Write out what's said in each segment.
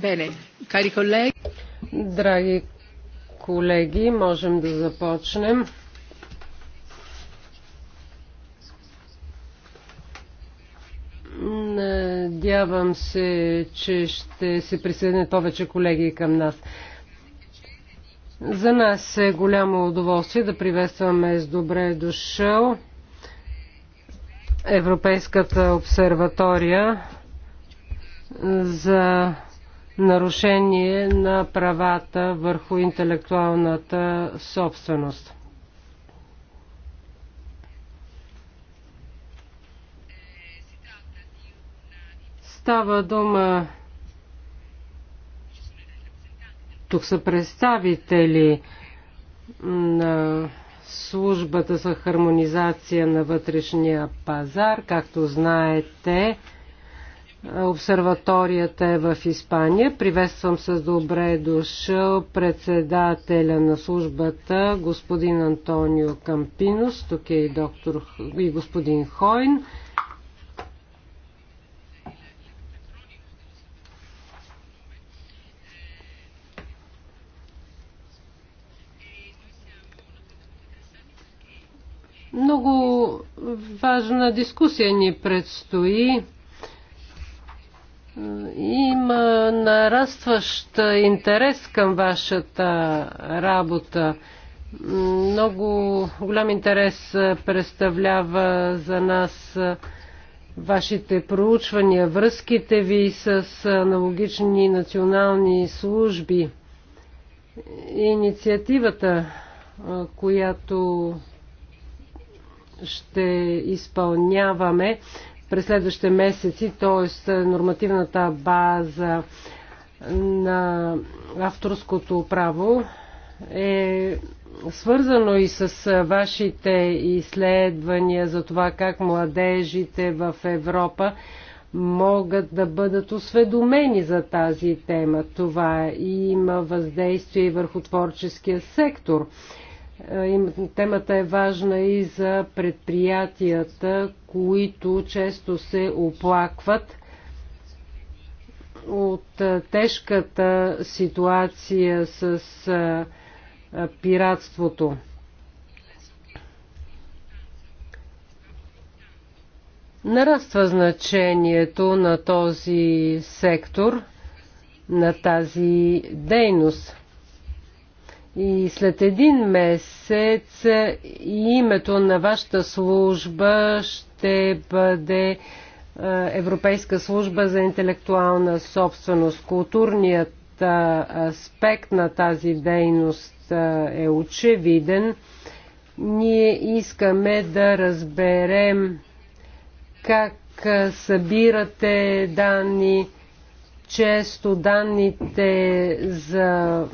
Bene, cari colleghi. Драги колеги, можем да започнем. Надявам се, че ще се присъедне повече колеги към нас. За нас е голямо удоволствие да приветстваме с добре дошъл Европейската обсерватория за нарушение на правата върху интелектуалната собственост. Става дума. Тук са представители на службата за хармонизация на вътрешния пазар. Както знаете, Обсерваторията е в Испания. Приветствам с добре дошъл председателя на службата господин Антонио Кампинос. Тук е и, доктор, и господин Хойн. Много важна дискусия ни предстои. Има нарастващ интерес към вашата работа. Много голям интерес представлява за нас вашите проучвания, връзките ви с аналогични национални служби, инициативата, която ще изпълняваме през следващите месеци, т.е. нормативната база на авторското право е свързано и с вашите изследвания за това как младежите в Европа могат да бъдат осведомени за тази тема. Това има въздействие и върху творческия сектор. Е, темата е важна и за предприятията, които често се оплакват от е, тежката ситуация с е, пиратството. Нараства значението на този сектор, на тази дейност. И след един месец името на вашата служба ще бъде е, Европейска служба за интелектуална собственост. Културният е, аспект на тази дейност е, е очевиден. Ние искаме да разберем как събирате данни, често данните за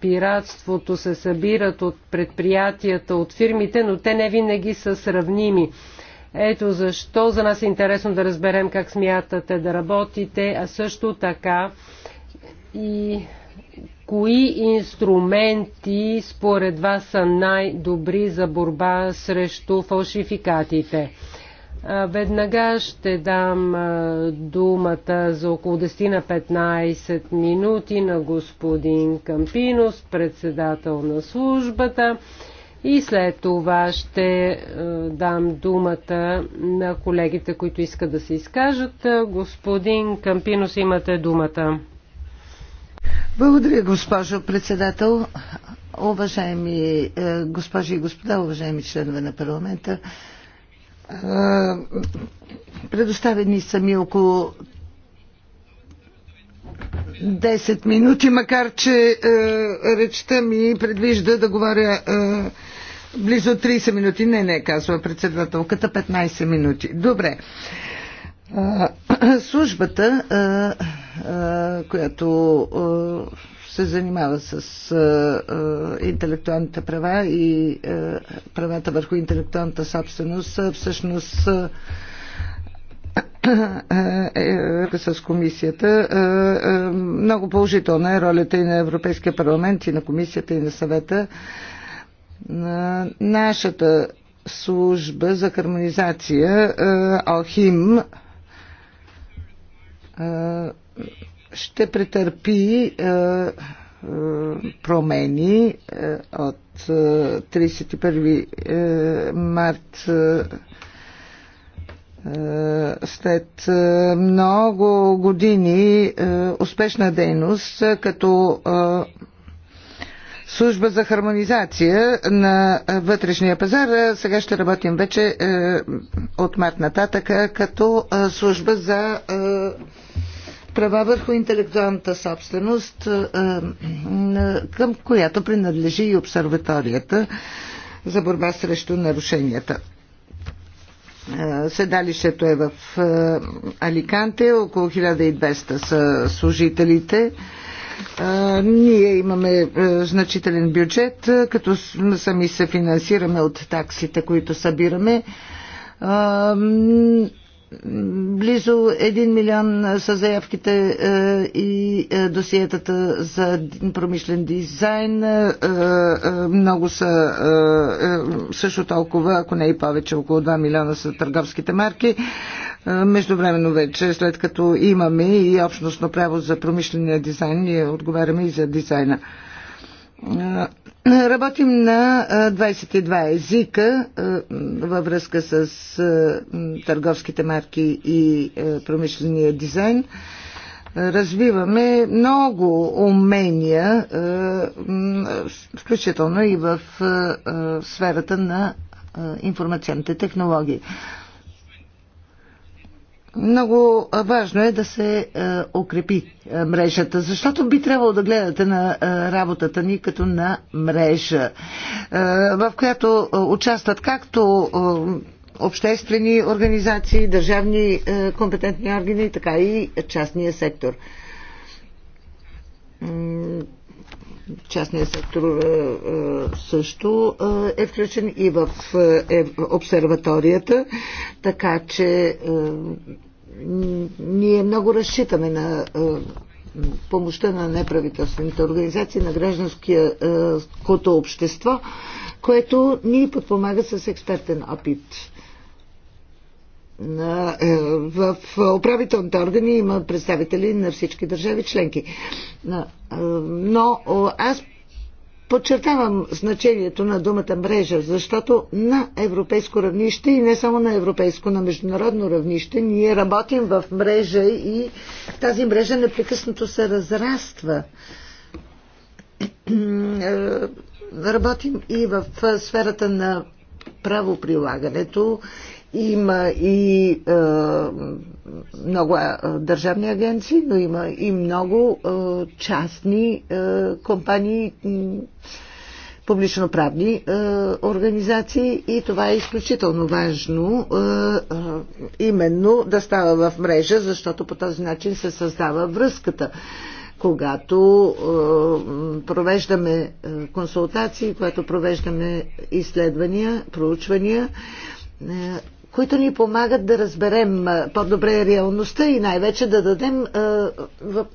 пиратството се събират от предприятията, от фирмите, но те не винаги са сравними. Ето защо за нас е интересно да разберем как смятате да работите, а също така и кои инструменти според вас са най-добри за борба срещу фалшификатите. Веднага ще дам думата за около 10 на 15 минути на господин Кампинос, председател на службата. И след това ще дам думата на колегите, които искат да се изкажат. Господин Кампинос, имате думата. Благодаря, госпожо председател. Уважаеми е, госпожи и господа, уважаеми членове на парламента, е, предоставени са ми около 10 минути, макар че е, речта ми предвижда да говоря е, близо 30 минути. Не, не, казва председателката, 15 минути. Добре. Е, службата, е, е, която. Е, се занимава с интелектуалните права и правата върху интелектуалната собственост, всъщност е, с комисията. Много положителна е ролята и на Европейския парламент, и на комисията, и на съвета. Нашата служба за хармонизация ОХИМ ще претърпи е, е, промени е, от 31 март след много години успешна дейност като служба за хармонизация на вътрешния пазар. Сега ще работим вече от март нататък като служба за права върху интелектуалната собственост, към която принадлежи и обсерваторията за борба срещу нарушенията. Седалището е в Аликанте, около 1200 са служителите. Ние имаме значителен бюджет, като сами се финансираме от таксите, които събираме. Близо 1 милион са заявките и досиетата за промишлен дизайн. Много са също толкова, ако не и повече, около 2 милиона са търговските марки. Междувременно вече, след като имаме и общностно право за промишления дизайн, ние отговаряме и за дизайна Работим на 22 езика във връзка с търговските марки и промишления дизайн. Развиваме много умения, включително и в сферата на информационните технологии. Много важно е да се е, укрепи е, мрежата, защото би трябвало да гледате на е, работата ни като на мрежа, е, в която е, участват както е, обществени организации, държавни е, компетентни органи, така и частния сектор частния сектор също е включен и в е, обсерваторията, така че ние много разчитаме на помощта на неправителствените организации, на гражданското общество, което ни подпомага с експертен опит. Е, в управителните органи има представители на всички държави членки. Е, но аз подчертавам значението на думата мрежа, защото на европейско равнище и не само на европейско, на международно равнище ние работим в мрежа и тази мрежа непрекъснато се разраства работим и в сферата на правоприлагането има и е, много е, държавни агенции, но има и много е, частни е, компании, публично-правни е, организации и това е изключително важно е, е, именно да става в мрежа, защото по този начин се създава връзката когато е, провеждаме е, консултации, когато провеждаме изследвания, проучвания, е, които ни помагат да разберем по-добре реалността и най-вече да дадем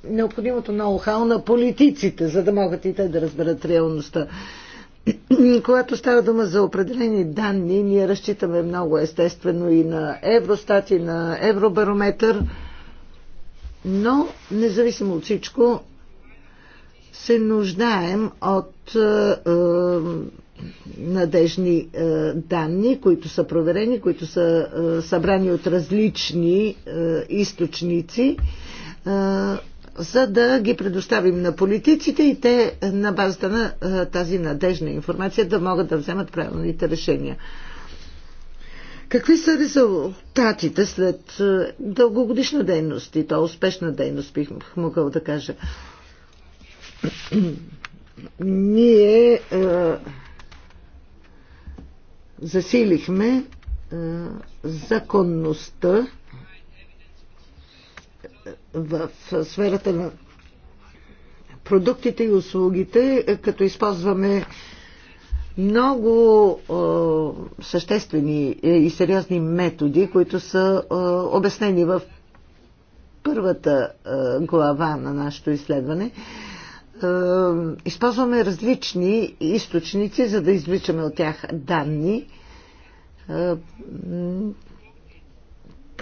необходимото ноу-хау на политиците, за да могат и те да разберат реалността. Когато става дума за определени данни, ние разчитаме много естествено и на Евростат и на Евробарометър, но независимо от всичко, се нуждаем от е, надежни е, данни, които са проверени, които са е, събрани от различни е, източници, за да ги предоставим на политиците и те на базата на тази надежна информация да могат да вземат правилните решения. Какви са резултатите след дългогодишна дейност и то успешна дейност, бих могъл да кажа? Ние е, засилихме е, законността в сферата на продуктите и услугите, е, като използваме много а, е, съществени и сериозни методи, които са а, обяснени в първата а, глава на нашето изследване. А, използваме различни източници, за да извличаме от тях данни.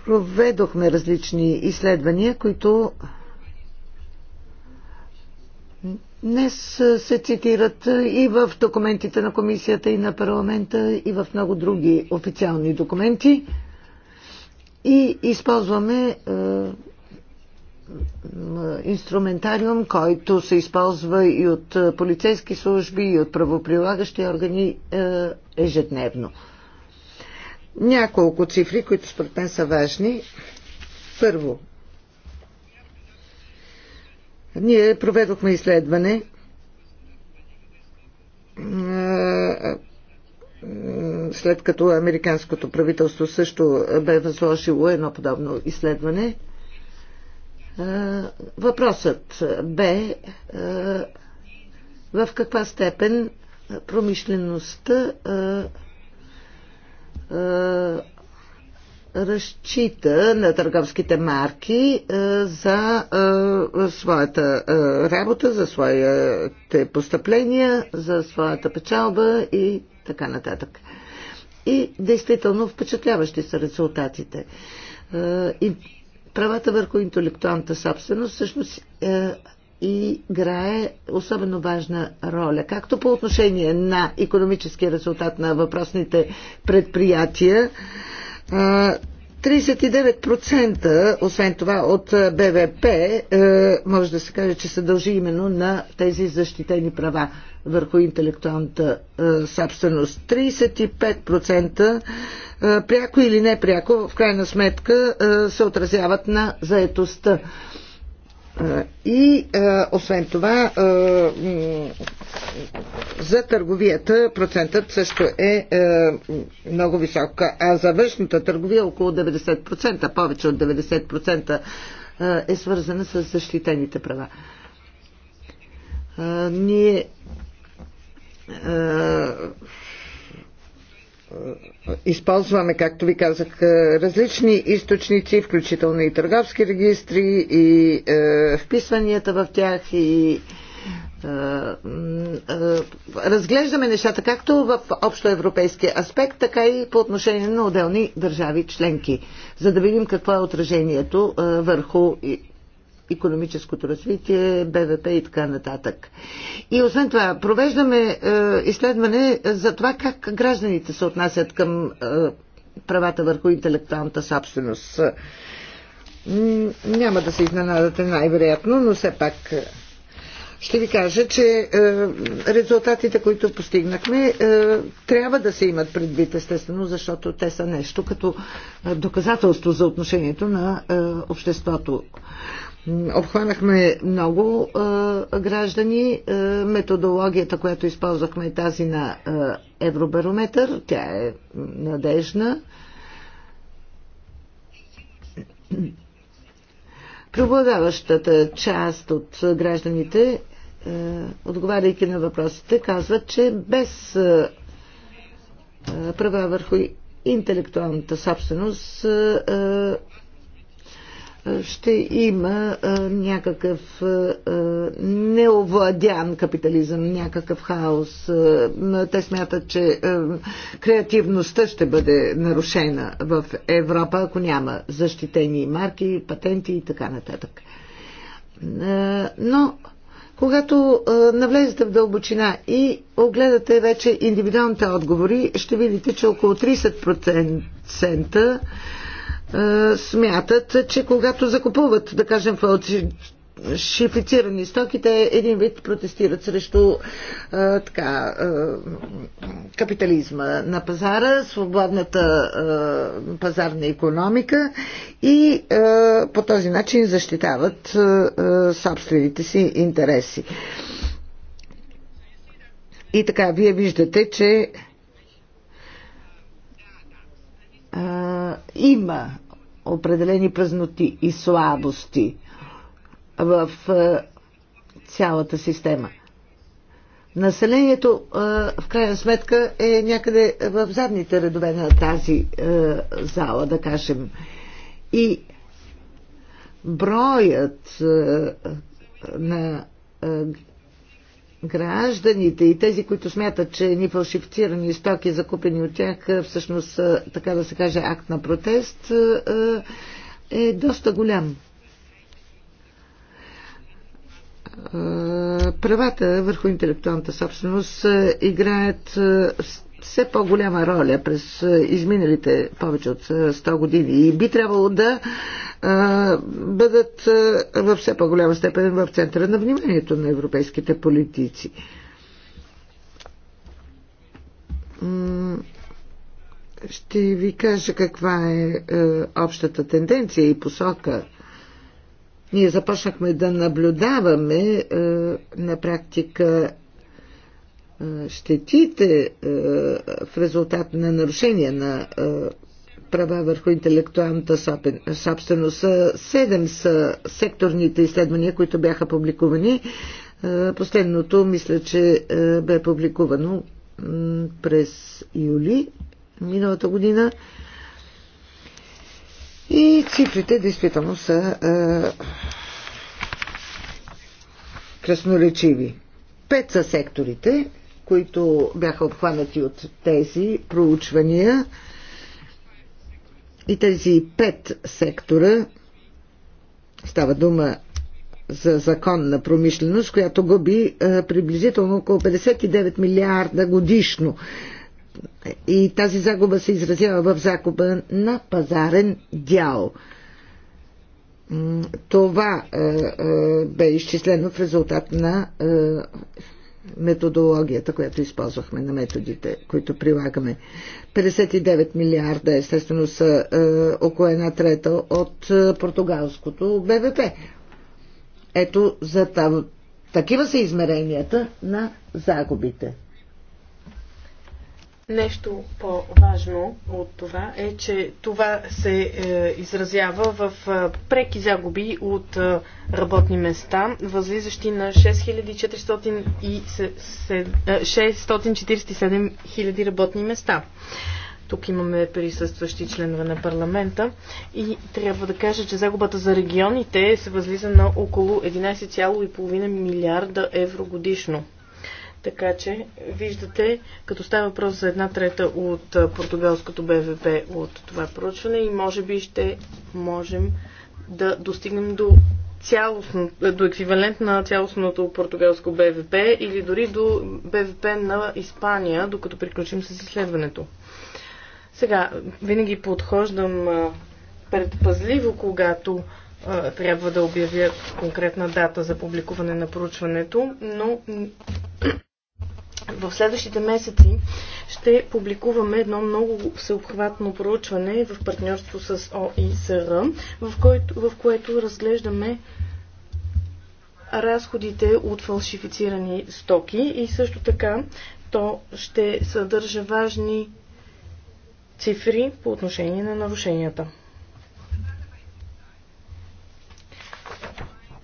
Проведохме различни изследвания, които днес се цитират и в документите на комисията, и на парламента, и в много други официални документи. И използваме инструментариум, който се използва и от е, полицейски служби, и от правоприлагащи органи е, ежедневно. Няколко цифри, които според мен са важни. Първо, ние проведохме изследване е, след като американското правителство също бе възложило едно подобно изследване е, въпросът бе е, в каква степен промишлеността е, разчита на търговските марки за своята работа, за своите постъпления, за своята печалба и така нататък. И действително впечатляващи са резултатите. И правата върху интелектуалната собственост всъщност е, играе особено важна роля, както по отношение на економическия резултат на въпросните предприятия. 39% е, освен това от БВП е, може да се каже, че се дължи именно на тези защитени права върху интелектуалната собственост. 35% пряко или непряко, в крайна сметка, се отразяват на заетостта. И освен това, за търговията процентът също е много висок, а за външната търговия около 90%, повече от 90% е свързана с защитените права. Ние е, е, използваме, както ви казах, е, различни източници, включително и търговски регистри, и е, вписванията в тях, и е, е, разглеждаме нещата както в общоевропейския аспект, така и по отношение на отделни държави членки, за да видим какво е отражението е, върху економическото развитие, БВП и така нататък. И освен това, провеждаме е, изследване за това как гражданите се отнасят към е, правата върху интелектуалната собственост. Е, няма да се изненадате най-вероятно, но все пак ще ви кажа, че е, резултатите, които постигнахме, е, трябва да се имат предвид, естествено, защото те са нещо като доказателство за отношението на е, обществото Обхванахме много е, граждани. Е, методологията, която използвахме е тази на е, Евробарометър. Тя е надежна. Преобладаващата част от гражданите, е, отговаряйки на въпросите, казват, че без е, права върху интелектуалната собственост е, ще има а, някакъв а, неовладян капитализъм, някакъв хаос. А, те смятат, че а, креативността ще бъде нарушена в Европа, ако няма защитени марки, патенти и така нататък. А, но когато а, навлезете в дълбочина и огледате вече индивидуалните отговори, ще видите, че около 30% е, смятат, че когато закупуват, да кажем, фалшифицирани стоки, те един вид протестират срещу а, е, така, а, е, капитализма на пазара, свободната а, пазарна економика и а, по този начин защитават а, а, собствените си интереси. И така, вие виждате, че има определени празноти и слабости в цялата система. Населението в крайна сметка е някъде в задните редове на тази зала, да кажем. И броят на гражданите и тези, които смятат, че ни фалшифицирани стоки, закупени от тях, е, всъщност, е, така да се каже, акт на протест, е, е доста голям. Правата върху интелектуалната собственост играят все по-голяма роля през изминалите повече от 100 години и би трябвало да а, бъдат а, в все по-голяма степен в центъра на вниманието на европейските политици. Ще ви кажа каква е, е общата тенденция и посока. Ние започнахме да наблюдаваме е, на практика щетите в резултат на нарушение на права върху интелектуалната собственост. Седем са секторните изследвания, които бяха публикувани. Последното, мисля, че бе публикувано през юли миналата година. И цифрите действително са красноречиви. Пет са секторите, които бяха обхванати от тези проучвания и тези пет сектора става дума за законна промишленост, която губи е, приблизително около 59 милиарда годишно. И тази загуба се изразява в загуба на пазарен дял. Това е, е, бе изчислено в резултат на методологията, която използвахме на методите, които прилагаме. 59 милиарда естествено са е, около една трета от е, португалското БВП. Ето за там, такива са измеренията на загубите. Нещо по-важно от това е, че това се е, изразява в е, преки загуби от е, работни места, възлизащи на 647 е, хиляди работни места. Тук имаме присъстващи членове на парламента и трябва да кажа, че загубата за регионите се възлиза на около 11,5 милиарда евро годишно. Така че, виждате, като става въпрос за една трета от португалското БВП от това проучване и може би ще можем да достигнем до цялостно, до еквивалент на цялостното португалско БВП или дори до БВП на Испания, докато приключим с изследването. Сега, винаги подхождам предпазливо, когато трябва да обявя конкретна дата за публикуване на проучването, но в следващите месеци ще публикуваме едно много всеобхватно проучване в партньорство с ОИСР, в което, в което разглеждаме разходите от фалшифицирани стоки и също така то ще съдържа важни цифри по отношение на нарушенията.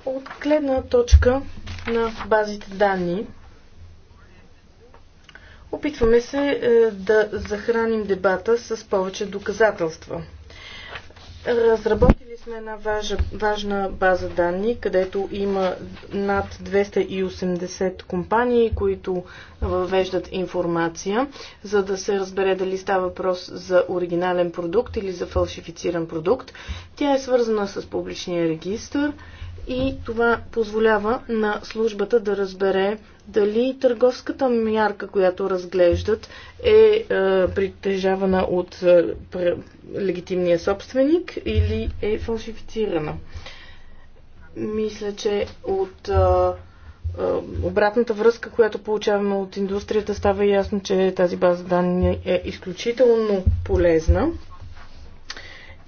От гледна точка на базите данни, Опитваме се е, да захраним дебата с повече доказателства. Разработили сме една важа, важна база данни, където има над 280 компании, които въвеждат информация, за да се разбере дали става въпрос за оригинален продукт или за фалшифициран продукт. Тя е свързана с публичния регистр и това позволява на службата да разбере дали търговската мярка, която разглеждат, е, е притежавана от е, легитимния собственик или е фалшифицирана. Мисля, че от е, е, обратната връзка, която получаваме от индустрията, става ясно, че тази база данни е изключително полезна.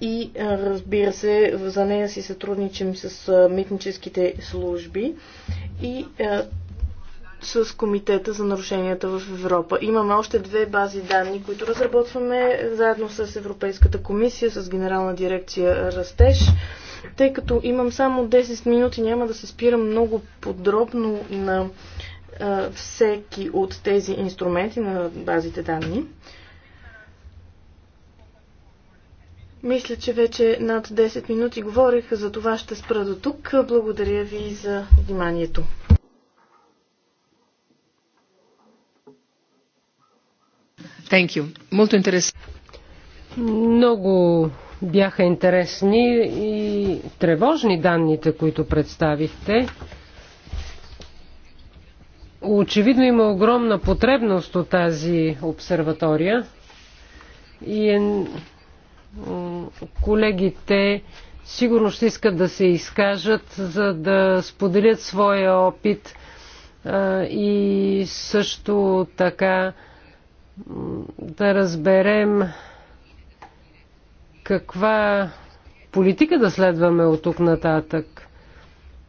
И е, разбира се, за нея си сътрудничим с е, митническите служби. И с Комитета за нарушенията в Европа. Имаме още две бази данни, които разработваме заедно с Европейската комисия, с Генерална дирекция Растеж. Тъй като имам само 10 минути, няма да се спирам много подробно на а, всеки от тези инструменти на базите данни. Мисля, че вече над 10 минути говорих, за това ще спра до тук. Благодаря ви за вниманието. Thank you. Много бяха интересни и тревожни данните, които представихте. Очевидно има огромна потребност от тази обсерватория и е... колегите сигурно ще искат да се изкажат, за да споделят своя опит и също така да разберем каква политика да следваме от тук нататък.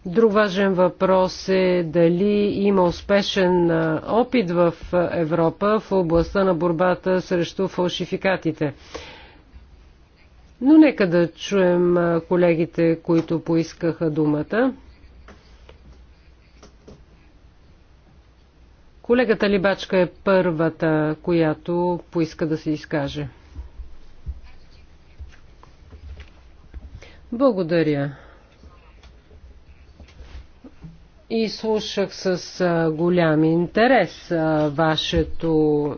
Друг важен въпрос е дали има успешен опит в Европа в областта на борбата срещу фалшификатите. Но нека да чуем колегите, които поискаха думата. Колегата Либачка е първата, която поиска да се изкаже. Благодаря. И слушах с голям интерес вашето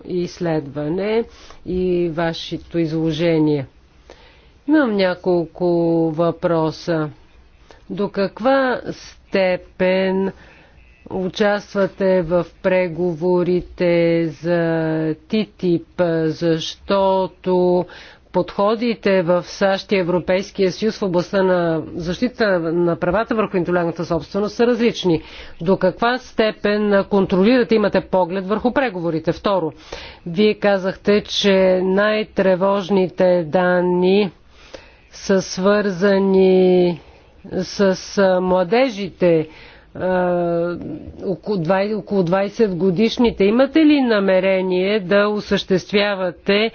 изследване и вашето изложение. Имам няколко въпроса. До каква степен участвате в преговорите за ТИТИП, защото подходите в САЩ и Европейския съюз в областта на защита на правата върху интелектуалната собственост са различни. До каква степен контролирате, имате поглед върху преговорите? Второ, вие казахте, че най-тревожните данни са свързани с младежите, е, около 20 годишните. Имате ли намерение да осъществявате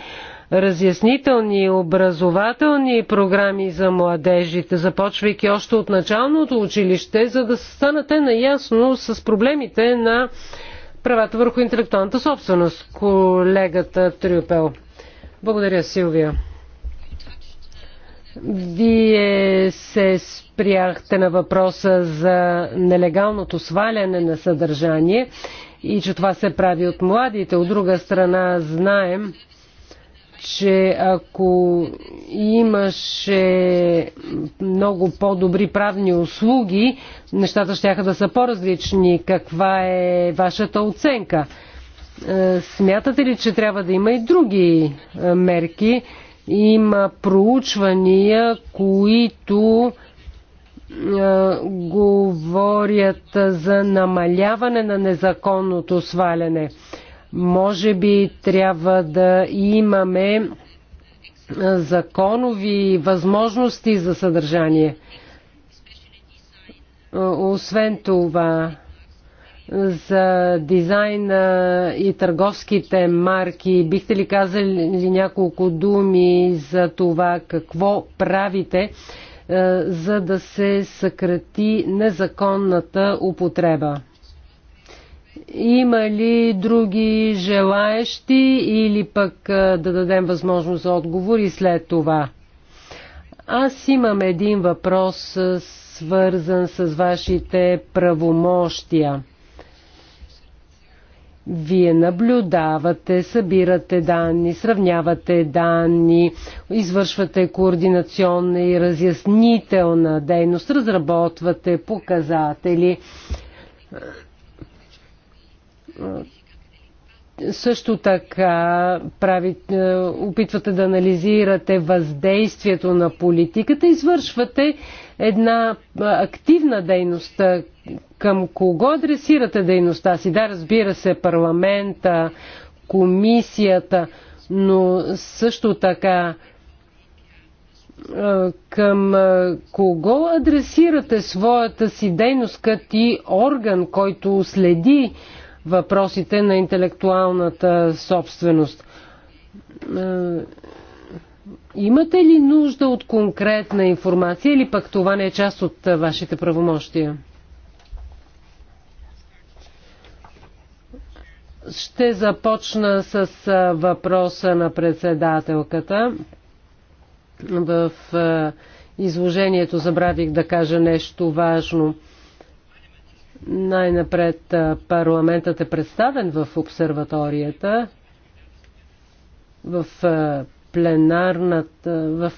разяснителни и образователни програми за младежите, започвайки още от началното училище, за да станете наясно с проблемите на правата върху интелектуалната собственост, колегата Трюпел. Благодаря, Силвия. Вие се спряхте на въпроса за нелегалното сваляне на съдържание и че това се прави от младите. От друга страна знаем, че ако имаше много по-добри правни услуги, нещата ще да са по-различни. Каква е вашата оценка? Е, смятате ли, че трябва да има и други е, мерки? Има проучвания, които говорят за намаляване на незаконното сваляне. Може би трябва да имаме законови възможности за съдържание. Освен това, за дизайна и търговските марки. Бихте ли казали няколко думи за това какво правите, за да се съкрати незаконната употреба? Има ли други желаещи или пък да дадем възможност за отговор и след това? Аз имам един въпрос, свързан с вашите правомощия. Вие наблюдавате, събирате данни, сравнявате данни, извършвате координационна и разяснителна дейност, разработвате показатели също така правите, опитвате да анализирате въздействието на политиката, извършвате една е, активна дейност. Е, към кого адресирате дейността си? Да, разбира се, парламента, комисията, но също така е, към кого адресирате своята си дейност като орган, който следи въпросите на интелектуалната собственост. Е, имате ли нужда от конкретна информация или пък това не е част от е, вашите правомощия? Ще започна с е, въпроса на председателката. В изложението забравих да кажа нещо важно – най-напред парламентът е представен в обсерваторията, в пленарната, в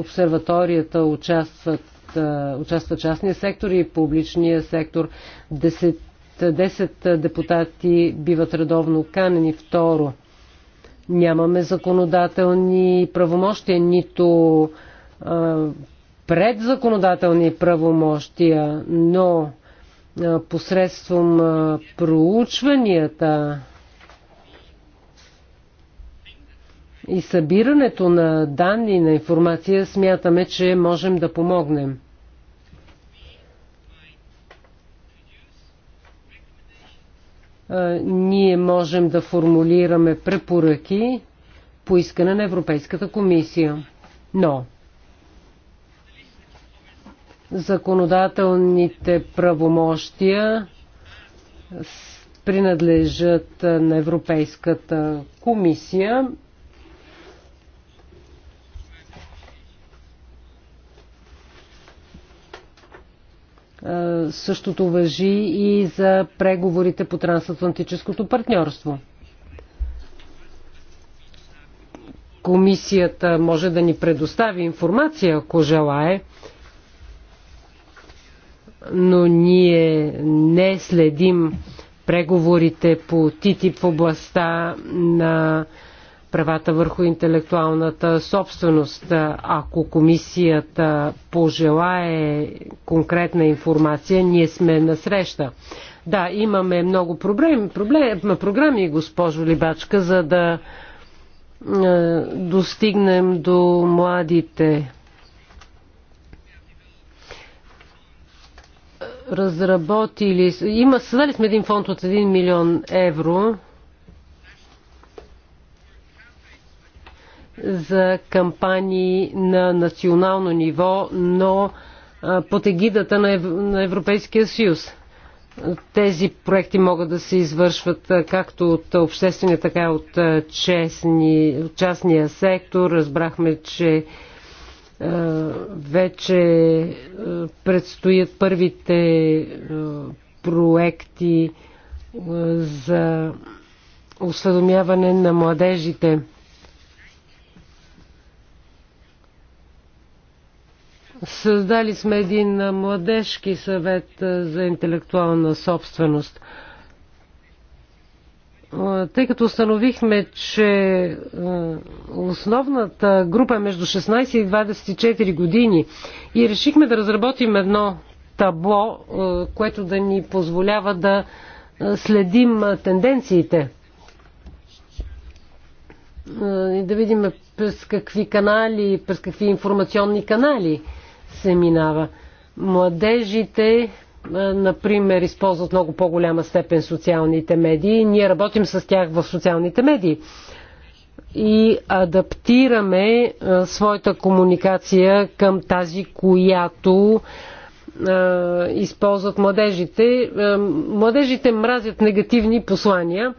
обсерваторията участват, участва частния сектор и публичния сектор. 10, 10 депутати биват редовно канени. Второ, нямаме законодателни правомощия, нито а, предзаконодателни правомощия, но посредством проучванията и събирането на данни, на информация, смятаме, че можем да помогнем. Ние можем да формулираме препоръки по искане на Европейската комисия. Но Законодателните правомощия принадлежат на Европейската комисия. Същото въжи и за преговорите по трансатлантическото партньорство. Комисията може да ни предостави информация, ако желае, но ние не следим преговорите по ТИТИП в областта на правата върху интелектуалната собственост. Ако комисията пожелае конкретна информация, ние сме на среща. Да, имаме много проблем, проблем, програми, госпожо Либачка, за да е, достигнем до младите разработили... Има, създали сме един фонд от 1 милион евро за кампании на национално ниво, но под егидата на Европейския съюз. Тези проекти могат да се извършват както от обществения, така и от, честни, от частния сектор. Разбрахме, че е, вече е, предстоят първите е, проекти за осведомяване на младежите. Създали сме един младежки съвет за интелектуална собственост тъй като установихме, че е, основната група е между 16 и 24 години и решихме да разработим едно табло, е, което да ни позволява да е, следим тенденциите и да видим през какви канали, през какви информационни канали се минава. Младежите например, използват много по-голяма степен социалните медии. Ние работим с тях в социалните медии и адаптираме своята комуникация към тази, която използват младежите. Младежите мразят негативни послания.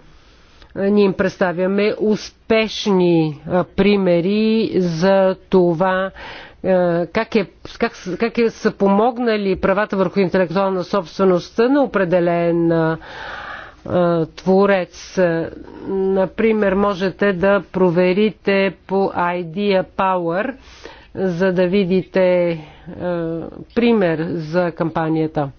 Ние им представяме успешни примери за това, е, как, е, как, как е, са помогнали правата върху интелектуална собственост на определен а, е, е, творец. Например, можете да проверите по Idea Power, за да видите а, пример за кампанията.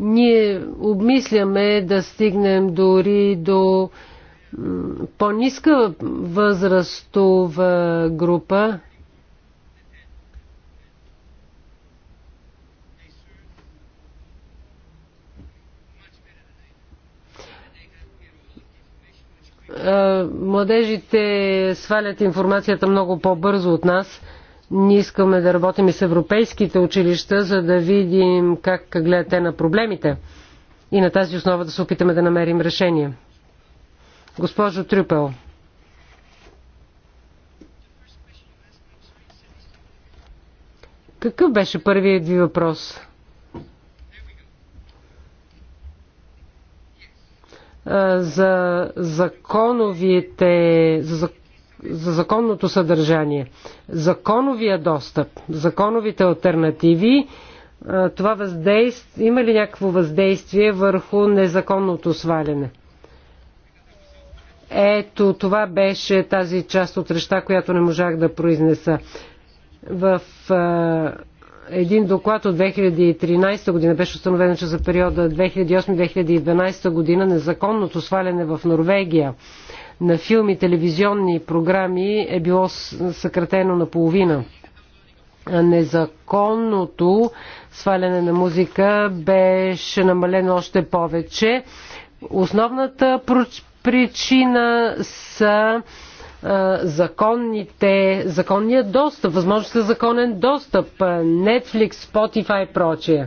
Ние обмисляме да стигнем дори до а, по-ниска възрастова група. Младежите свалят информацията много по-бързо от нас. Ние искаме да работим и с европейските училища, за да видим как гледат те на проблемите. И на тази основа да се опитаме да намерим решение. Госпожо Трюпел. Какъв беше първият ви въпрос? За законовите, за, за законното съдържание, законовия достъп, законовите альтернативи, това въздействие, има ли някакво въздействие върху незаконното сваляне? Ето това беше тази част от реща, която не можах да произнеса. В е, един доклад от 2013 година беше установено, че за периода 2008-2012 година незаконното сваляне в Норвегия на филми, телевизионни програми е било съкратено наполовина. Незаконното сваляне на музика беше намалено още повече. Основната причина са законните, законния достъп, възможност за законен достъп, Netflix, Spotify и прочее.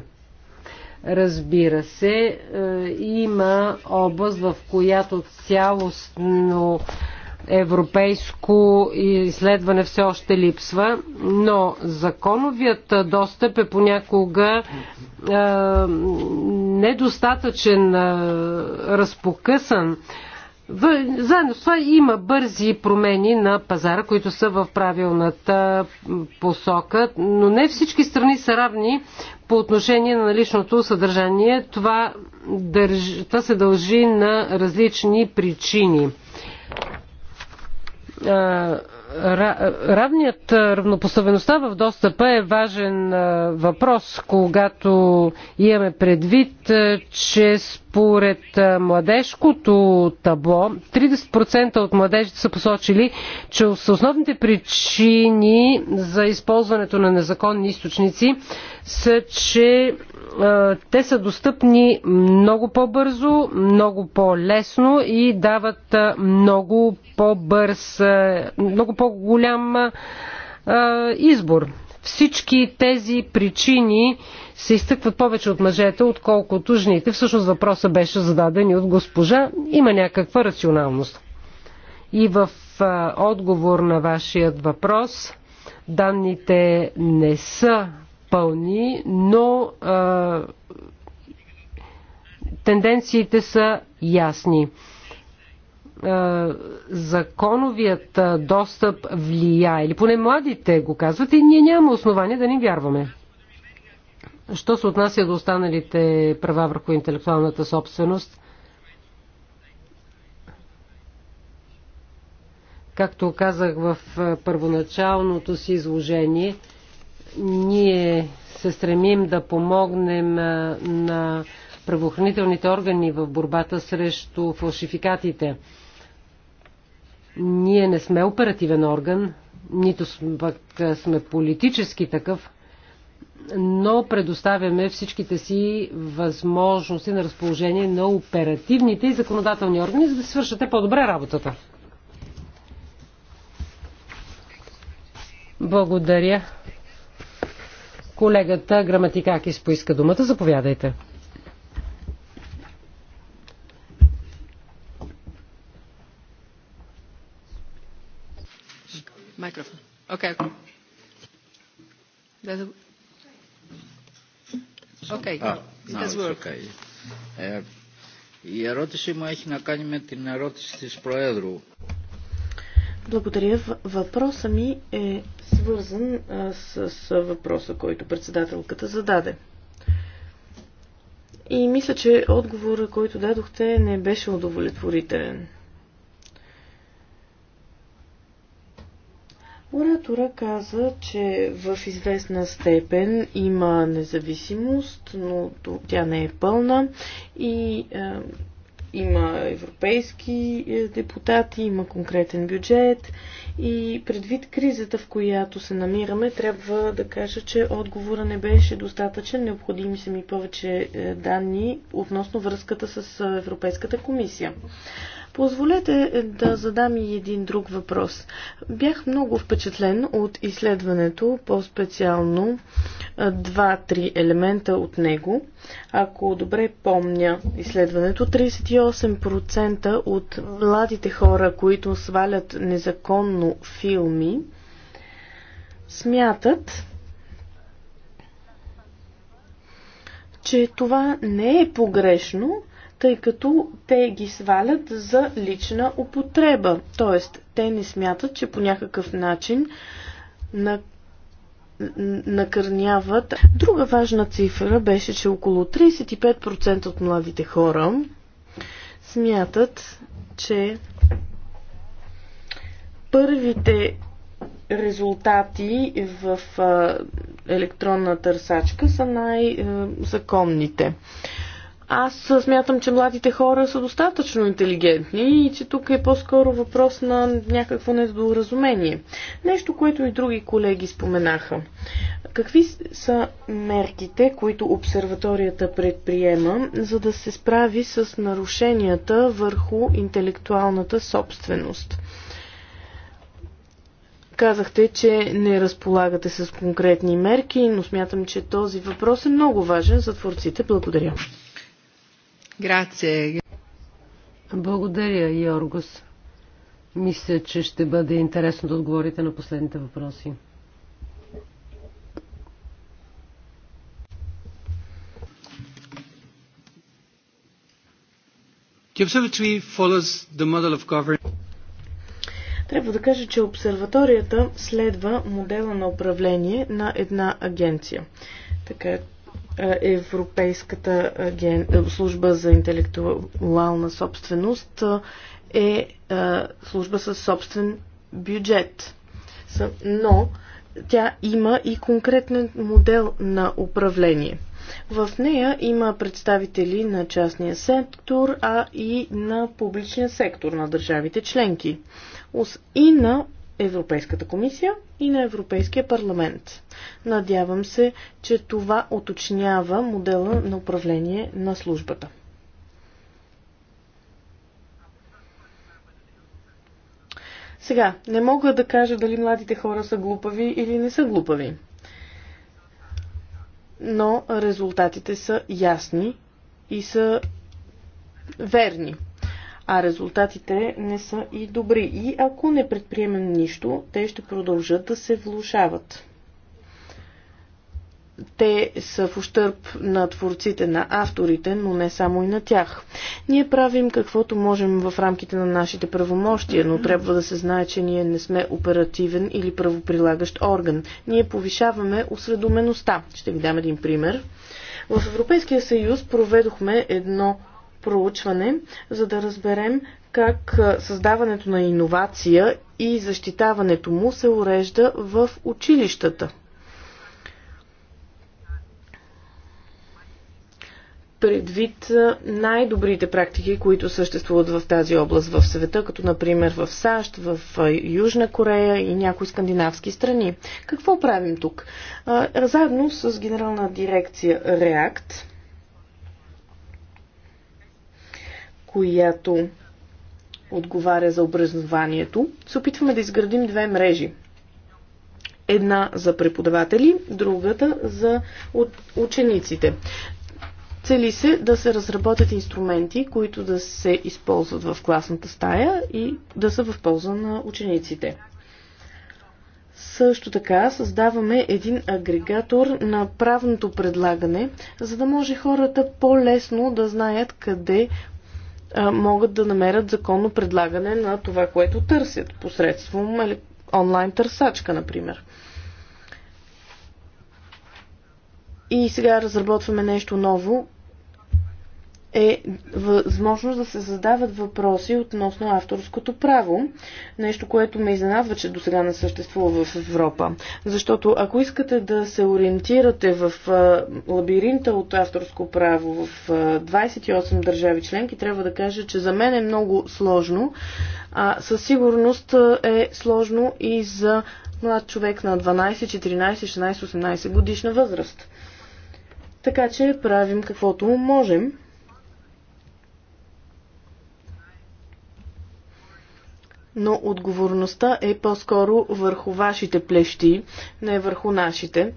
Разбира се, има област, в която цялостно европейско изследване все още липсва, но законовият достъп е понякога е, недостатъчен, е, разпокъсан. Е, заедно с това има бързи промени на пазара, които са в правилната посока, но не всички страни са равни по отношение на наличното съдържание. Това, държ... това се дължи на различни причини. Равният равнопоставеността в достъпа е важен въпрос, когато имаме предвид, че според младежкото табло, 30% от младежите са посочили, че с основните причини за използването на незаконни източници са, че те са достъпни много по-бързо, много по-лесно и дават много по-бърз, много по-голям избор. Всички тези причини се изтъкват повече от мъжете, отколкото жените. Всъщност въпросът беше зададен и от госпожа. Има някаква рационалност. И в а, отговор на вашият въпрос, данните не са пълни, но а, тенденциите са ясни. А, законовият достъп влияе, или поне младите го казват, и ние нямаме основание да ни вярваме. Що се отнася до останалите права върху интелектуалната собственост, както казах в първоначалното си изложение, ние се стремим да помогнем на правоохранителните органи в борбата срещу фалшификатите. Ние не сме оперативен орган, нито пък сме политически такъв но предоставяме всичките си възможности на разположение на оперативните и законодателни органи, за да свършате по-добре работата. Благодаря. Колегата Граматикакис поиска думата. Заповядайте. Окей. Okay. Okay, ah, it does ah, work. Okay. Ε, eh, η ερώτησή μου έχει να κάνει με την ερώτηση της Προέδρου. Благодаря. Въпросът ми е свързан а, с, с въпроса, който председателката зададе. И мисля, че отговорът, който дадохте, не беше удовлетворителен. Оратора каза, че в известна степен има независимост, но тя не е пълна и е, има европейски е, депутати, има конкретен бюджет и предвид кризата, в която се намираме, трябва да кажа, че отговора не беше достатъчен. Необходими са ми повече е, данни относно връзката с е, Европейската комисия. Позволете е, да задам и един друг въпрос. Бях много впечатлен от изследването, по-специално е, два-три елемента от него. Ако добре помня изследването, 38% от младите хора, които свалят незаконно филми, смятат, че това не е погрешно, тъй като те ги свалят за лична употреба. Тоест, те не смятат, че по някакъв начин на накърняват. Друга важна цифра беше, че около 35% от младите хора смятат, че първите резултати в електронна търсачка са най-законните. Аз смятам, че младите хора са достатъчно интелигентни и че тук е по-скоро въпрос на някакво недоразумение. Нещо, което и други колеги споменаха. Какви са мерките, които обсерваторията предприема, за да се справи с нарушенията върху интелектуалната собственост? Казахте, че не разполагате с конкретни мерки, но смятам, че този въпрос е много важен за творците. Благодаря. Грация. Благодаря, Йоргос. Мисля, че ще бъде интересно да отговорите на последните въпроси. Трябва да кажа, че обсерваторията следва модела на управление на една агенция. Така е. Е, Европейската е, служба за интелектуална собственост е, е служба със собствен бюджет. Но тя има и конкретен модел на управление. В нея има представители на частния сектор, а и на публичния сектор на държавите членки и на Европейската комисия и на Европейския парламент. Надявам се, че това оточнява модела на управление на службата. Сега, не мога да кажа дали младите хора са глупави или не са глупави. Но резултатите са ясни и са верни а резултатите не са и добри. И ако не предприемем нищо, те ще продължат да се влушават. Те са в ущърп на творците, на авторите, но не само и на тях. Ние правим каквото можем в рамките на нашите правомощия, но трябва да се знае, че ние не сме оперативен или правоприлагащ орган. Ние повишаваме осведомеността. Ще ви дам един пример. В Европейския съюз проведохме едно проучване, за да разберем как създаването на иновация и защитаването му се урежда в училищата. предвид най-добрите практики, които съществуват в тази област в света, като например в САЩ, в Южна Корея и някои скандинавски страни. Какво правим тук? Заедно с генерална дирекция РЕАКТ която отговаря за образованието, се опитваме да изградим две мрежи. Една за преподаватели, другата за учениците. Цели се да се разработят инструменти, които да се използват в класната стая и да са в полза на учениците. Също така създаваме един агрегатор на правното предлагане, за да може хората по-лесно да знаят къде могат да намерят законно предлагане на това, което търсят посредством онлайн търсачка, например. И сега разработваме нещо ново, е възможност да се задават въпроси относно авторското право. Нещо, което ме изненадва, че до сега не съществува в Европа. Защото ако искате да се ориентирате в лабиринта от авторско право в 28 държави членки, трябва да кажа, че за мен е много сложно. А със сигурност е сложно и за млад човек на 12, 14, 16, 18 годишна възраст. Така че правим каквото можем. но отговорността е по-скоро върху вашите плещи, не върху нашите.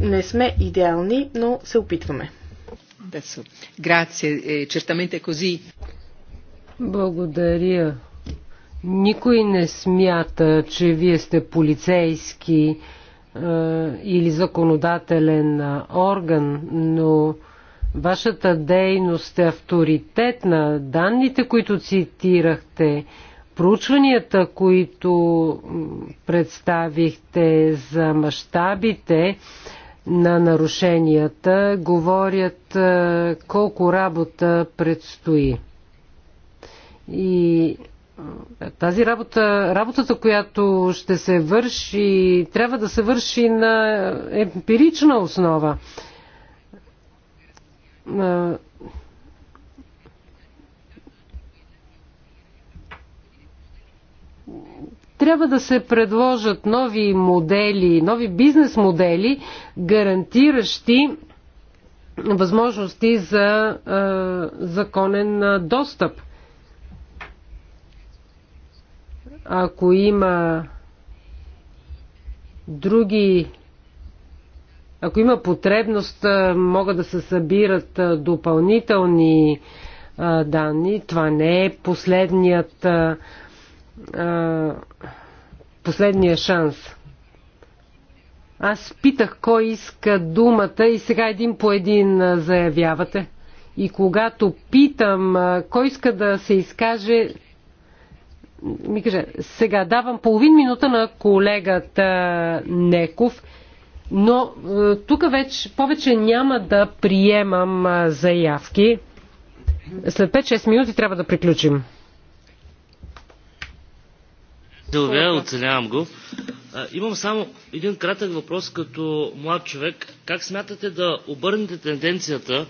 Не сме идеални, но се опитваме. E Благодаря. Никой не смята, че вие сте полицейски е, или законодателен е, орган, но вашата дейност е авторитетна. Данните, които цитирахте, проучванията, които представихте за мащабите на нарушенията, говорят е, колко работа предстои. И е, тази работа, работата, която ще се върши, трябва да се върши на емпирична основа е, трябва да се предложат нови модели, нови бизнес модели, гарантиращи възможности за а, законен достъп. Ако има други. Ако има потребност, могат да се събират допълнителни данни. Това не е последният а, последния шанс. Аз питах кой иска думата и сега един по един заявявате. И когато питам кой иска да се изкаже, ми каже, сега давам половин минута на колегата Неков, но тук вече повече няма да приемам заявки. След 5-6 минути трябва да приключим. Добре, оценявам го. А, имам само един кратък въпрос като млад човек. Как смятате да обърнете тенденцията?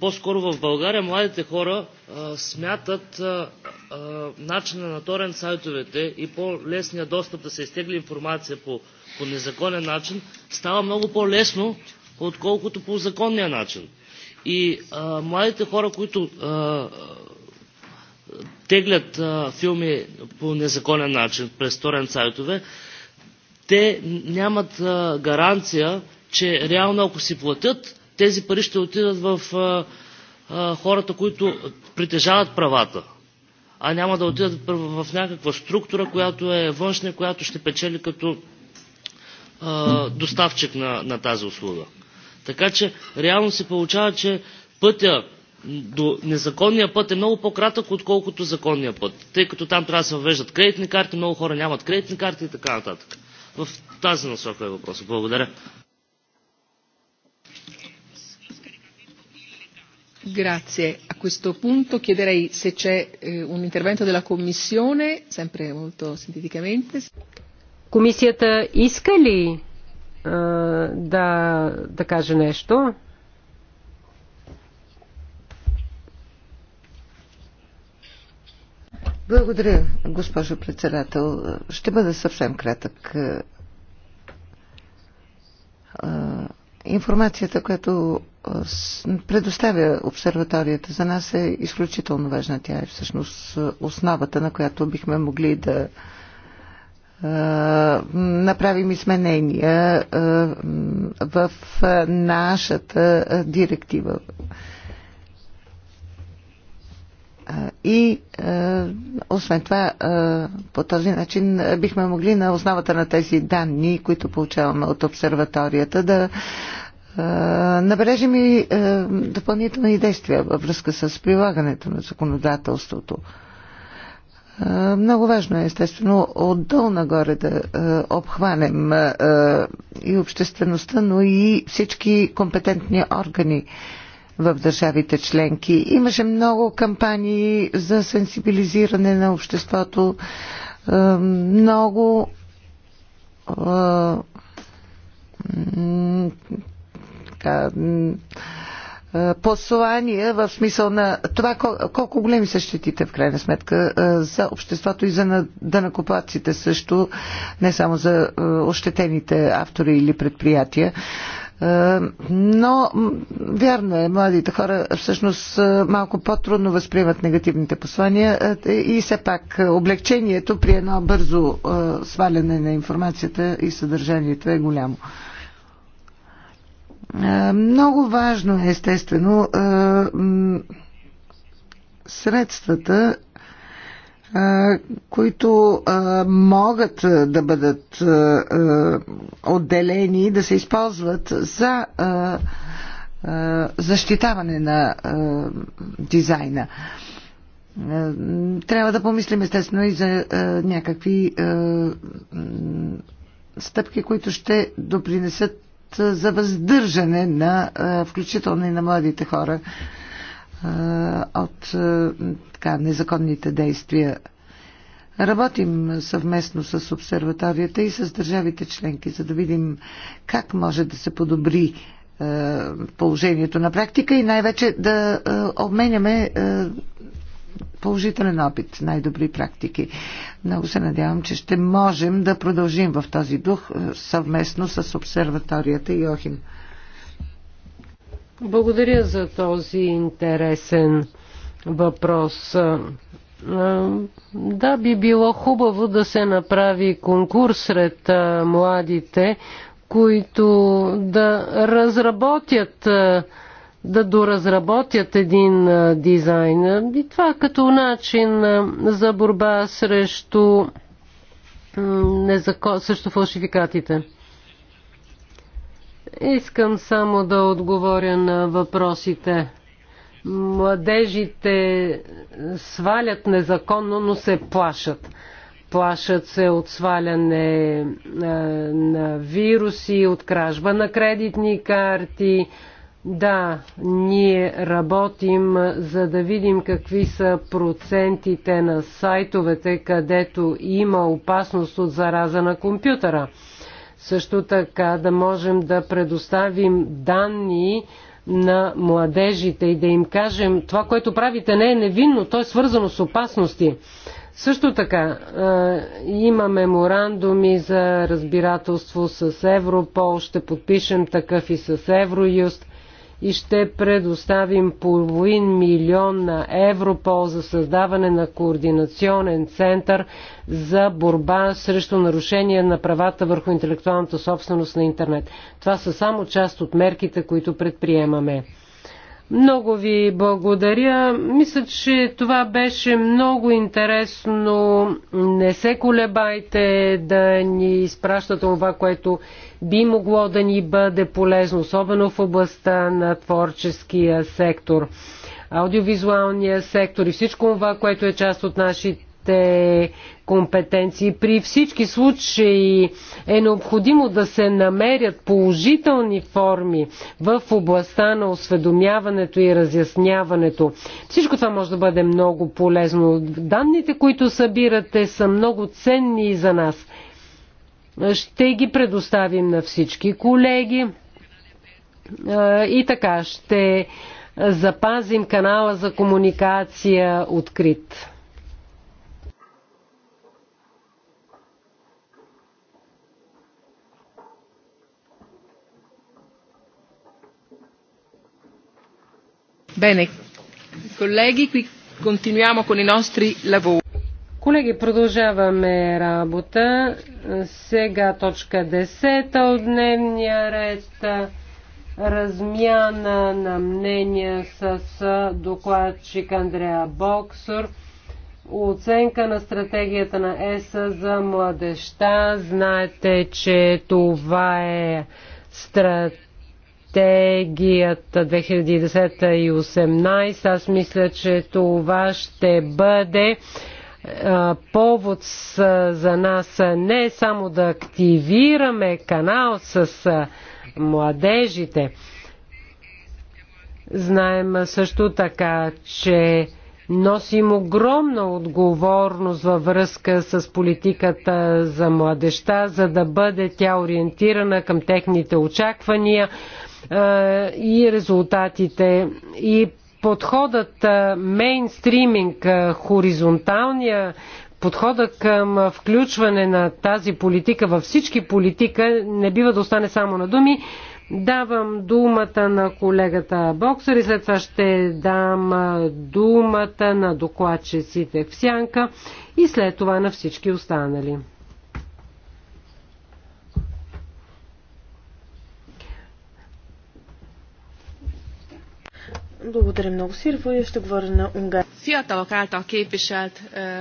По-скоро в България младите хора а, смятат а, начина на торен сайтовете и по-лесния достъп да се изтегли информация по, по незаконен начин става много по-лесно, отколкото по законния начин. И а, младите хора, които а, теглят а, филми по незаконен начин през торен сайтове, те нямат а, гаранция, че реално ако си платят, тези пари ще отидат в а, а, хората, които притежават правата, а няма да отидат в, в някаква структура, която е външна, която ще печели като а, доставчик на, на тази услуга. Така че реално се получава, че пътя до незаконния път е много по-кратък, отколкото законния път, тъй като там трябва да се въвеждат кредитни карти, много хора нямат кредитни карти и така нататък. В тази насока е въпросът. Благодаря. Grazie. A questo punto chiederei se c'è eh, un intervento della Commissione, sempre molto sinteticamente. Commissione, иска ли е, да, да каже Благодаря, госпожо председател. Ще бъда съвсем кратък. Е, е, информацията, която е, предоставя обсерваторията за нас е изключително важна. Тя е всъщност основата, на която бихме могли да направим изменения в нашата директива и освен това, по този начин бихме могли на основата на тези данни, които получаваме от обсерваторията, да набележим и допълнителни действия във връзка с прилагането на законодателството. много важно е, естествено, отдолу нагоре да обхванем и обществеността, но и всички компетентни органи в държавите членки. Имаше много кампании за сенсибилизиране на обществото, е, много е, е, послания в смисъл на това колко големи са щетите в крайна сметка за обществото и за данакоплаците също, не само за ощетените автори или предприятия. Е, но, вярно е, младите хора всъщност е, малко по-трудно възприемат негативните послания е, и все пак облегчението при едно бързо сваляне на информацията и съдържанието е голямо. Много важно е, естествено, средствата които могат да бъдат отделени и да се използват за защитаване на дизайна. Трябва да помислим естествено и за някакви стъпки, които ще допринесат за въздържане на включително и на младите хора от така, незаконните действия. Работим съвместно с обсерваторията и с държавите членки, за да видим как може да се подобри положението на практика и най-вече да обменяме положителен опит, най-добри практики. Много се надявам, че ще можем да продължим в този дух съвместно с обсерваторията и ОХИН. Благодаря за този интересен въпрос. Да, би било хубаво да се направи конкурс сред младите, които да разработят да доразработят един дизайн. И това като начин за борба срещу, срещу фалшификатите. Искам само да отговоря на въпросите. Младежите свалят незаконно, но се плашат. Плашат се от сваляне на вируси, от кражба на кредитни карти. Да, ние работим, за да видим какви са процентите на сайтовете, където има опасност от зараза на компютъра. Също така да можем да предоставим данни на младежите и да им кажем това, което правите не е невинно, то е свързано с опасности. Също така е, има меморандуми за разбирателство с Европол, ще подпишем такъв и с Евроюст и ще предоставим половин милион на Европол за създаване на координационен център за борба срещу нарушение на правата върху интелектуалната собственост на интернет. Това са само част от мерките, които предприемаме. Много ви благодаря. Мисля, че това беше много интересно. Не се колебайте да ни изпращате това, което би могло да ни бъде полезно, особено в областта на творческия сектор аудиовизуалния сектор и всичко това, което е част от нашите своите компетенции. При всички случаи е необходимо да се намерят положителни форми в областта на осведомяването и разясняването. Всичко това може да бъде много полезно. Данните, които събирате, са много ценни за нас. Ще ги предоставим на всички колеги. И така ще запазим канала за комуникация открит. Bene, colleghi, qui continuiamo con i nostri lavori. Колеги, продължаваме работа. Сега точка 10 от дневния ред. Размяна на мнения с докладчик Андрея Боксор. Оценка на стратегията на ЕСА за младеща. Знаете, че това е стратегия стратегията 2010 и 2018. Аз мисля, че това ще бъде повод за нас не само да активираме канал с младежите. Знаем също така, че носим огромна отговорност във връзка с политиката за младеща, за да бъде тя ориентирана към техните очаквания, е, и резултатите и подходът е, мейнстриминг, е, хоризонталния подходът към включване на тази политика във всички политика не бива да остане само на думи. Давам думата на колегата Боксър и след това ще дам думата на докладчиците в сянка и след това на всички останали. Благодаря много, Сирво. и ще говоря на унгарски. Fiatalok által képviselt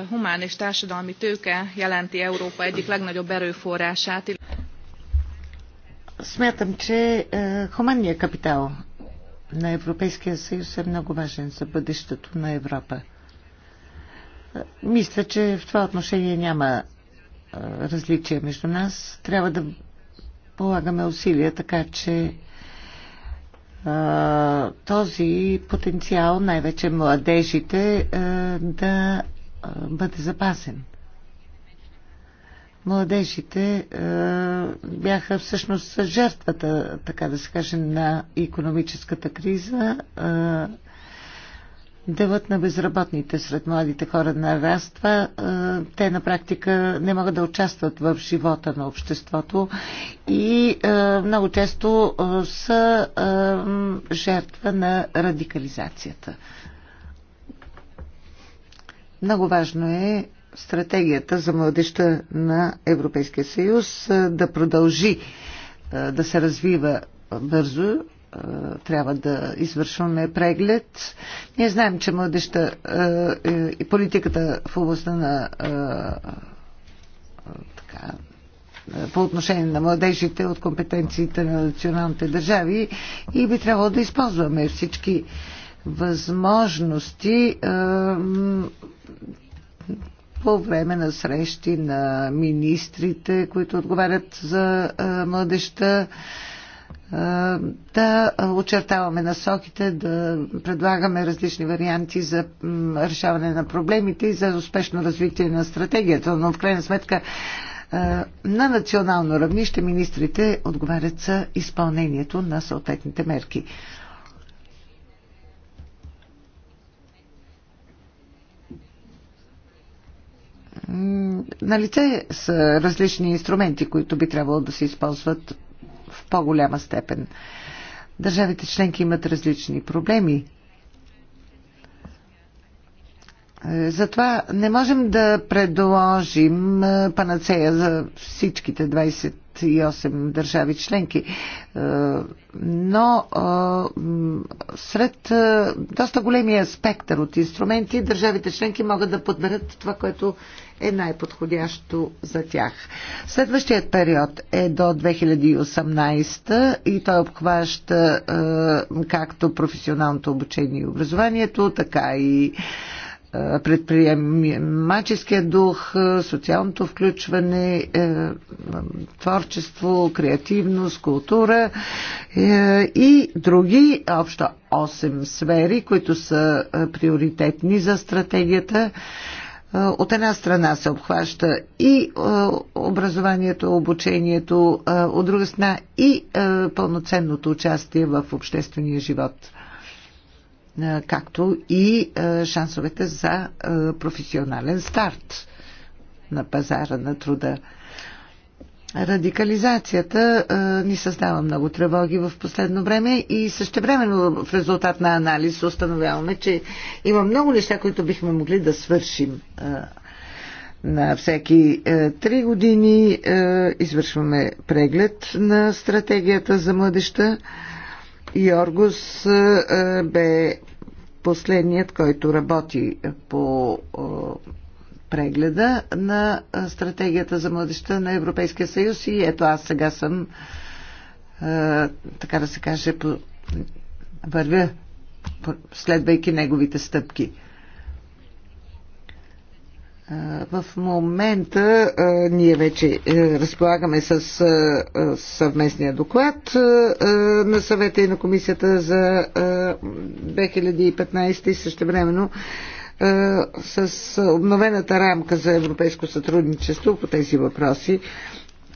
humán és társadalmi tőke jelenti Európa egyik legnagyobb erőforrását. Смятам, че е, хуманният капитал на Европейския съюз е много важен за бъдещето на Европа. Е, мисля, че в това отношение няма е, различия между нас. Трябва да полагаме усилия така, че този потенциал, най-вече младежите, да бъде запасен. Младежите бяха всъщност жертвата, така да се каже, на економическата криза Делът на безработните сред младите хора нараства. Е, те на практика не могат да участват в живота на обществото и е, много често е, са жертва на радикализацията. Много важно е стратегията за младеща на Европейския съюз да продължи да се развива бързо е, трябва да извършваме преглед. Ние знаем, че младеща е, и политиката в областта на е, така, по отношение на младежите от компетенциите на националните държави и би трябвало да използваме всички възможности по време на срещи на министрите, които отговарят за младеща да очертаваме насоките, да предлагаме различни варианти за решаване на проблемите и за успешно развитие на стратегията. Но в крайна сметка на национално равнище министрите отговарят за изпълнението на съответните мерки. Налице са различни инструменти, които би трябвало да се използват по-голяма степен. Държавите членки имат различни проблеми. Затова не можем да предложим панацея за всичките 20 28 държави членки. Е, но е, сред е, доста големия спектър от инструменти държавите членки могат да подберат това, което е най-подходящо за тях. Следващият период е до 2018 и той обхваща както професионалното обучение и образованието, така и предприемаческия дух, е, социалното включване, е, творчество, креативност, култура е, и други, общо 8 сфери, които са приоритетни за стратегията. От една страна се обхваща и образованието, обучението, от друга страна и пълноценното участие в обществения живот както и шансовете за професионален старт на пазара на труда. Радикализацията а, ни създава много тревоги в последно време и същевременно в резултат на анализ установяваме, че има много неща, които бихме могли да свършим. А, на всеки е, три години а, е, извършваме преглед на стратегията за младеща. А, Йоргус е, е, бе последният, който работи по е, прегледа на стратегията за младеща на Европейския съюз и ето аз сега съм така да се каже вървя следвайки неговите стъпки. В момента ние вече е, разполагаме с съвместния доклад на съвета и на комисията за 2015 и също времено с обновената рамка за европейско сътрудничество по тези въпроси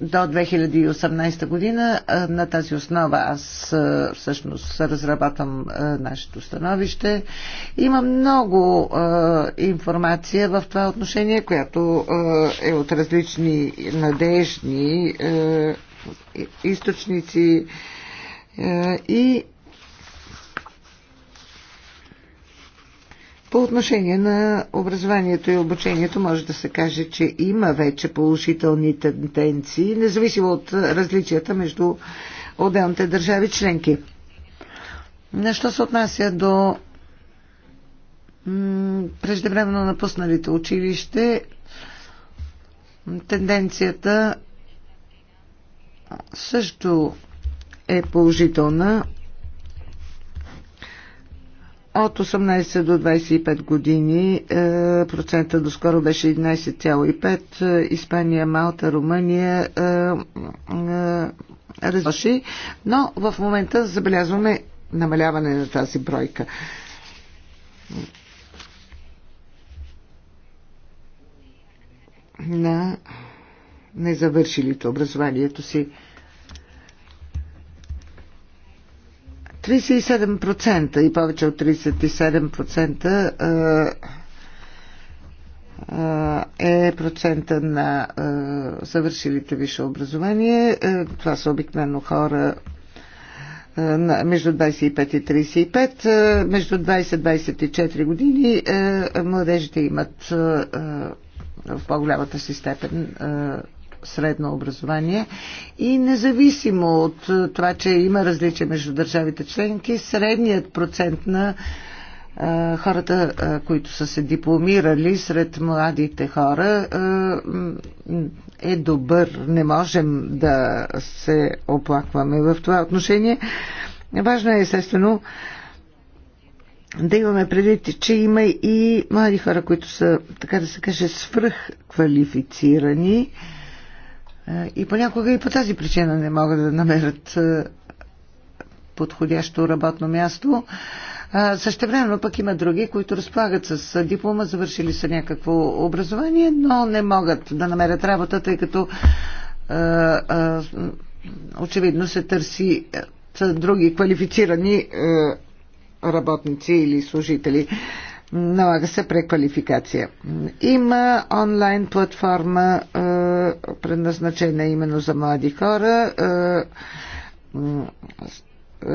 до 2018 година. На тази основа аз всъщност разработвам нашето становище. Има много информация в това отношение, която е от различни надежни източници и По отношение на образованието и обучението може да се каже, че има вече положителни тенденции, независимо от различията между отделните държави членки. Нещо се отнася до преждевременно напусналите училище, тенденцията също е положителна от 18 до 25 години е, процента доскоро беше 11,5. Е, Испания, Малта, Румъния е, разреши, но в момента забелязваме намаляване на тази бройка. На незавършилите образованието си. 37% и повече от 37% е процента на завършилите висше образование. Това са обикновено хора между 25 и 35. Между 20-24 години младежите имат в по-голямата си степен средно образование и независимо от е, това, че има различия между държавите членки, средният процент на е, хората, е, които са се дипломирали сред младите хора, е добър. Не можем да се оплакваме в това отношение. Важно е, естествено, да имаме предвид, че има и млади хора, които са, така да се каже, свръхквалифицирани. квалифицирани е, и понякога и по тази причина не могат да намерят е, подходящо работно място. Е, същевременно пък има други, които разполагат с диплома, завършили са някакво образование, но не могат да намерят работа, тъй като очевидно се търси други квалифицирани работници или служители. Налага се преквалификация. Има онлайн платформа предназначена именно за млади хора. Е, е,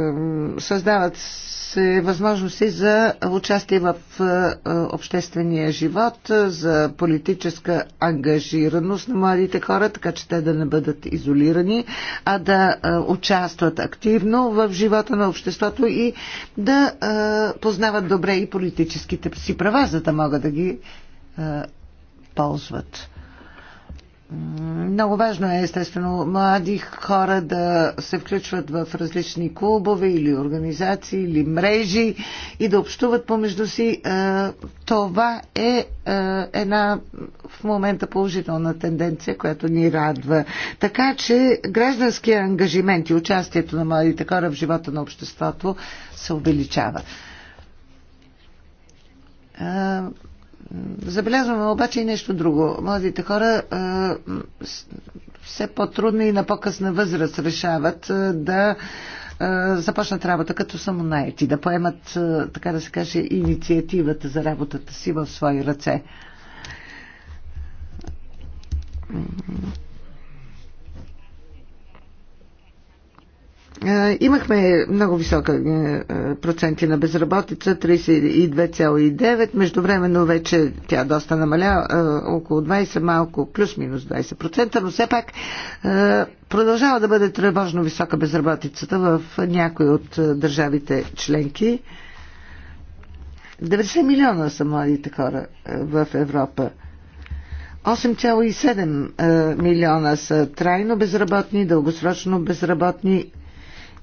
създават се възможности за участие в е, обществения живот, за политическа ангажираност на младите хора, така че те да не бъдат изолирани, а да участват активно в живота на обществото и да познават добре и политическите си права, за да могат да ги ползват. Много важно е, естествено, млади хора да се включват в различни клубове или организации или мрежи и да общуват помежду си. Е, това е, е една в момента положителна тенденция, която ни радва. Така че гражданския ангажимент и участието на младите хора в живота на обществото се увеличава е, Забелязваме обаче и нещо друго. Младите хора все по-трудно и на по-късна възраст решават да започнат работа като самонаети, да поемат, така да се каже, инициативата за работата си в свои ръце Е, имахме много висока е, е, проценти на безработица, 32,9. Междувременно вече тя доста намаля, около 20, малко, плюс-минус 20%, но все пак продължава да бъде тревожно висока безработицата в някои от държавите членки. 90 милиона са младите хора в Европа. 8,7 милиона са трайно безработни, дългосрочно безработни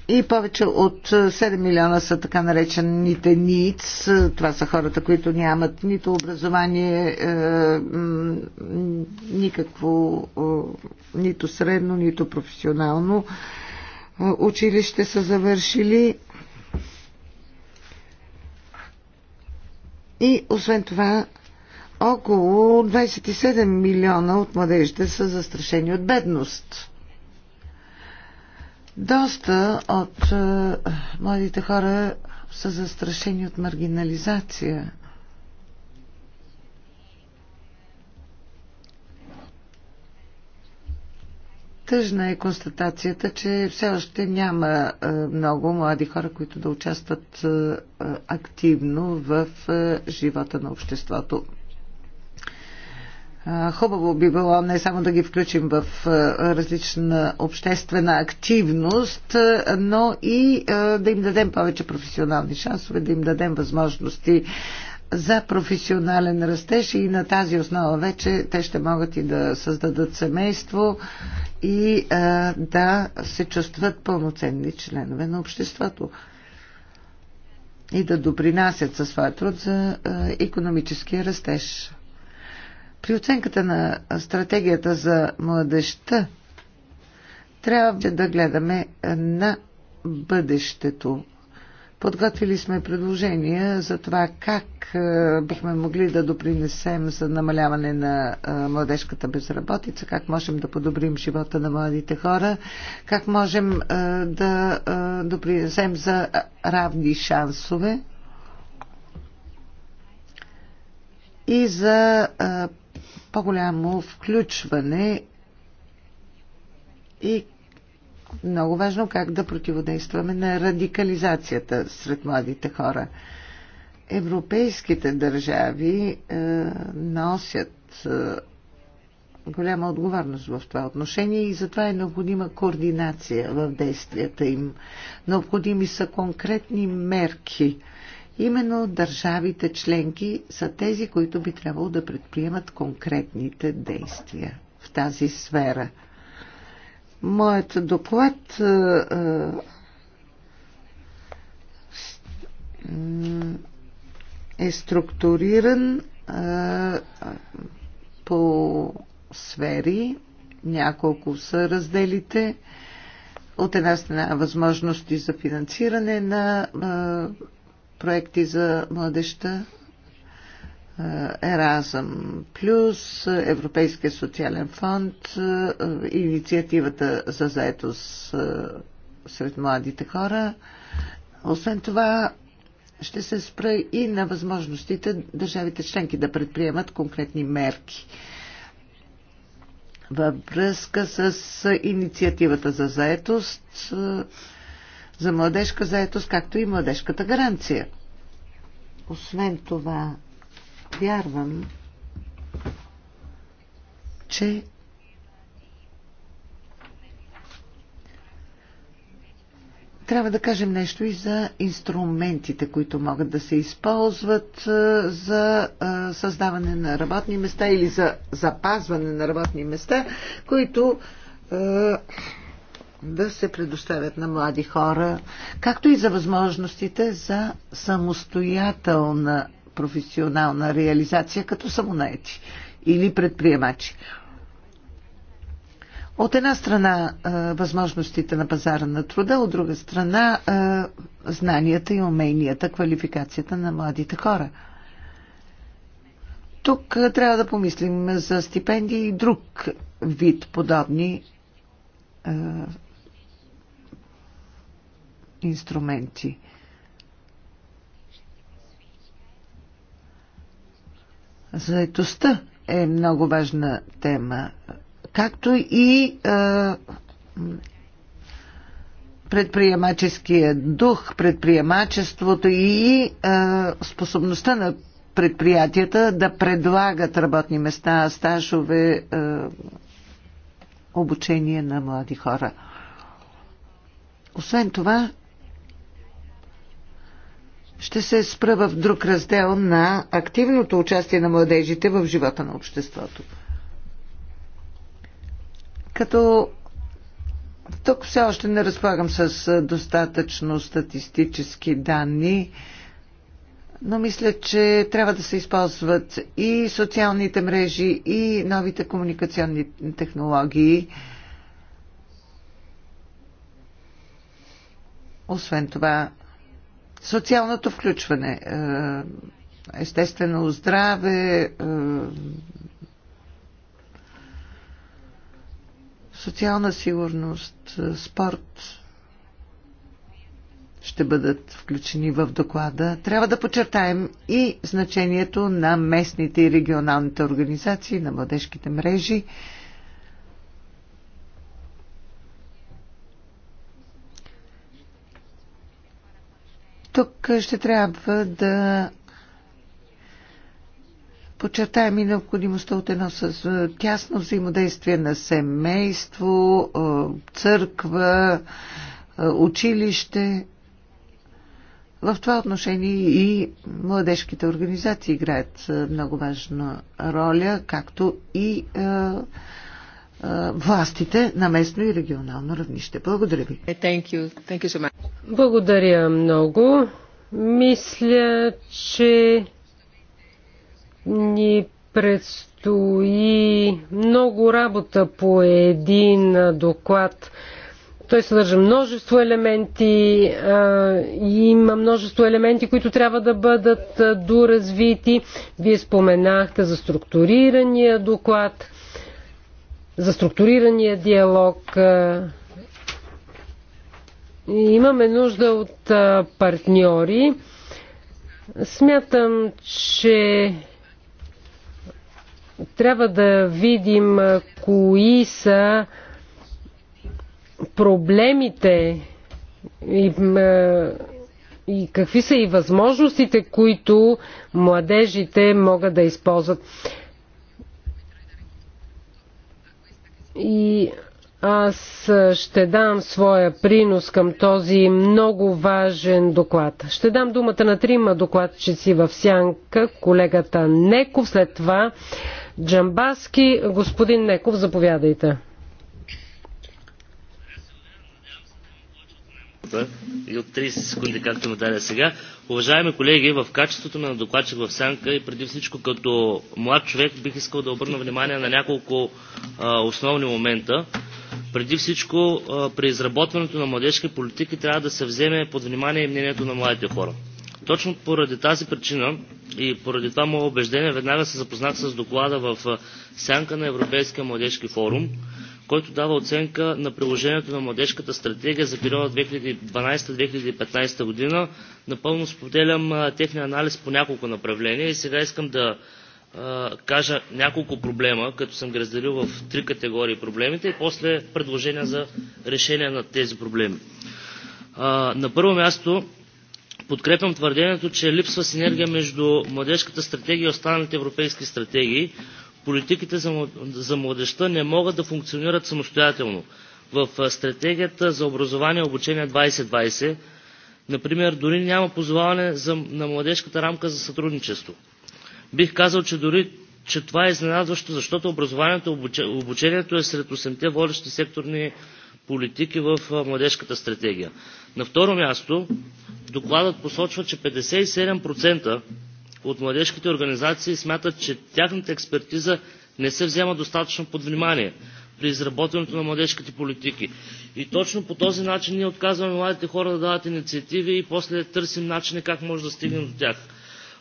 и повече от 7 милиона са така наречените ниц. Това са хората, които нямат нито образование, е, никакво, е, нито средно, нито професионално е, училище са завършили. И освен това, около 27 милиона от младежите са застрашени от бедност. Доста от е, младите хора са застрашени от маргинализация. Тъжна е констатацията, че все още няма е, много млади хора, които да участват е, активно в живота на обществото. Хубаво би било не само да ги включим в различна обществена активност, но и да им дадем повече професионални шансове, да им дадем възможности за професионален растеж и на тази основа вече те ще могат и да създадат семейство и да се чувстват пълноценни членове на обществото и да допринасят със своя труд за економическия растеж. При оценката на стратегията за младеща трябва да гледаме на бъдещето. Подготвили сме предложения за това как е, бихме могли да допринесем за намаляване на е, младежката безработица, как можем да подобрим живота на младите хора, как можем е, да допринесем за равни шансове и за по-голямо включване и много важно как да противодействаме на радикализацията сред младите хора. Европейските държави е, носят е, голяма отговорност в това отношение и затова е необходима координация в действията им. Необходими са конкретни мерки Именно държавите членки са тези, които би трябвало да предприемат конкретните действия в тази сфера. Моят доклад е, е, е структуриран е, по сфери. Няколко са разделите. От една страна възможности за финансиране на проекти за младеща, е, Еразъм Плюс, Европейския социален фонд, е, инициативата за заетост е, сред младите хора. Освен това, ще се спра и на възможностите държавите членки да предприемат конкретни мерки във връзка с инициативата за заетост за младежка заетост, както и младежката гаранция. Освен това, вярвам, че трябва да кажем нещо и за инструментите, които могат да се използват за създаване на работни места или за запазване на работни места, които да се предоставят на млади хора, както и за възможностите за самостоятелна професионална реализация като самонаети или предприемачи. От една страна възможностите на пазара на труда, от друга страна знанията и уменията, квалификацията на младите хора. Тук трябва да помислим за стипендии и друг вид подобни инструменти. Заетостта е много важна тема, както и е, предприемаческия дух, предприемачеството и е, способността на предприятията да предлагат работни места, стажове, е, обучение на млади хора. Освен това, ще се спра в друг раздел на активното участие на младежите в живота на обществото. Като тук все още не разполагам с достатъчно статистически данни, но мисля, че трябва да се използват и социалните мрежи, и новите комуникационни технологии. Освен това, социалното включване, е, естествено здраве, е, социална сигурност, е, спорт ще бъдат включени в доклада. Трябва да подчертаем и значението на местните и регионалните организации, на младежките мрежи. Тук е, ще трябва да Подчертаем и необходимостта от едно с е, тясно взаимодействие на семейство, е, църква, училище. В това отношение и младежките организации играят много важна роля, както и властите на местно и регионално равнище. Благодаря ви. Thank you. Thank you so much. Благодаря много. Мисля, че ни предстои много работа по един доклад. Той съдържа множество елементи и има множество елементи, които трябва да бъдат доразвити. Вие споменахте за структурирания доклад за структурирания диалог. Имаме нужда от партньори. Смятам, че трябва да видим кои са проблемите и, и какви са и възможностите, които младежите могат да използват. и аз ще дам своя принос към този много важен доклад. Ще дам думата на трима докладчици в сянка, колегата Неков, след това Джамбаски. Господин Неков, заповядайте. група и от 30 секунди, както ме даде сега. Уважаеми колеги, в качеството на докладчик в Сянка и преди всичко като млад човек бих искал да обърна внимание на няколко а, основни момента. Преди всичко, а, при изработването на младежки политики трябва да се вземе под внимание и мнението на младите хора. Точно поради тази причина и поради това мое убеждение веднага се запознах с доклада в Сянка на Европейския младежки форум който дава оценка на приложението на младежката стратегия за периода 2012-2015 година. Напълно споделям техния анализ по няколко направления и сега искам да кажа няколко проблема, като съм ги разделил в три категории проблемите и после предложения за решение на тези проблеми. на първо място подкрепям твърдението, че липсва синергия между младежката стратегия и останалите европейски стратегии, политиките за младежта не могат да функционират самостоятелно. В стратегията за образование и обучение 2020, например, дори няма позоваване на младежката рамка за сътрудничество. Бих казал, че дори че това е изненадващо, защото образованието и обучението е сред 8-те водещи секторни политики в младежката стратегия. На второ място, докладът посочва, че 57% от младежките организации смятат, че тяхната експертиза не се взема достатъчно под внимание при изработването на младежките политики. И точно по този начин ние отказваме младите хора да дават инициативи и после търсим начини как може да стигнем до тях.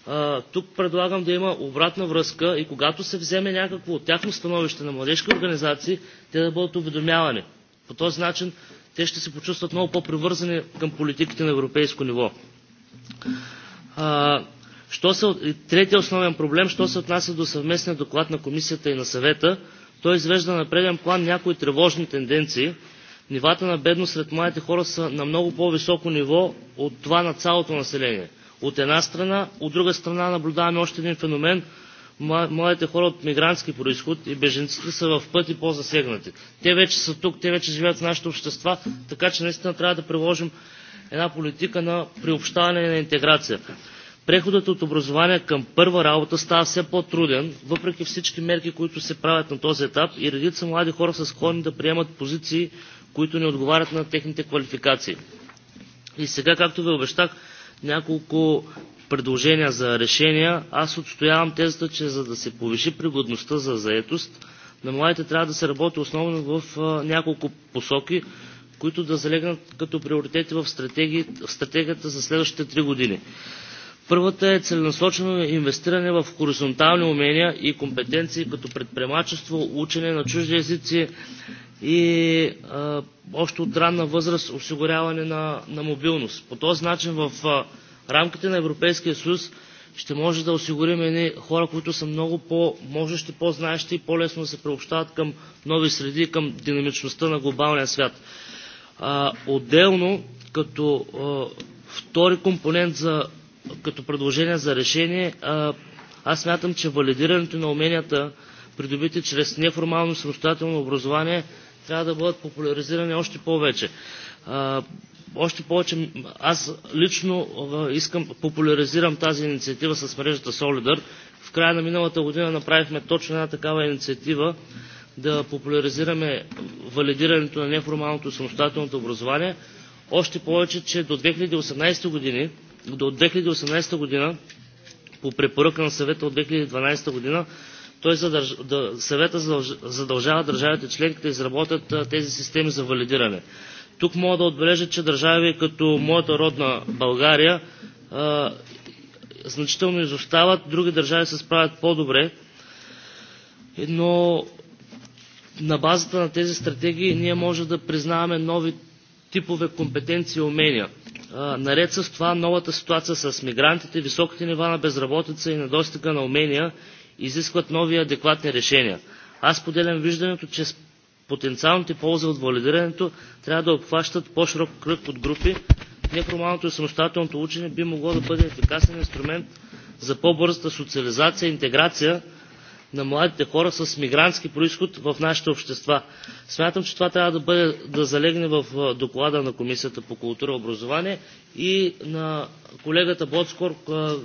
А, тук предлагам да има обратна връзка и когато се вземе някакво от тяхно становище на младежки организации, те да бъдат уведомявани. По този начин те ще се почувстват много по-привързани към политиките на европейско ниво. А, Що се, третия основен проблем, що се отнася до съвместния доклад на комисията и на съвета, той извежда на преден план някои тревожни тенденции. Нивата на бедност сред младите хора са на много по-високо ниво от това на цялото население. От една страна, от друга страна наблюдаваме още един феномен. Младите хора от мигрантски происход и беженците са в пъти по-засегнати. Те вече са тук, те вече живеят в нашите общества, така че наистина трябва да приложим една политика на приобщаване и на интеграция. Преходът от образование към първа работа става все по-труден, въпреки всички мерки, които се правят на този етап и редица млади хора са склонни да приемат позиции, които не отговарят на техните квалификации. И сега, както ви обещах, няколко предложения за решения. Аз отстоявам тезата, че за да се повиши пригодността за заетост, на младите трябва да се работи основно в няколко посоки, които да залегнат като приоритети в, стратеги... в стратегията за следващите три години. Първата е целенасочено инвестиране в хоризонтални умения и компетенции като предприемачество, учене на чужди езици и а, още от ранна възраст осигуряване на, на мобилност. По този начин в а, рамките на Европейския съюз ще може да осигурим едни хора, които са много по-можещи, по-знаещи и по-лесно да се преобщават към нови среди към динамичността на глобалния свят. А, отделно, като а, втори компонент за като предложение за решение. А, аз мятам, че валидирането на уменията, придобити чрез неформално самостоятелно образование, трябва да бъдат популяризирани още повече. А, още повече аз лично искам популяризирам тази инициатива с мрежата Solidar. В края на миналата година направихме точно една такава инициатива да популяризираме валидирането на неформалното самостоятелното образование. Още повече, че до 2018 години до 2018 година по препоръка на съвета от 2012 година той задърж... да... съвета задълж... задължава държавите членки да изработят а, тези системи за валидиране. Тук мога да отбележа, че държави като моята родна България а, значително изостават, други държави се справят по-добре, но на базата на тези стратегии ние може да признаваме нови типове компетенции и умения наред с това новата ситуация с мигрантите, високите нива на безработица и недостига на умения изискват нови адекватни решения. Аз поделям виждането, че потенциалните ползи от валидирането трябва да обхващат по-широк кръг от групи. Неформалното и самостоятелното учене би могло да бъде ефикасен инструмент за по-бързата социализация и интеграция на младите хора с мигрантски происход в нашите общества. Смятам, че това трябва да, бъде, да залегне в доклада на Комисията по култура и образование и на колегата Боцкор,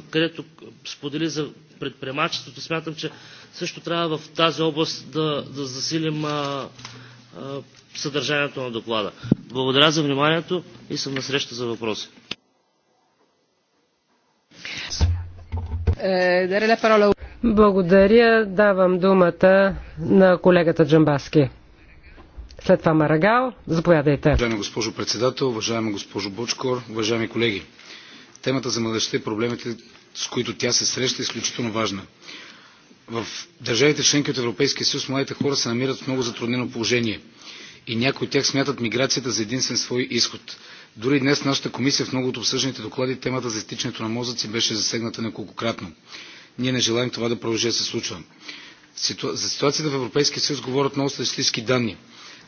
където сподели за предприемачеството. Смятам, че също трябва в тази област да, да засилим а, а, съдържанието на доклада. Благодаря за вниманието и съм на среща за въпроси. dare la parola благодаря. Давам думата на колегата Джамбаски. След това Марагал. Заповядайте. Уважаема госпожо председател, уважаема госпожо Бочкор, уважаеми колеги. Темата за младежта и проблемите, с които тя се среща, е изключително важна. В държавите членки от Европейския съюз младите хора се намират в много затруднено положение и някои от тях смятат миграцията за единствен свой изход. Дори днес нашата комисия в много от обсъжданите доклади темата за изтичането на мозъци беше засегната неколкократно. Ние не желаем това да продължи да се случва. За ситуацията в Европейския съюз говорят много статистически данни.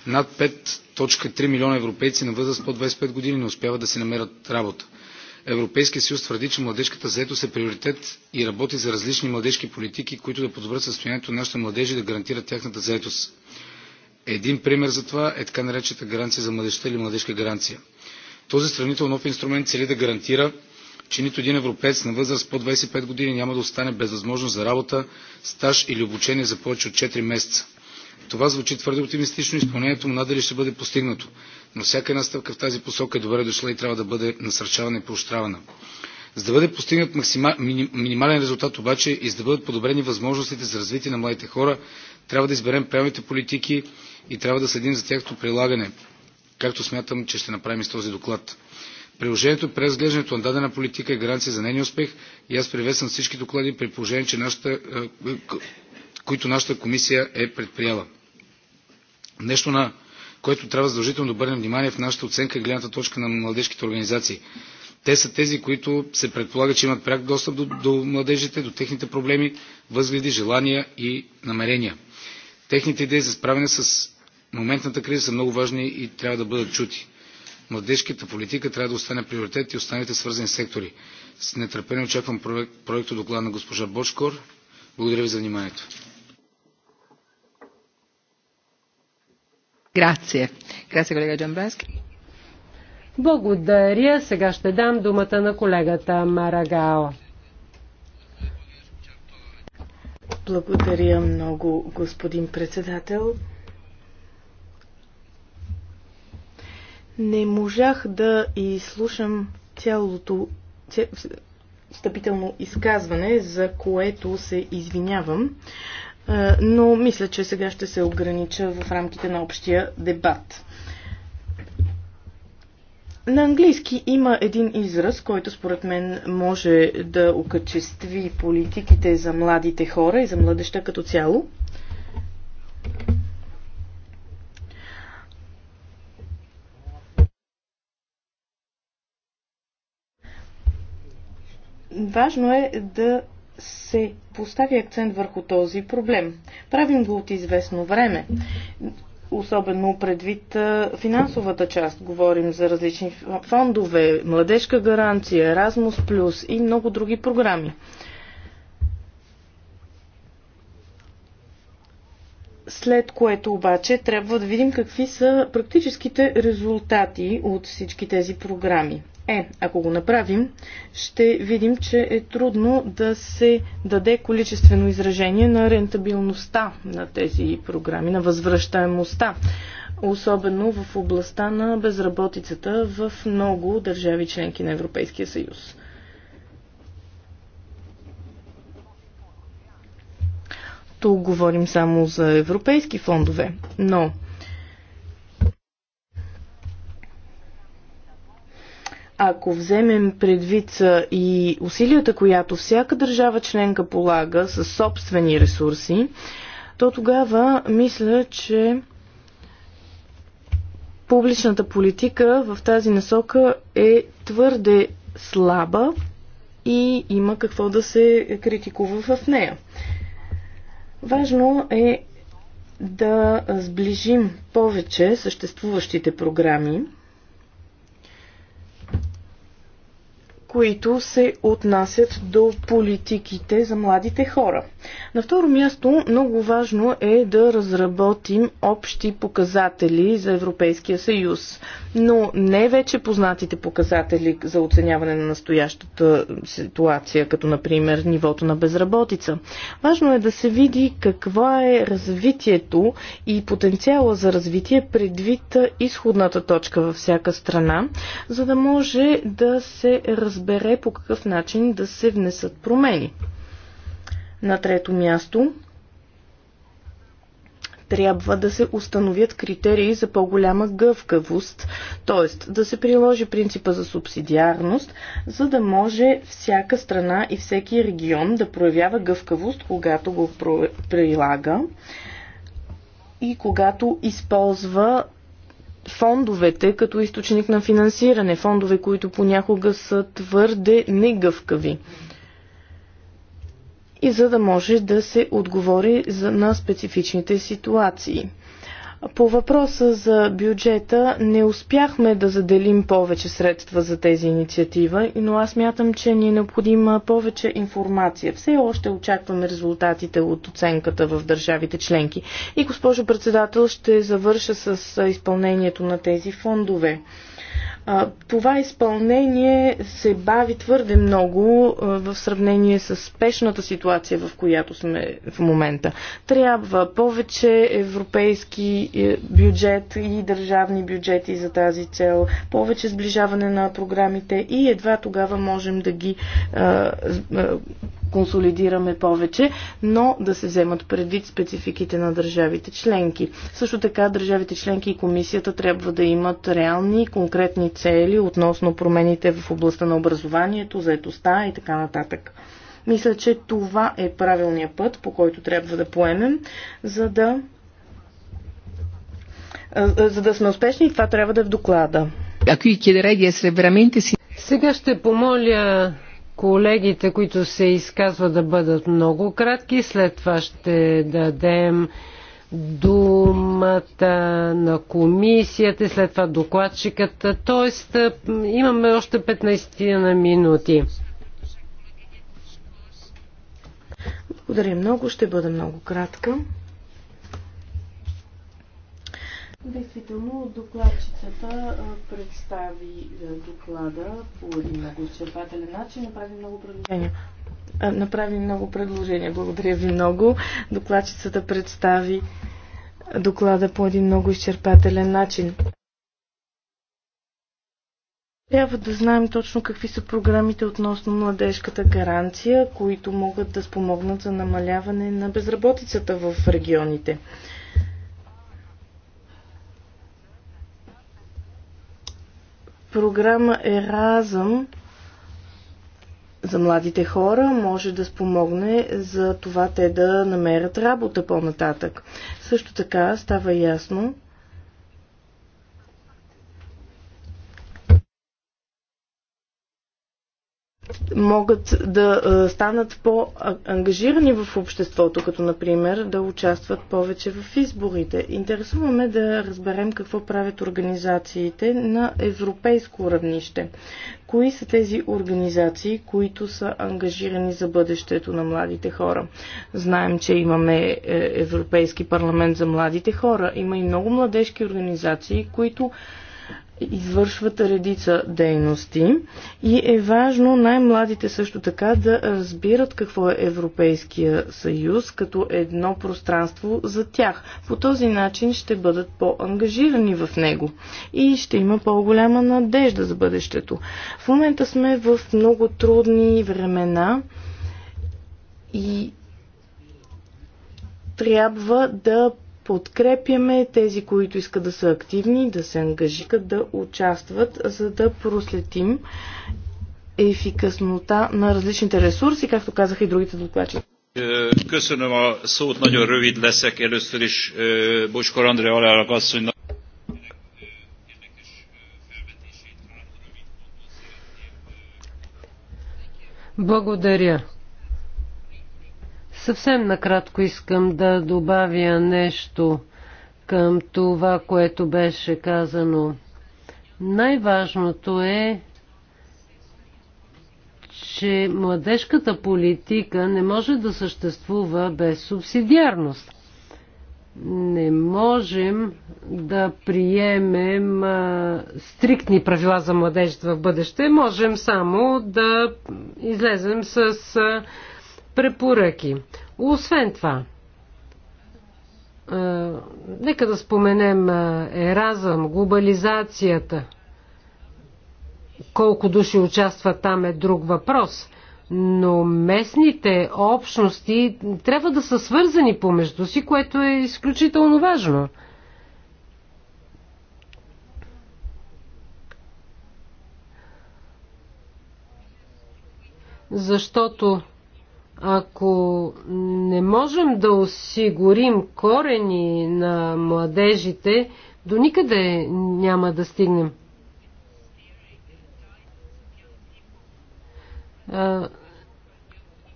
Над 5.3 милиона европейци на възраст под 25 години не успяват да си намерят работа. Европейския съюз твърди, че младежката заетост е приоритет и работи за различни младежки политики, които да подобрят състоянието на нашите младежи и да гарантират тяхната заетост. Един пример за това е така наречената гаранция за младежта или младежка гаранция. Този сравнително нов инструмент цели да гарантира че нито един европеец на възраст по 25 години няма да остане без възможност за работа, стаж или обучение за повече от 4 месеца. Това звучи твърде оптимистично и изпълнението му надали ще бъде постигнато, но всяка една стъпка в тази посока е добре дошла и трябва да бъде насърчавана и поощравана. За да бъде постигнат максима... минимален резултат обаче и за да бъдат подобрени възможностите за развитие на младите хора, трябва да изберем правилните политики и трябва да следим за тяхното прилагане, както смятам, че ще направим и с този доклад. Приложението, преразглеждането на дадена политика е гаранция за нейния успех и аз приветствам всички доклади, при положение, че нашата, е, които нашата комисия е предприела. Нещо на което трябва задължително да обърнем внимание в нашата оценка и гледната точка на младежките организации. Те са тези, които се предполага, че имат пряк достъп до, до младежите, до техните проблеми, възгледи, желания и намерения. Техните идеи за справяне с моментната криза са много важни и трябва да бъдат чути младежката политика трябва да остане приоритет и останалите свързани сектори. С нетърпение очаквам проект, проекто доклад на госпожа Бочкор. Благодаря ви за вниманието. Грация. Грация, колега Благодаря. Сега ще дам думата на колегата Марагао. Благодаря много, господин председател. Не можах да изслушам цялото ця, встъпително изказване, за което се извинявам, но мисля, че сега ще се огранича в рамките на общия дебат. На английски има един израз, който според мен може да окачестви политиките за младите хора и за младеща като цяло – Важно е да се постави акцент върху този проблем. Правим го от известно време особено предвид финансовата част. Говорим за различни фондове, младежка гаранция, Erasmus Plus и много други програми. След което обаче трябва да видим какви са практическите резултати от всички тези програми. Е, ако го направим, ще видим, че е трудно да се даде количествено изражение на рентабилността на тези програми, на възвръщаемостта, особено в областта на безработицата в много държави членки на Европейския съюз. Тук говорим само за европейски фондове, но Ако вземем предвид и усилията, която всяка държава членка полага със собствени ресурси, то тогава мисля, че публичната политика в тази насока е твърде слаба и има какво да се критикува в нея. Важно е да сближим повече съществуващите програми които се отнасят до политиките за младите хора. На второ място, много важно е да разработим общи показатели за Европейския съюз, но не вече познатите показатели за оценяване на настоящата ситуация, като например нивото на безработица. Важно е да се види какво е развитието и потенциала за развитие предвид изходната точка във всяка страна, за да може да се разбере разбере по какъв начин да се внесат промени. На трето място трябва да се установят критерии за по-голяма гъвкавост, т.е. да се приложи принципа за субсидиарност, за да може всяка страна и всеки регион да проявява гъвкавост, когато го прилага и когато използва фондовете като източник на финансиране, фондове, които понякога са твърде негъвкави. И за да може да се отговори за, на специфичните ситуации. По въпроса за бюджета не успяхме да заделим повече средства за тези инициатива, но аз мятам, че ни е необходима повече информация. Все още очакваме резултатите от оценката в държавите членки. И госпожо председател, ще завърша с изпълнението на тези фондове това изпълнение се бави твърде много в сравнение с спешната ситуация, в която сме в момента. Трябва повече европейски е, бюджет и държавни бюджети за тази цел, повече сближаване на програмите и едва тогава можем да ги консолидираме повече, но да се вземат предвид спецификите на държавите членки. Също така държавите членки и комисията трябва да имат реални и конкретни цели относно промените в областта на образованието, заетостта и така нататък. Мисля, че това е правилният път, по който трябва да поемем, за да за да сме успешни, това трябва да е в доклада. Сега ще помоля колегите, които се изказват да бъдат много кратки. След това ще дадем думата на комисията, след това докладчикът. Тоест, е, имаме още 15 на минути. Благодаря много, ще бъда много кратка. Действително, докладчицата представи доклада по един много изчерпателен начин, направи много предложения. Направи много предложения. Благодаря ви много. Докладчицата представи доклада по един много изчерпателен начин. Трябва да знаем точно какви са програмите относно младежката гаранция, които могат да спомогнат за намаляване на безработицата в регионите. Програма Еразъм за младите хора може да спомогне за това те да намерят работа по-нататък. Също така става ясно, могат да станат по-ангажирани в обществото, като например да участват повече в изборите. Интересуваме да разберем какво правят организациите на европейско равнище. Кои са тези организации, които са ангажирани за бъдещето на младите хора? Знаем, че имаме е, Европейски парламент за младите хора. Има и много младежки организации, които извършват редица дейности и е важно най-младите също така да разбират какво е Европейския съюз като едно пространство за тях. По този начин ще бъдат по-ангажирани в него и ще има по-голяма надежда за бъдещето. В момента сме в много трудни времена и трябва да Подкрепяме тези, които искат да са активни, да се ангажират, да участват, за да проследим ефикасността на различните ресурси, както казаха и другите докладчици. Е, Köszönöm a szót, nagyon rövid leszek. Először is е, Bocskor asszonynak. Благодаря. Съвсем накратко искам да добавя нещо към това, което беше казано. Най-важното е, че младежката политика не може да съществува без субсидиарност. Не можем да приемем а, стриктни правила за младежите в бъдеще, можем само да излезем с. А, препоръки. Освен това, е, нека да споменем е, Еразъм, глобализацията. Колко души участват там е друг въпрос. Но местните общности трябва да са свързани помежду си, което е изключително важно. Защото ако не можем да осигурим корени на младежите, до никъде няма да стигнем.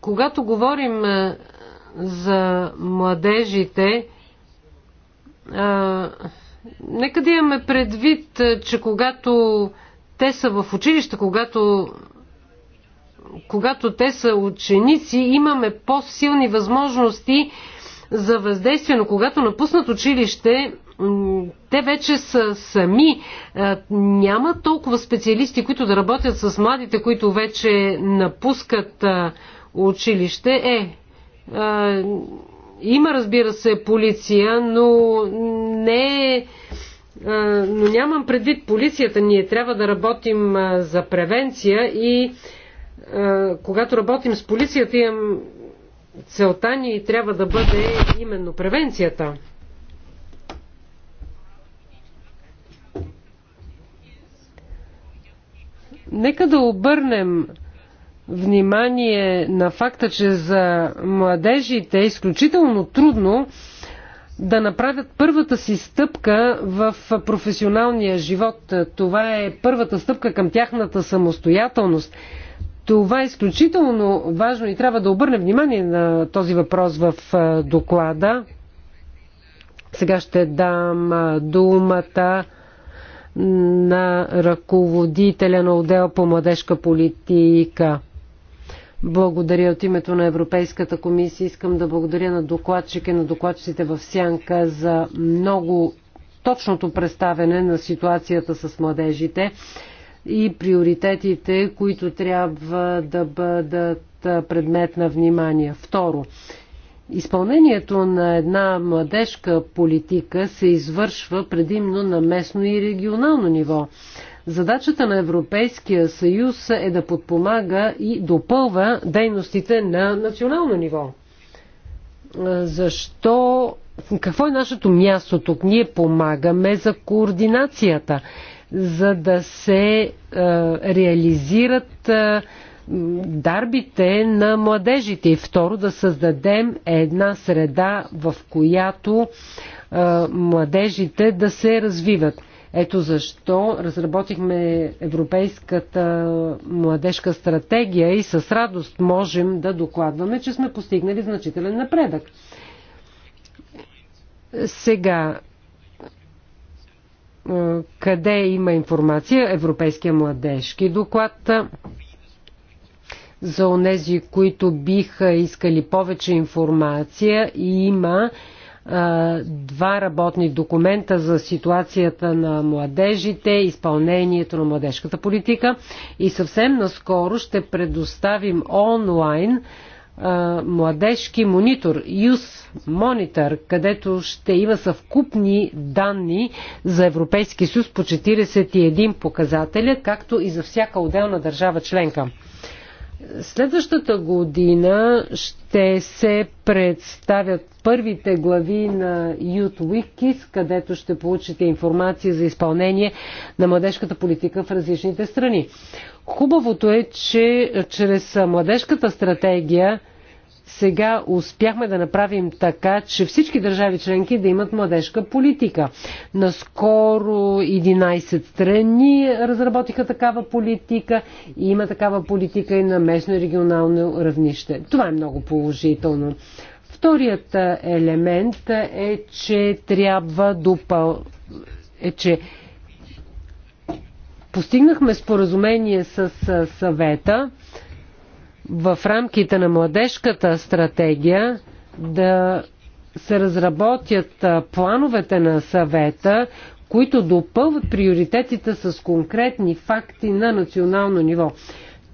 Когато говорим за младежите, нека да имаме предвид, че когато те са в училище, когато когато те са ученици, имаме по-силни възможности за въздействие, но когато напуснат училище, те вече са сами. Е, няма толкова специалисти, които да работят с младите, които вече напускат е, училище. Е, е, има, разбира се, полиция, но не е но нямам предвид полицията. Ние трябва да работим за превенция и е, когато работим с полицията, имам целта ни трябва да бъде именно превенцията. Нека да обърнем внимание на факта, че за младежите е изключително трудно да направят първата си стъпка в професионалния живот. Това е първата стъпка към тяхната самостоятелност. Това е изключително важно и трябва да обърнем внимание на този въпрос в доклада. Сега ще дам думата на ръководителя на отдел по младежка политика. Благодаря от името на Европейската комисия. Искам да благодаря на докладчика и на докладчиците в Сянка за много точното представене на ситуацията с младежите и приоритетите, които трябва да бъдат предмет на внимание. Второ, изпълнението на една младежка политика се извършва предимно на местно и регионално ниво. Задачата на Европейския съюз е да подпомага и допълва дейностите на национално ниво. Защо? Какво е нашето място тук? Ние помагаме за координацията за да се е, реализират е, дарбите на младежите и второ да създадем една среда, в която е, младежите да се развиват. Ето защо разработихме Европейската младежка стратегия и с радост можем да докладваме, че сме постигнали значителен напредък. Сега, е, къде има информация, Европейския младежки доклад за онези, които биха искали повече информация и има а, е, два работни документа за ситуацията на младежите, изпълнението на младежката политика и съвсем наскоро ще предоставим онлайн младежки монитор, ЮС монитор, където ще има съвкупни данни за Европейски съюз по 41 показателя, както и за всяка отделна държава членка. Следващата година ще се представят първите глави на Youth Wikis, където ще получите информация за изпълнение на младежката политика в различните страни. Хубавото е, че чрез младежката стратегия сега успяхме да направим така, че всички държави членки да имат младежка политика. Наскоро 11 страни разработиха такава политика и има такава политика и на местно и регионално равнище. Това е много положително. Вторият елемент е, че трябва допъл... е, че постигнахме споразумение с съвета в рамките на младежката стратегия да се разработят плановете на съвета, които допълват приоритетите с конкретни факти на национално ниво.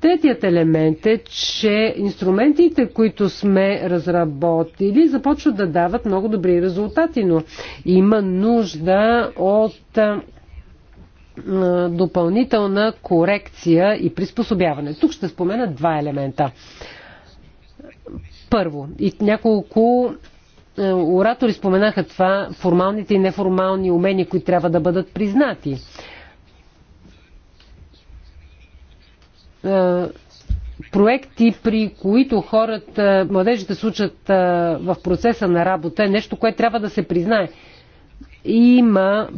Третият елемент е, че инструментите, които сме разработили, започват да дават много добри резултати, но има нужда от допълнителна корекция и приспособяване. Тук ще спомена два елемента. Първо, и няколко оратори споменаха това, формалните и неформални умения, които трябва да бъдат признати. Проекти, при които хората, младежите се учат в процеса на работа, е нещо, което трябва да се признае. Има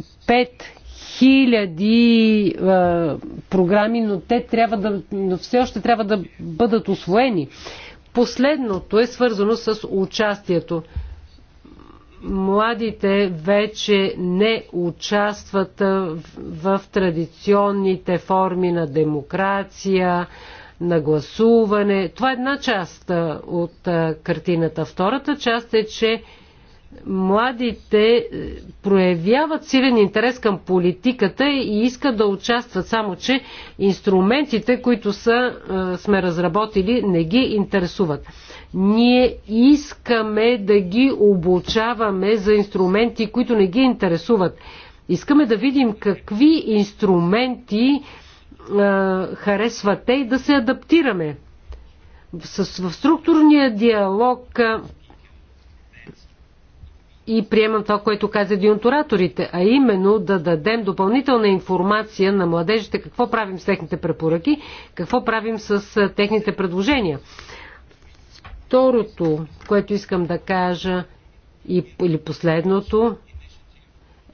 хиляди а, програми, но те трябва да, но все още трябва да бъдат освоени. Последното е свързано с участието. Младите вече не участват в, в традиционните форми на демокрация, на гласуване. Това е една част от картината. Втората част е, че младите е, проявяват силен интерес към политиката и искат да участват, само че инструментите, които са, е, сме разработили, не ги интересуват. Ние искаме да ги обучаваме за инструменти, които не ги интересуват. Искаме да видим какви инструменти е, харесват те и да се адаптираме. в структурния диалог е, и приемам това, което каза един от ораторите, а именно да дадем допълнителна информация на младежите какво правим с техните препоръки, какво правим с техните предложения. Второто, което искам да кажа, или последното,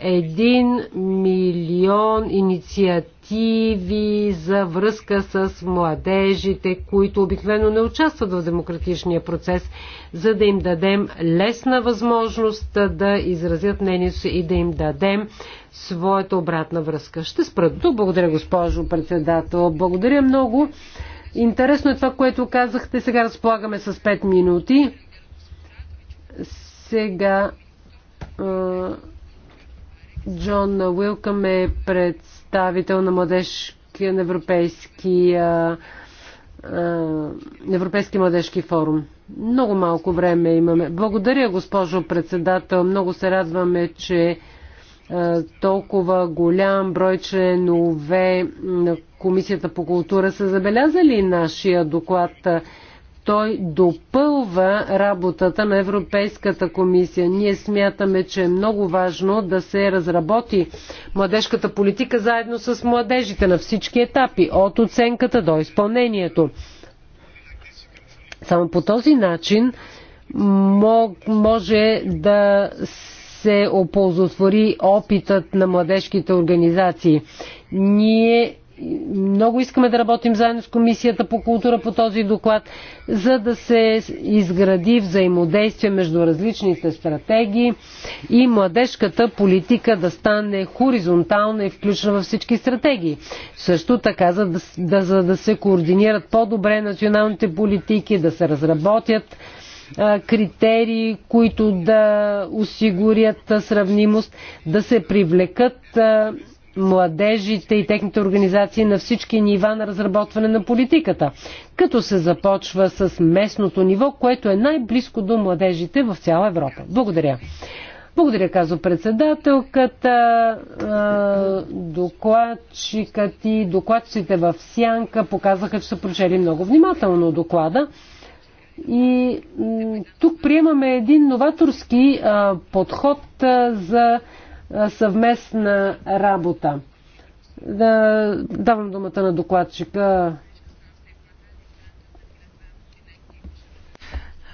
един милион инициативи инициативи за връзка с младежите, които обикновено не участват в демократичния процес, за да им дадем лесна възможност да изразят мнението си и да им дадем своята обратна връзка. Ще спра тук. Благодаря, госпожо председател. Благодаря много. Интересно е това, което казахте. Сега разполагаме с 5 минути. Сега Джон Уилкъм е пред представител на Младежкия на европейски, а, а, европейски младежки форум. Много малко време имаме. Благодаря, госпожо председател. Много се радваме, че а, толкова голям брой членове на Комисията по култура са забелязали нашия доклад. Той допълва работата на Европейската комисия. Ние смятаме, че е много важно да се разработи младежката политика заедно с младежите на всички етапи, от оценката до изпълнението. Само по този начин може да се оползотвори опитът на младежките организации. Ние много искаме да работим заедно с Комисията по култура по този доклад, за да се изгради взаимодействие между различните стратегии и младежката политика да стане хоризонтална и включена във всички стратегии. Също така, за да, да, за да се координират по-добре националните политики, да се разработят критерии, които да осигурят сравнимост, да се привлекат младежите и техните организации на всички нива на разработване на политиката, като се започва с местното ниво, което е най-близко до младежите в цяла Европа. Благодаря. Благодаря, казва председателката. Докладчикът и докладчиците в Сянка показаха, че са прочели много внимателно доклада. И тук приемаме един новаторски подход за съвместна работа. Да, давам думата на докладчика.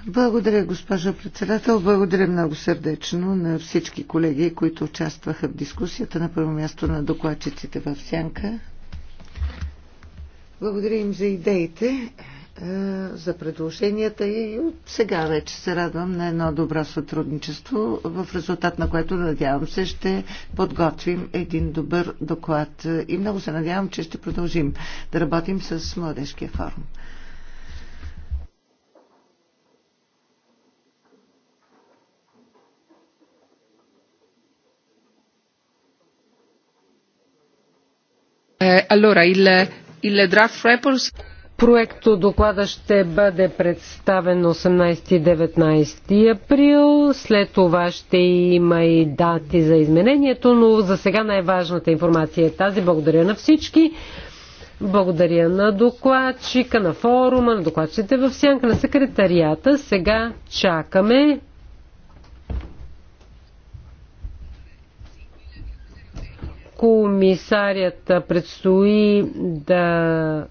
Благодаря, госпожо председател. Благодаря много сърдечно на всички колеги, които участваха в дискусията. На първо място на докладчиците в Сянка. Благодаря им за идеите. Е, за предложенията и от сега вече се радвам на едно добро сътрудничество, в резултат на което надявам се ще подготвим един добър доклад и много се надявам, че ще продължим да работим с Младежкия форум. Eh, allora, il, il draft report Проекто доклада ще бъде представен 18-19 април. След това ще има и дати за изменението, но за сега най-важната информация е тази. Благодаря на всички. Благодаря на докладчика, на форума, на докладчите в сянка, на секретарията. Сега чакаме комисарията предстои да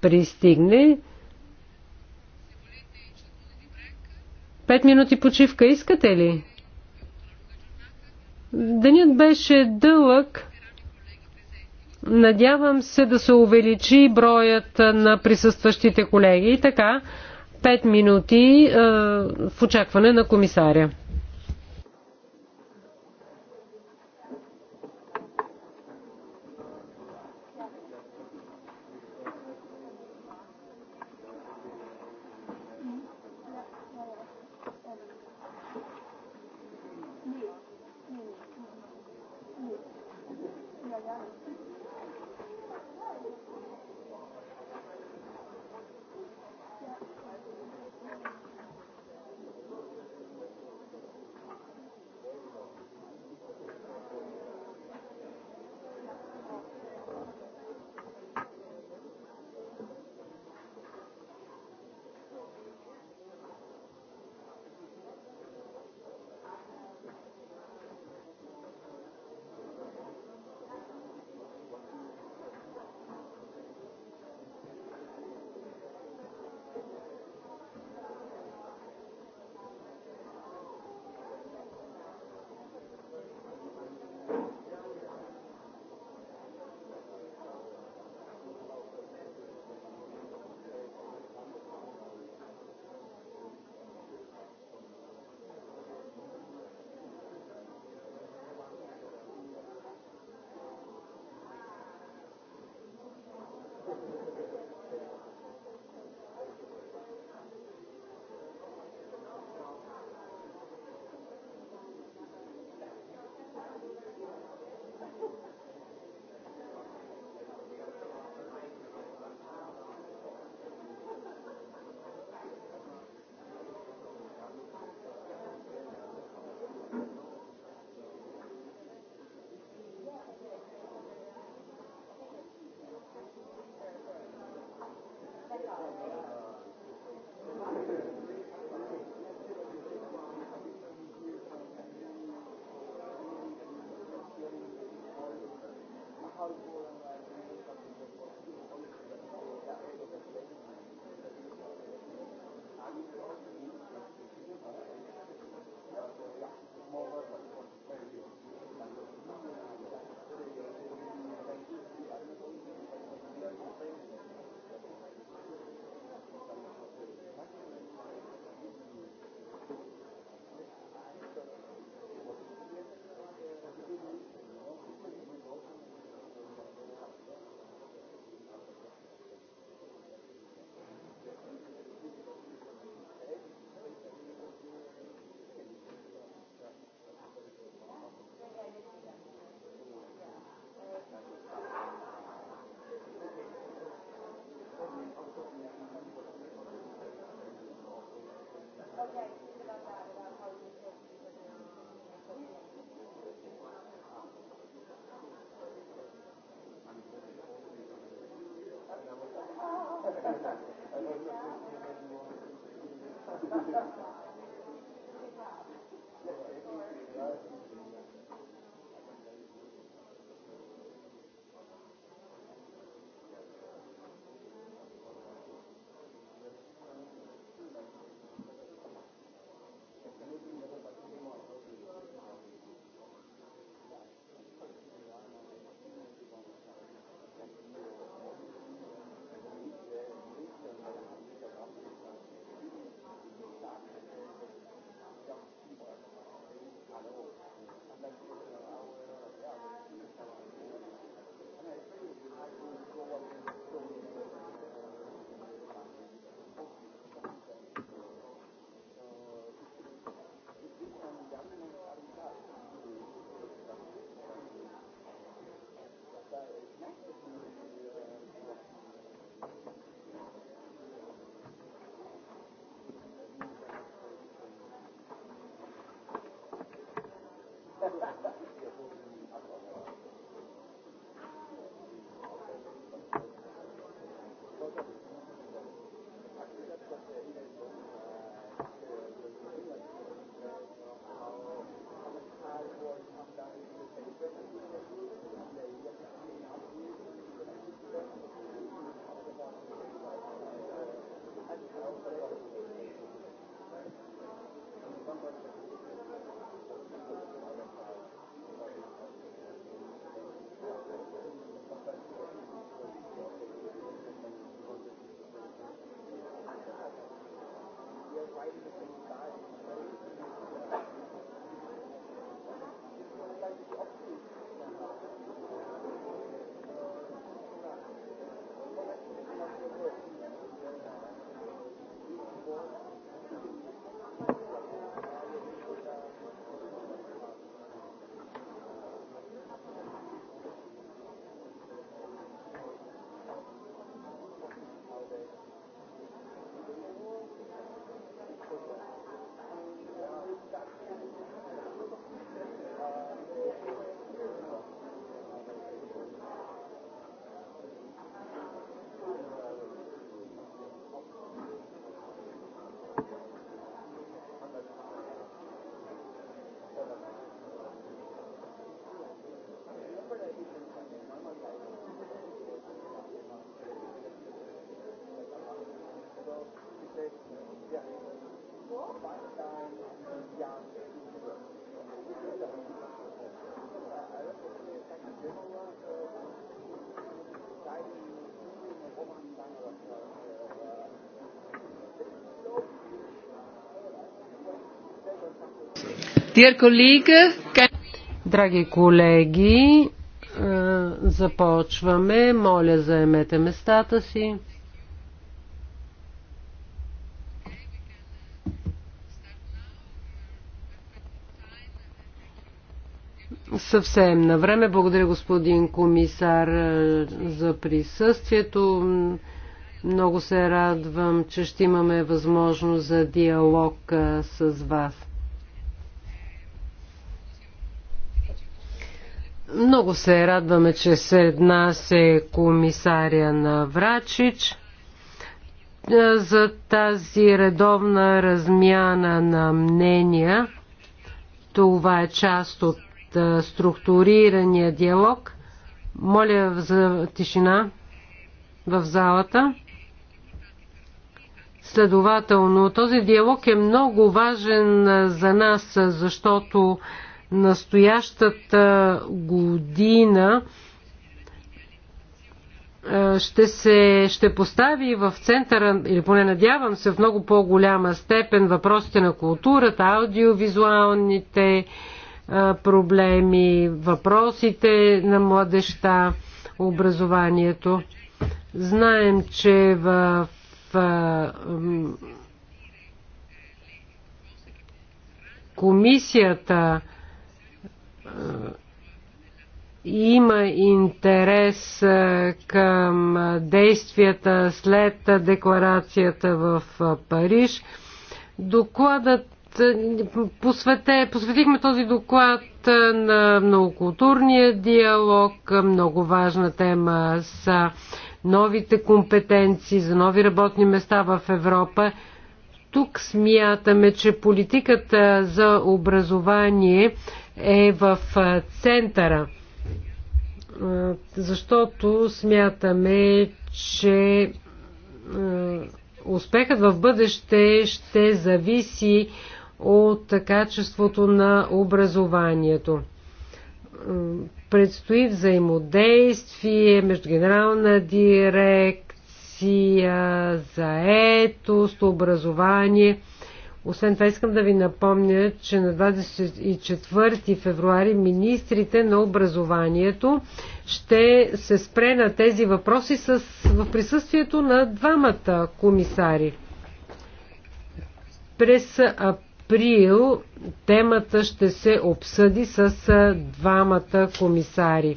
пристигне. Пет минути почивка искате ли? Денят беше дълъг. Надявам се да се увеличи броят на присъстващите колеги. И така, пет минути е, в очакване на комисаря. Thank you. Thank you. Драги колеги, започваме. Моля, заемете местата си. Съвсем на време. Благодаря господин комисар за присъствието. Много се радвам, че ще имаме възможност за диалог с вас. Много се радваме, че сред нас е комисаря на Врачич за тази редовна размяна на мнения. Това е част от структурирания диалог. Моля за тишина в залата. Следователно, този диалог е много важен за нас, защото настоящата година ще се ще постави в центъра, или поне надявам се в много по-голяма степен, въпросите на културата, аудиовизуалните проблеми, въпросите на младеща, образованието. Знаем, че в, в комисията има интерес към действията след декларацията в Париж. Докладът посвете, посветихме този доклад на многокултурния диалог, много важна тема са новите компетенции за нови работни места в Европа. Тук смятаме, че политиката за образование е в центъра. Защото смятаме, че успехът в бъдеще ще зависи от качеството на образованието. Предстои взаимодействие между генерална дирекция, заетост, образование – освен това искам да ви напомня, че на 24 февруари министрите на образованието ще се спре на тези въпроси с, в присъствието на двамата комисари. През април темата ще се обсъди с двамата комисари.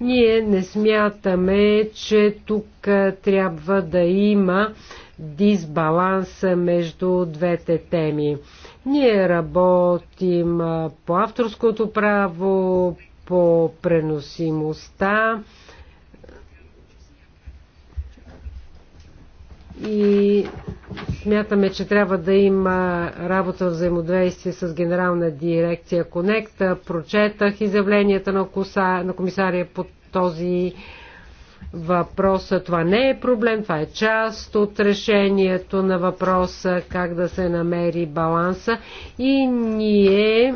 Ние не смятаме, че тук трябва да има дисбаланса между двете теми. Ние работим по авторското право, по преносимостта и смятаме, че трябва да има работа в взаимодействие с генерална дирекция Конекта. Прочетах изявленията на, на комисария по този въпроса. Това не е проблем, това е част от решението на въпроса как да се намери баланса и ние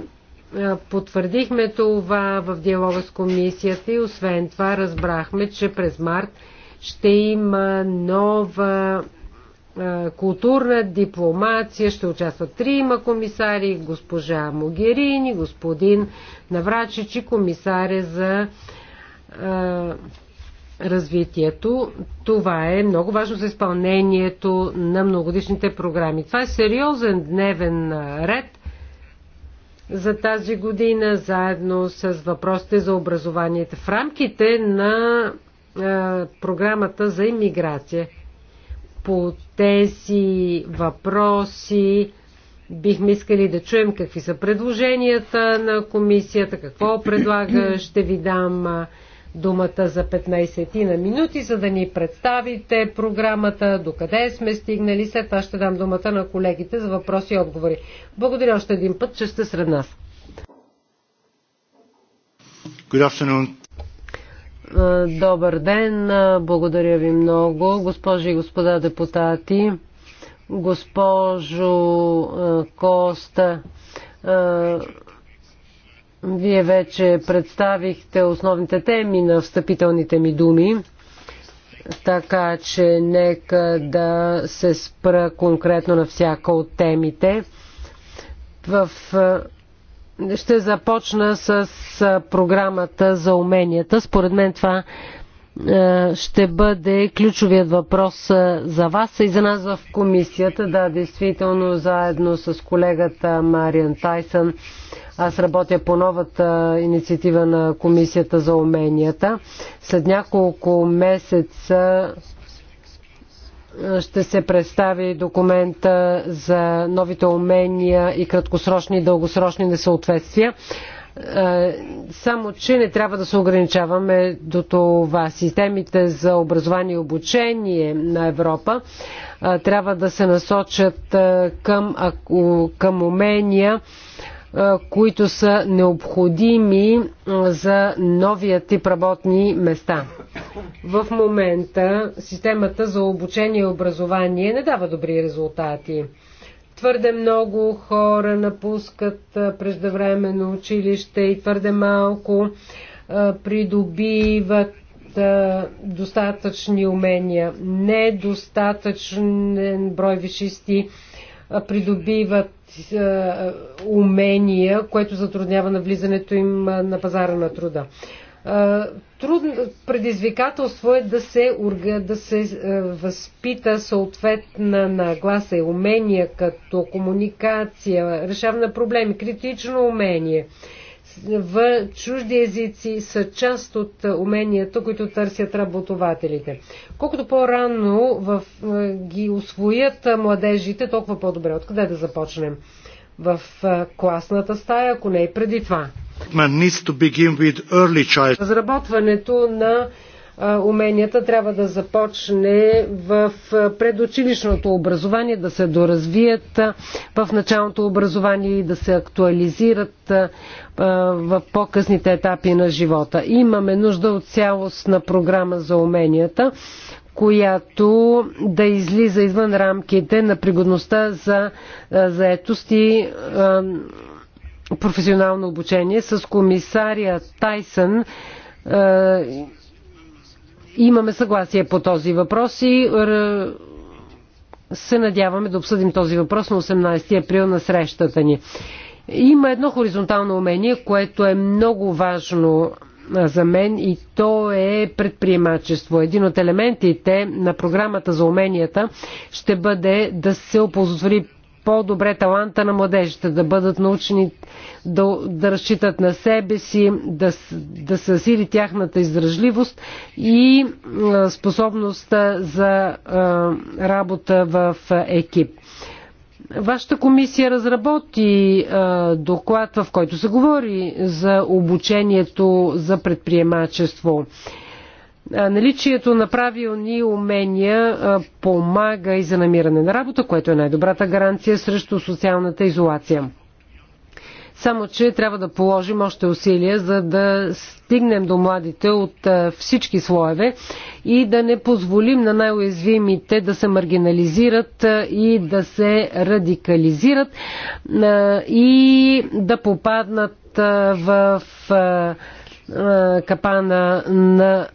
потвърдихме това в диалога с комисията и освен това разбрахме, че през март ще има нова културна дипломация. Ще участват трима комисари, госпожа Могерини, господин Наврачич и комисаря за развитието. Това е много важно за изпълнението на многодишните програми. Това е сериозен дневен ред за тази година, заедно с въпросите за образованието в рамките на програмата за иммиграция. По тези въпроси бихме искали да чуем какви са предложенията на комисията, какво предлага. Ще ви дам думата за 15 на минути, за да ни представите програмата, докъде сме стигнали. След това ще дам думата на колегите за въпроси и отговори. Благодаря още един път, че сте сред нас. Добър ден, благодаря ви много, госпожи и господа депутати, госпожо Коста вие вече представихте основните теми на встъпителните ми думи, така че нека да се спра конкретно на всяка от темите. В... Е, ще започна с програмата за уменията. Според мен това е, ще бъде ключовият въпрос за вас и за нас в комисията. Да, действително, заедно с колегата Мариан Тайсън аз работя по новата инициатива на Комисията за уменията. След няколко месеца ще се представи документа за новите умения и краткосрочни и дългосрочни несъответствия. Само, че не трябва да се ограничаваме до това. Системите за образование и обучение на Европа трябва да се насочат към, към умения, които са необходими за новия тип работни места. В момента системата за обучение и образование не дава добри резултати. Твърде много хора напускат преждевременно училище и твърде малко придобиват достатъчни умения. Недостатъчен брой вишисти придобиват умения, което затруднява навлизането им на пазара на труда. Трудно предизвикателство е да се, да се възпита съответна нагласа и умения като комуникация, решаване на проблеми, критично умение – в чужди езици са част от е, уменията, които търсят работователите. Колкото по-рано в, е, ги освоят е, младежите, толкова по-добре. Откъде да започнем? В класната стая, ако не и преди това. Разработването на уменията трябва да започне в предучилищното образование, да се доразвият в началното образование и да се актуализират в по-късните етапи на живота. Имаме нужда от цялостна програма за уменията, която да излиза извън рамките на пригодността за заетост и професионално обучение. С комисария Тайсън Имаме съгласие по този въпрос и се надяваме да обсъдим този въпрос на 18 април на срещата ни. Има едно хоризонтално умение, което е много важно за мен и то е предприемачество. Един от елементите на програмата за уменията ще бъде да се оползотвори по-добре таланта на младежите, да бъдат научени да, да разчитат на себе си, да, да се засили тяхната издръжливост и способността за а, работа в екип. Вашата комисия разработи а, доклад, в който се говори за обучението за предприемачество. А, наличието на правилни умения помага и за намиране на работа, което е най-добрата гаранция срещу социалната изолация. Само, че трябва да положим още усилия, за да стигнем до младите от всички слоеве и да не позволим на най-уязвимите да се маргинализират и да се радикализират и да попаднат в капана на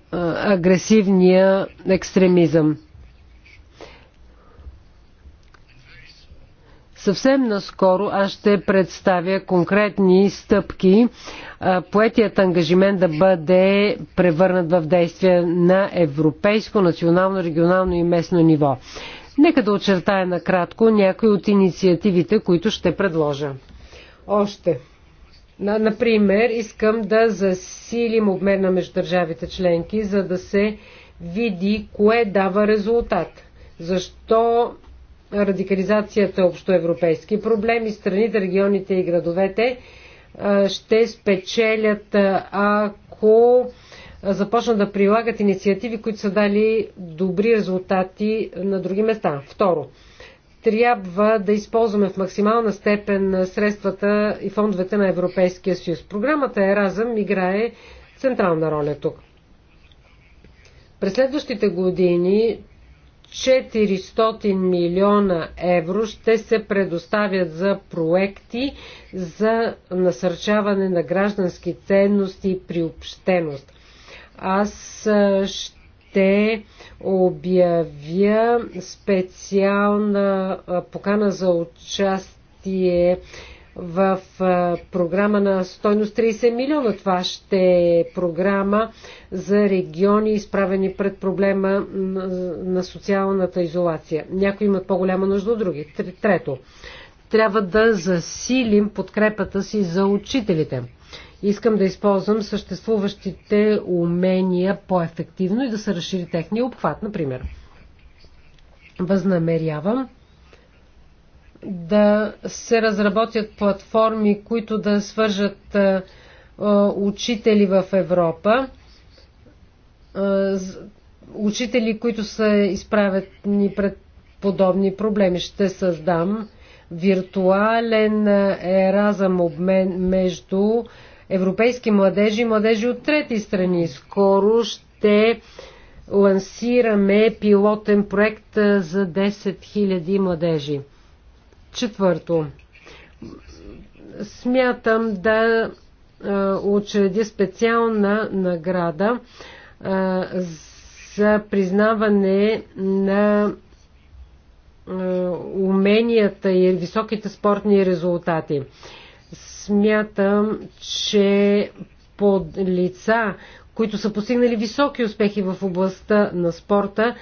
агресивния екстремизъм. Съвсем наскоро аз ще представя конкретни стъпки, поетият ангажимент да бъде превърнат в действие на европейско, национално, регионално и местно ниво. Нека да очертая накратко някои от инициативите, които ще предложа. Още Например, искам да засилим обмена между държавите членки, за да се види кое дава резултат. Защо радикализацията е общоевропейски проблем и страните, регионите и градовете ще спечелят, ако започнат да прилагат инициативи, които са дали добри резултати на други места. Второ, трябва да използваме в максимална степен средствата и фондовете на Европейския съюз. Програмата Еразъм играе централна роля тук. През следващите години 400 милиона евро ще се предоставят за проекти за насърчаване на граждански ценности и приобщеност. Аз ще ще обявя специална покана за участие в програма на стойност 30 милиона. Това ще е програма за региони, изправени пред проблема на социалната изолация. Някои имат по-голяма нужда от други. Трето, трябва да засилим подкрепата си за учителите. Искам да използвам съществуващите умения по-ефективно и да се разшири техния обхват, например. Възнамерявам да се разработят платформи, които да свържат учители в Европа, учители, които са изправят ни пред подобни проблеми. Ще създам виртуален еразъм обмен между европейски младежи и младежи от трети страни. Скоро ще лансираме пилотен проект за 10 000 младежи. Четвърто. Смятам да учредя специална награда за признаване на уменията и високите спортни резултати. Смятам, че под лица, които са постигнали високи успехи в областта на спорта,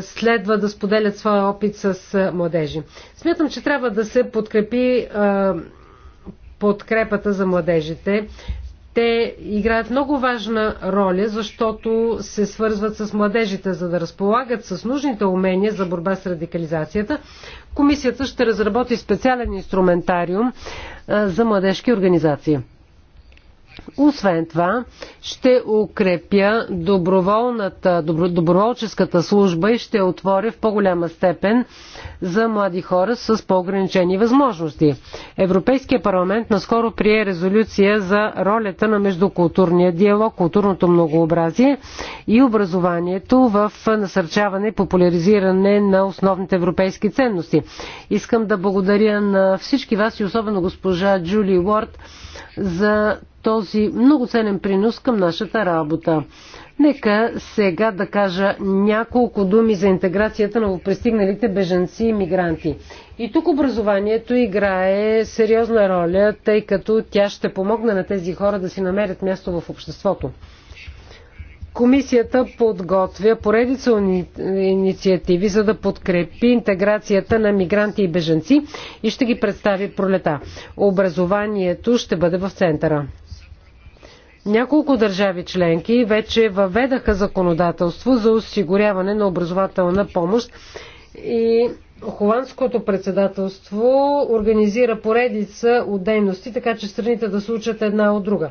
следва да споделят своя опит с младежи. Смятам, че трябва да се подкрепи подкрепата за младежите. Те играят много важна роля, защото се свързват с младежите, за да разполагат с нужните умения за борба с радикализацията. Комисията ще разработи специален инструментариум за младежки организации. Освен това, ще укрепя доброволната, добро, доброволческата служба и ще отворя в по-голяма степен за млади хора с по-ограничени възможности. Европейския парламент наскоро прие резолюция за ролята на междукултурния диалог, културното многообразие и образованието в насърчаване и популяризиране на основните европейски ценности. Искам да благодаря на всички вас и особено госпожа Джули Уорд, за този много ценен принос към нашата работа. Нека сега да кажа няколко думи за интеграцията на пристигналите беженци и мигранти. И тук образованието играе сериозна роля, тъй като тя ще помогне на тези хора да си намерят място в обществото. Комисията подготвя поредица инициативи, за да подкрепи интеграцията на мигранти и бежанци и ще ги представи пролета. Образованието ще бъде в центъра. Няколко държави членки вече въведаха законодателство за осигуряване на образователна помощ и Холандското председателство организира поредица от дейности, така че страните да се учат една от друга.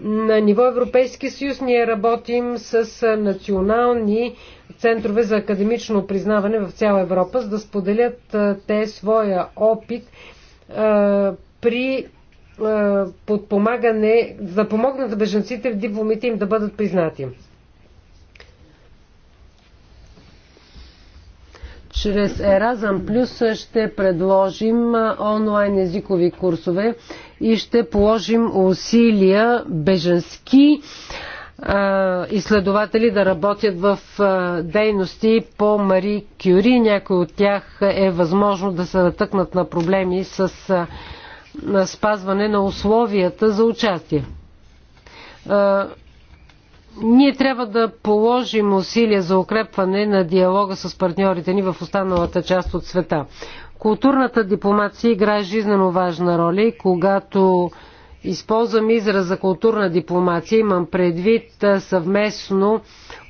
На ниво Европейски съюз ние работим с национални центрове за академично признаване в цяла Европа, за да споделят те своя опит при подпомагане, за да помогнат на беженците в дипломите им да бъдат признати. Чрез Еразъм Плюс ще предложим онлайн езикови курсове и ще положим усилия беженски изследователи да работят в дейности по Мари Кюри. Някой от тях е възможно да се натъкнат на проблеми с на спазване на условията за участие. Ние трябва да положим усилия за укрепване на диалога с партньорите ни в останалата част от света. Културната дипломация играе жизненно важна роля и когато използвам израза културна дипломация, имам предвид съвместно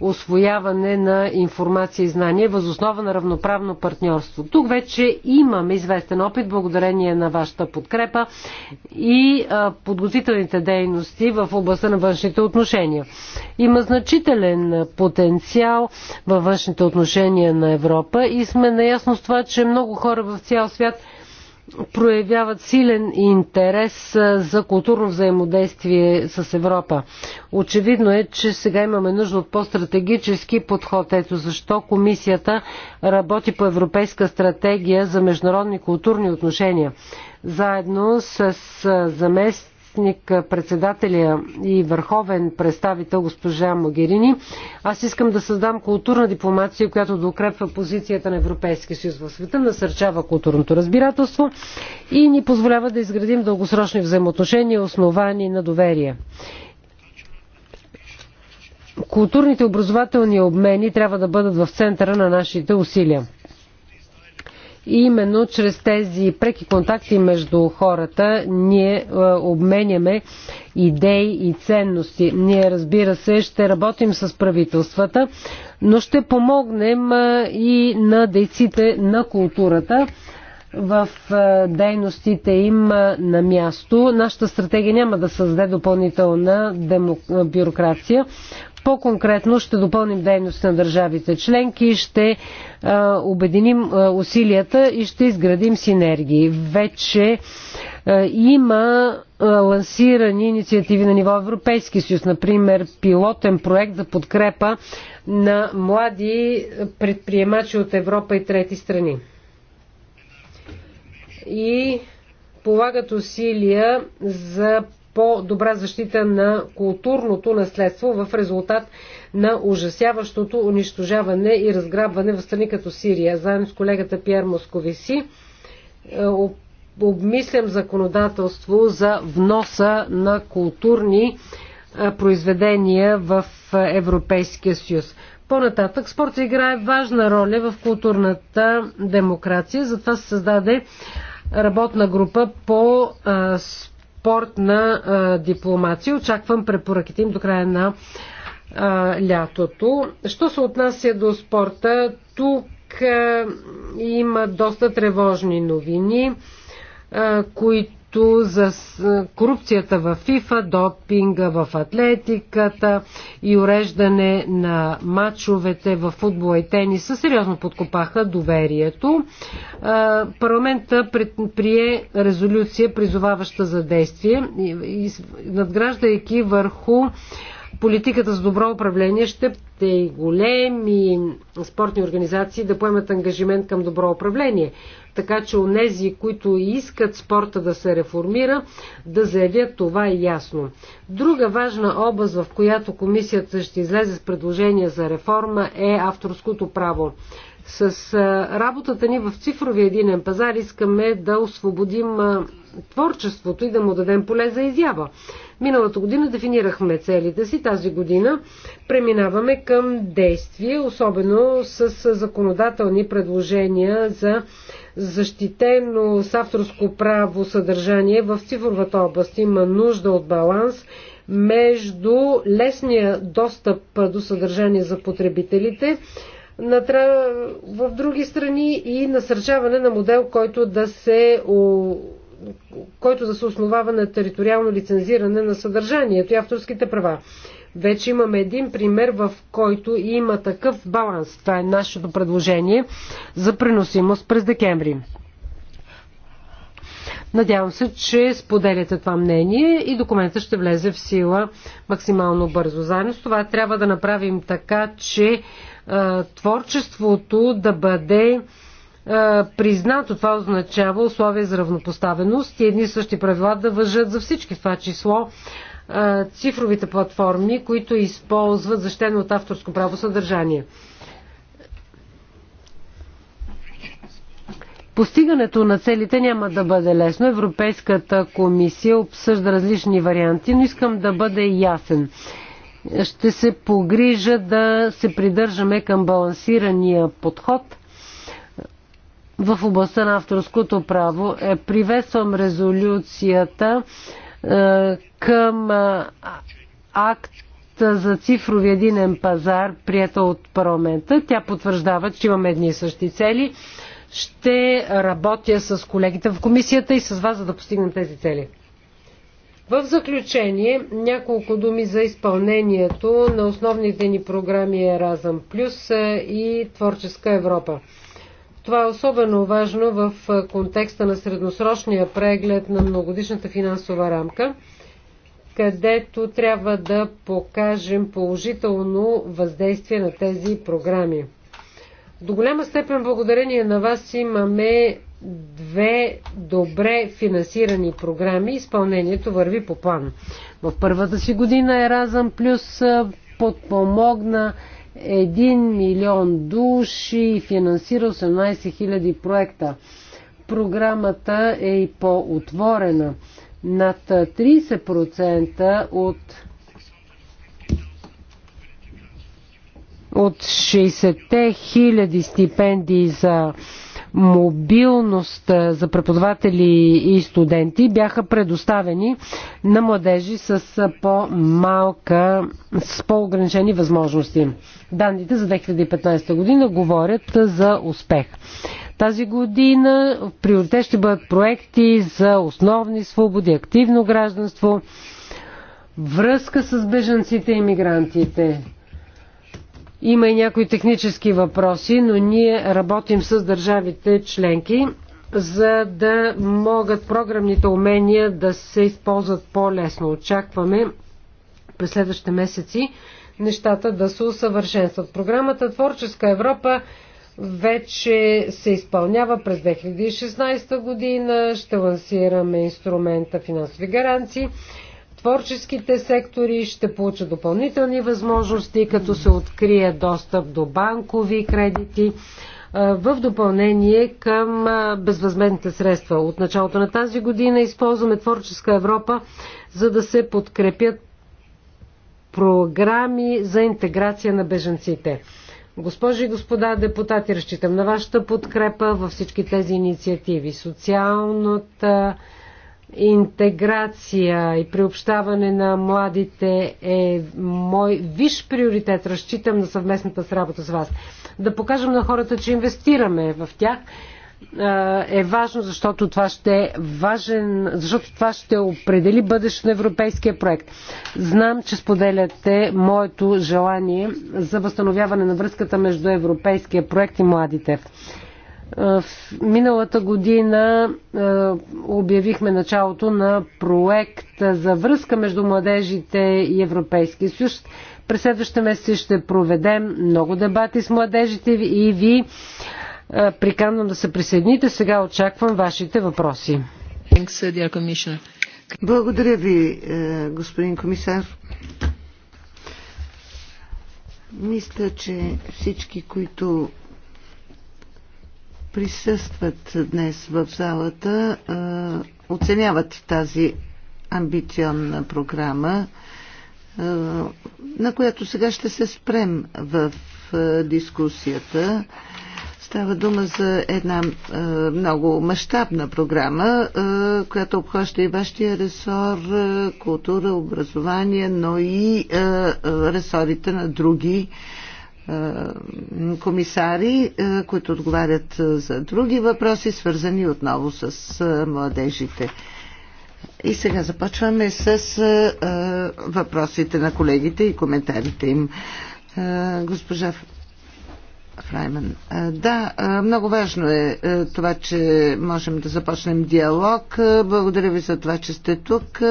освояване на информация и знания възоснова на равноправно партньорство. Тук вече имаме известен опит благодарение на вашата подкрепа и подготвителните дейности в областта на външните отношения. Има значителен потенциал във външните отношения на Европа и сме наясно с това, че много хора в цял свят – проявяват силен интерес за културно взаимодействие с Европа. Очевидно е, че сега имаме нужда от по-стратегически подход. Ето защо комисията работи по Европейска стратегия за международни културни отношения. Заедно с замест заместник председателя и върховен представител госпожа Могерини, аз искам да създам културна дипломация, която да укрепва позицията на Европейския съюз в света, насърчава културното разбирателство и ни позволява да изградим дългосрочни взаимоотношения, основани на доверие. Културните образователни обмени трябва да бъдат в центъра на нашите усилия. И именно чрез тези преки контакти между хората ние е, обменяме идеи и ценности. Ние, разбира се, ще работим с правителствата, но ще помогнем е, и на дейците на културата в е, дейностите им на място. Нашата стратегия няма да създаде допълнителна бюрокрация. По-конкретно ще допълним дейност на държавите членки, ще а, обединим а, усилията и ще изградим синергии. Вече а, има а, лансирани инициативи на ниво Европейски съюз, например пилотен проект за подкрепа на млади предприемачи от Европа и трети страни. И полагат усилия за по-добра защита на културното наследство в резултат на ужасяващото унищожаване и разграбване в страни като Сирия. Заедно с колегата Пьер Московиси е, обмислям законодателство за вноса на културни е, произведения в Европейския съюз. По-нататък спорта играе важна роля в културната демокрация, затова се създаде работна група по а, е, на а, дипломация. Очаквам препоръките им до края на а, лятото. Що се отнася до спорта, тук а, има доста тревожни новини, а, които като за корупцията в ФИФА, допинга в атлетиката и уреждане на матчовете в футбола и тениса сериозно подкопаха доверието. Парламента прие резолюция, призоваваща за действие, надграждайки върху политиката за добро управление ще те големи спортни организации да поемат ангажимент към добро управление. Така че онези, които искат спорта да се реформира, да заявят това е ясно. Друга важна област, в която комисията ще излезе с предложение за реформа е авторското право. С работата ни в цифровия единен пазар искаме да освободим творчеството и да му дадем поле за изява. Миналата година дефинирахме целите си, тази година преминаваме към действие, особено с законодателни предложения за защитено с авторско право съдържание в цифровата област. Има нужда от баланс между лесния достъп до съдържание за потребителите в други страни и насърчаване на модел, който да се който да се основава на териториално лицензиране на съдържанието и авторските права. Вече имаме един пример, в който има такъв баланс. Това е нашето предложение за преносимост през декември. Надявам се, че споделяте това мнение и документът ще влезе в сила максимално бързо. Заедно с това трябва да направим така, че творчеството да бъде признато. Това означава условия за равнопоставеност и едни същи правила да въжат за всички. Това число цифровите платформи, които използват защитено от авторско право съдържание. Постигането на целите няма да бъде лесно. Европейската комисия обсъжда различни варианти, но искам да бъде ясен ще се погрижа да се придържаме към балансирания подход в областта на авторското право. Е, приветствам резолюцията е, към е, акт за цифрови единен пазар, прията от парламента. Тя потвърждава, че имаме едни и същи цели. Ще работя с колегите в комисията и с вас, за да постигнем тези цели. В заключение, няколко думи за изпълнението на основните ни програми Еразъм Плюс и Творческа Европа. Това е особено важно в контекста на средносрочния преглед на многодишната финансова рамка, където трябва да покажем положително въздействие на тези програми. До голяма степен благодарение на вас имаме две добре финансирани програми. Изпълнението върви по план. В първата си година Еразъм Плюс подпомогна 1 милион души и финансира 18 000 проекта. Програмата е и по-отворена. Над 30% от от 60 000 стипендии за мобилност за преподаватели и студенти бяха предоставени на младежи с по-малка, с по-ограничени възможности. Данните за 2015 година говорят за успех. Тази година в приоритет ще бъдат проекти за основни свободи, активно гражданство, връзка с бежанците и мигрантите има и някои технически въпроси, но ние работим с държавите членки, за да могат програмните умения да се използват по-лесно. Очакваме през следващите месеци нещата да се усъвършенстват. Програмата Творческа Европа вече се изпълнява през 2016 година. Ще лансираме инструмента финансови гаранции творческите сектори ще получат допълнителни възможности, като се открие достъп до банкови кредити в допълнение към безвъзменните средства. От началото на тази година използваме Творческа Европа, за да се подкрепят програми за интеграция на беженците. Госпожи и господа депутати, разчитам на вашата подкрепа във всички тези инициативи. Социалната интеграция и приобщаване на младите е мой виш приоритет. Разчитам на съвместната с работа с вас. Да покажем на хората, че инвестираме в тях е важно, защото това ще е важен, защото това ще определи бъдещето на европейския проект. Знам, че споделяте моето желание за възстановяване на връзката между европейския проект и младите. Е, в миналата година е, обявихме началото на проект за връзка между младежите и Европейския съюз. През следващите месеци ще проведем много дебати с младежите и ви е, приканвам да се присъедините. Сега очаквам вашите въпроси. Uh, Благодаря ви, господин комисар. Мисля, че всички, които присъстват днес в залата, оценяват тази амбиционна програма, на която сега ще се спрем в дискусията. Става дума за една много мащабна програма, която обхваща и вашия ресор, култура, образование, но и ресорите на други е, комисари, е, които отговарят е, за други въпроси, свързани отново с младежите. И сега започваме с въпросите на колегите и коментарите им. Госпожа Фрайман. Да, много важно е това, че можем да започнем диалог. Благодаря ви за това, че сте тук.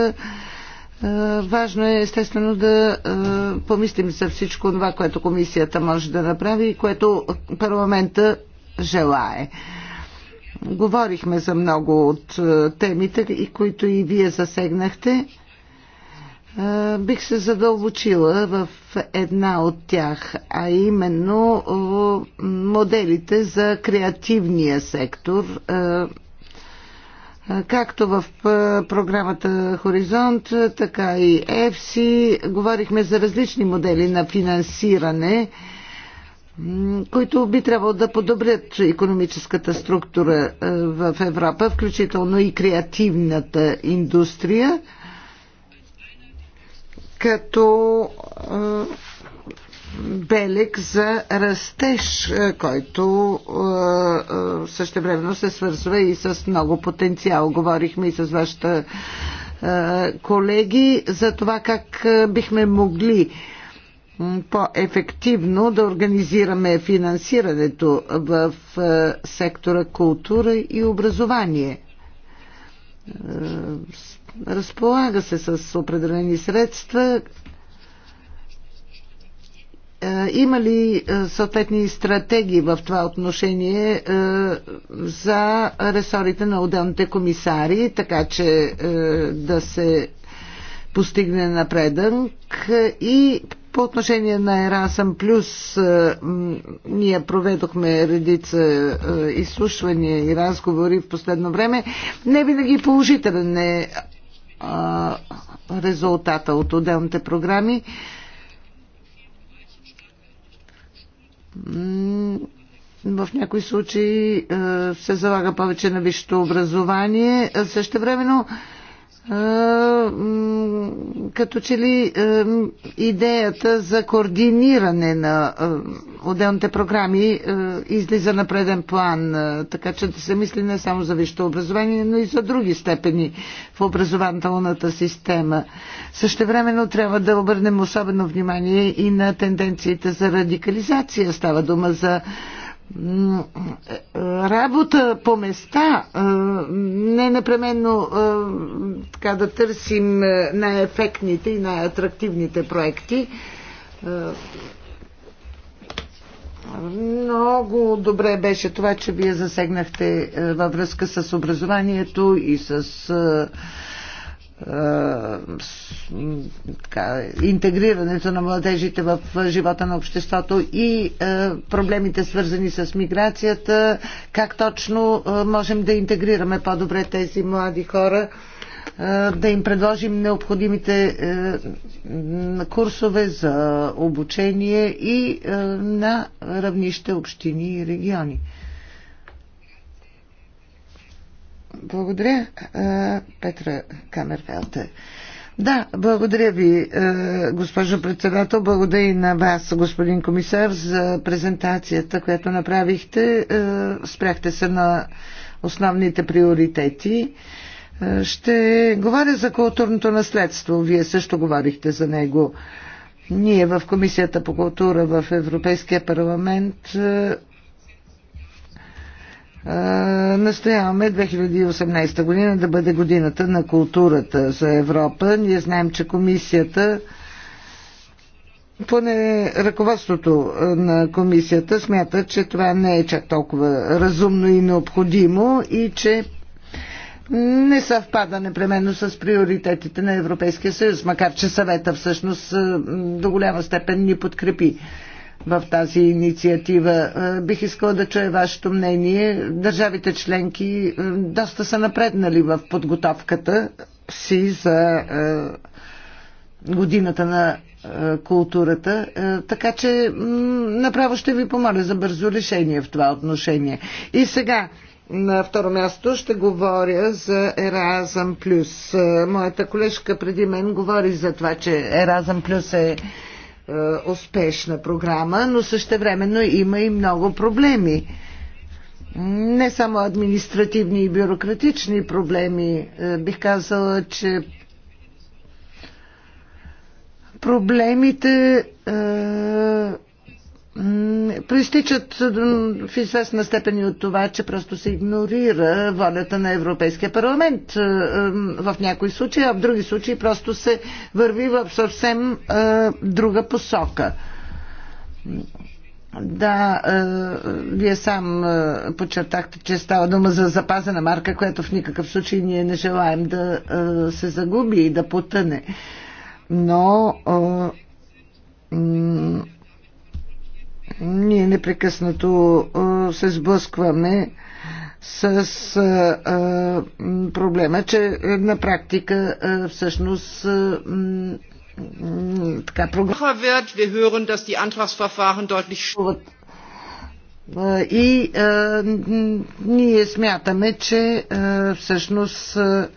Е, важно е естествено да е, помислим за всичко това, което комисията може да направи и което парламента желае. Говорихме за много от е, темите, и които и вие засегнахте. Бих се задълбочила в една от тях, а именно моделите за креативния сектор Както в програмата Хоризонт, така и ЕФСИ, говорихме за различни модели на финансиране, които би трябвало да подобрят економическата структура в Европа, включително и креативната индустрия, като белег за растеж, е, който е, е, също времено се свързва и с много потенциал. Говорихме и с вашата колеги за това как бихме могли по-ефективно да организираме финансирането в сектора култура и образование. Разполага се с определени средства, е, има ли е, съответни стратегии в това отношение е, за ресорите на отделните комисари, така че да се постигне напредък и по отношение на Ерасъм Плюс ние проведохме редица изслушвания и разговори в последно време. Не винаги положителен е резултата от отделните програми. в някои случаи е, се залага повече на висшето образование. Е, Също времено като че ли идеята за координиране на отделните програми излиза на преден план, така че да се мисли не само за висшето образование, но и за други степени в образователната система. Същевременно трябва да обърнем особено внимание и на тенденциите за радикализация. Става дума за е, работа по места, е, не непременно е, така да търсим най-ефектните и най-атрактивните проекти. Много добре беше това, че вие засегнахте във връзка с образованието и с е, така, интегрирането на младежите в живота на обществото и е, проблемите свързани с миграцията, как точно е, можем да интегрираме по-добре тези млади хора, да им предложим необходимите курсове за обучение и на равнище общини и региони. Благодаря, Петра Камерфелте. Да, благодаря ви, госпожо председател. Благодаря и на вас, господин комисар, за презентацията, която направихте. Спряхте се на основните приоритети. Ще говоря за културното наследство. Вие също говорихте за него. Ние в Комисията по култура в Европейския парламент Настояваме 2018 година да бъде годината на културата за Европа. Ние знаем, че комисията поне ръководството на комисията смята, че това не е чак толкова разумно и необходимо и че не съвпада непременно с приоритетите на Европейския съюз, макар че съвета всъщност до голяма степен ни подкрепи в тази инициатива. Е, бих искала да чуя вашето мнение. Държавите членки е, доста са напреднали в подготовката си за е, годината на културата. Така че направо ще ви помоля за бързо решение в това отношение. И сега на второ място ще говоря за Erasmus+. Плюс. Моята колежка преди мен говори за това, че Erasmus+. Плюс е е, успешна програма, но същевременно има и много проблеми. Не само административни и бюрократични проблеми. Е, бих казала, че проблемите е, проистичат в известна степен от това, че просто се игнорира волята на Европейския парламент в някои случаи, а в други случаи просто се върви в съвсем друга посока. Да, вие сам подчертахте, че става дума за запазена марка, която в никакъв случай ние не желаем да се загуби и да потъне. Но ние непрекъснато се сблъскваме с проблема, че на практика всъщност така програма и а, ние смятаме, че а, всъщност а,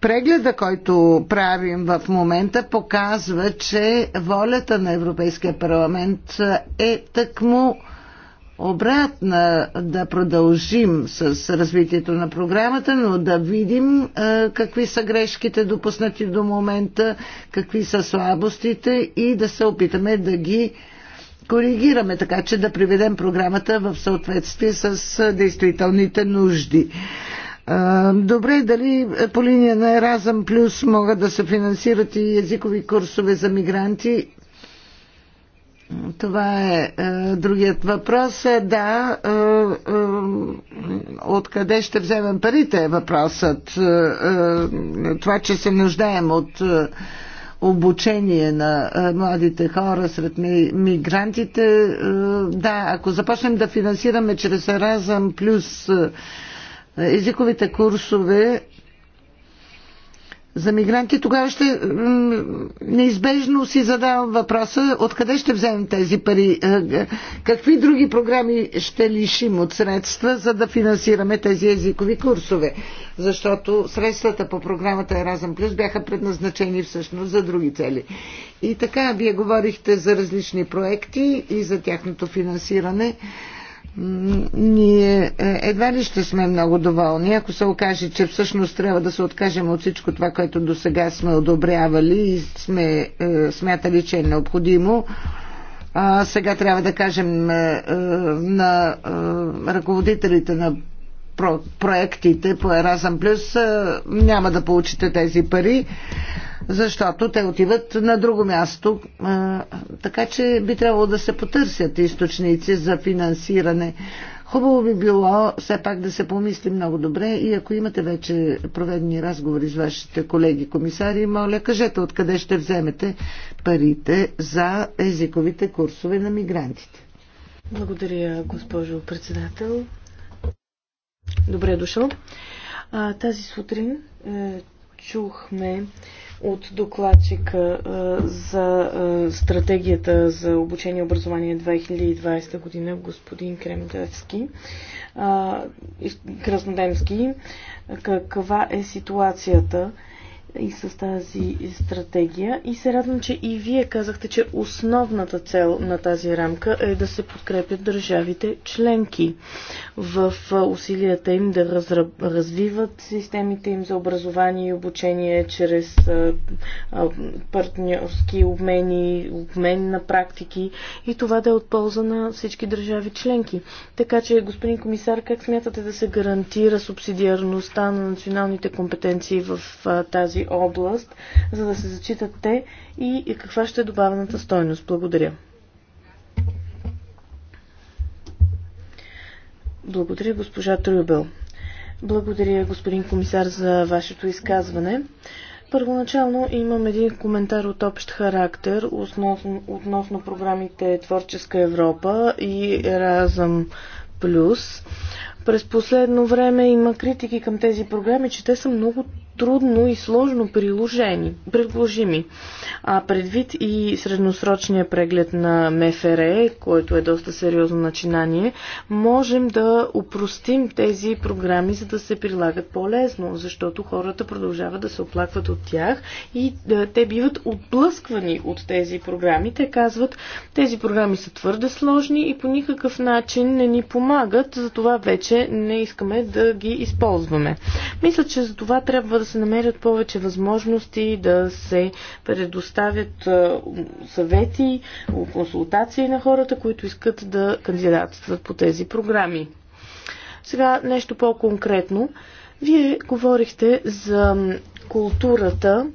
Прегледа, който правим в момента, показва, че волята на Европейския парламент е тъкмо обратна да продължим с развитието на програмата, но да видим е, какви са грешките допуснати до момента, какви са слабостите и да се опитаме да ги коригираме, така че да приведем програмата в съответствие с действителните нужди. Добре, дали по линия на Еразъм Плюс могат да се финансират и езикови курсове за мигранти? Това е, е другият въпрос. Е, да, е, е, откъде ще вземем парите е въпросът. Е, е, това, че се нуждаем от е, обучение на е, младите хора сред ми, мигрантите, е, да, ако започнем да финансираме чрез Еразъм Плюс. Е, езиковите курсове за мигранти, тогава ще неизбежно си задавам въпроса откъде ще вземем тези пари, е, е, какви други програми ще лишим от средства, за да финансираме тези езикови курсове. Защото средствата по програмата Еразъм Плюс бяха предназначени всъщност за други цели. И така, вие говорихте за различни проекти и за тяхното финансиране ние е, едва ли ще сме много доволни, ако се окаже, че всъщност трябва да се откажем от всичко това, което до сега сме одобрявали и сме е, смятали, че е необходимо. А сега трябва да кажем е, е на е, ръководителите на про- проектите по Еразъм Плюс няма да получите тези пари, защото те отиват на друго място. Така че би трябвало да се потърсят източници за финансиране. Хубаво би било все пак да се помисли много добре и ако имате вече проведени разговори с вашите колеги комисари, моля, кажете откъде ще вземете парите за езиковите курсове на мигрантите. Благодаря, госпожо председател. Добре е дошъл. А, тази сутрин е, чухме от докладчика е, за е, стратегията за обучение и образование 2020 година, господин Кремдевски, е, Краснодемски, каква е ситуацията и с тази стратегия. И се радвам, че и вие казахте, че основната цел на тази рамка е да се подкрепят държавите членки в усилията им да разра... развиват системите им за образование и обучение чрез партньорски обмени, обмен на практики и това да е от полза на всички държави членки. Така че, господин комисар, как смятате да се гарантира субсидиарността на националните компетенции в тази област, за да се зачитат те и каква ще е добавената стойност? Благодаря. Благодаря, госпожа Трюбел. Благодаря, господин комисар, за вашето изказване. Първоначално имам един коментар от общ характер относно, относно програмите Творческа Европа и Разъм Плюс. През последно време има критики към тези програми, че те са много трудно и сложно приложени, предложими. А предвид и средносрочния преглед на МФР, който е доста сериозно начинание, можем да упростим тези програми, за да се прилагат по-лесно, защото хората продължават да се оплакват от тях и да, е, те биват отблъсквани от тези програми. Те казват, тези програми са твърде сложни и по никакъв начин не ни помагат, затова вече не искаме да ги използваме. Мисля, че за това трябва да се намерят повече възможности да се предоставят съвети, консултации на хората, които искат да кандидатстват по тези програми. Сега нещо по-конкретно. Вие говорихте за културата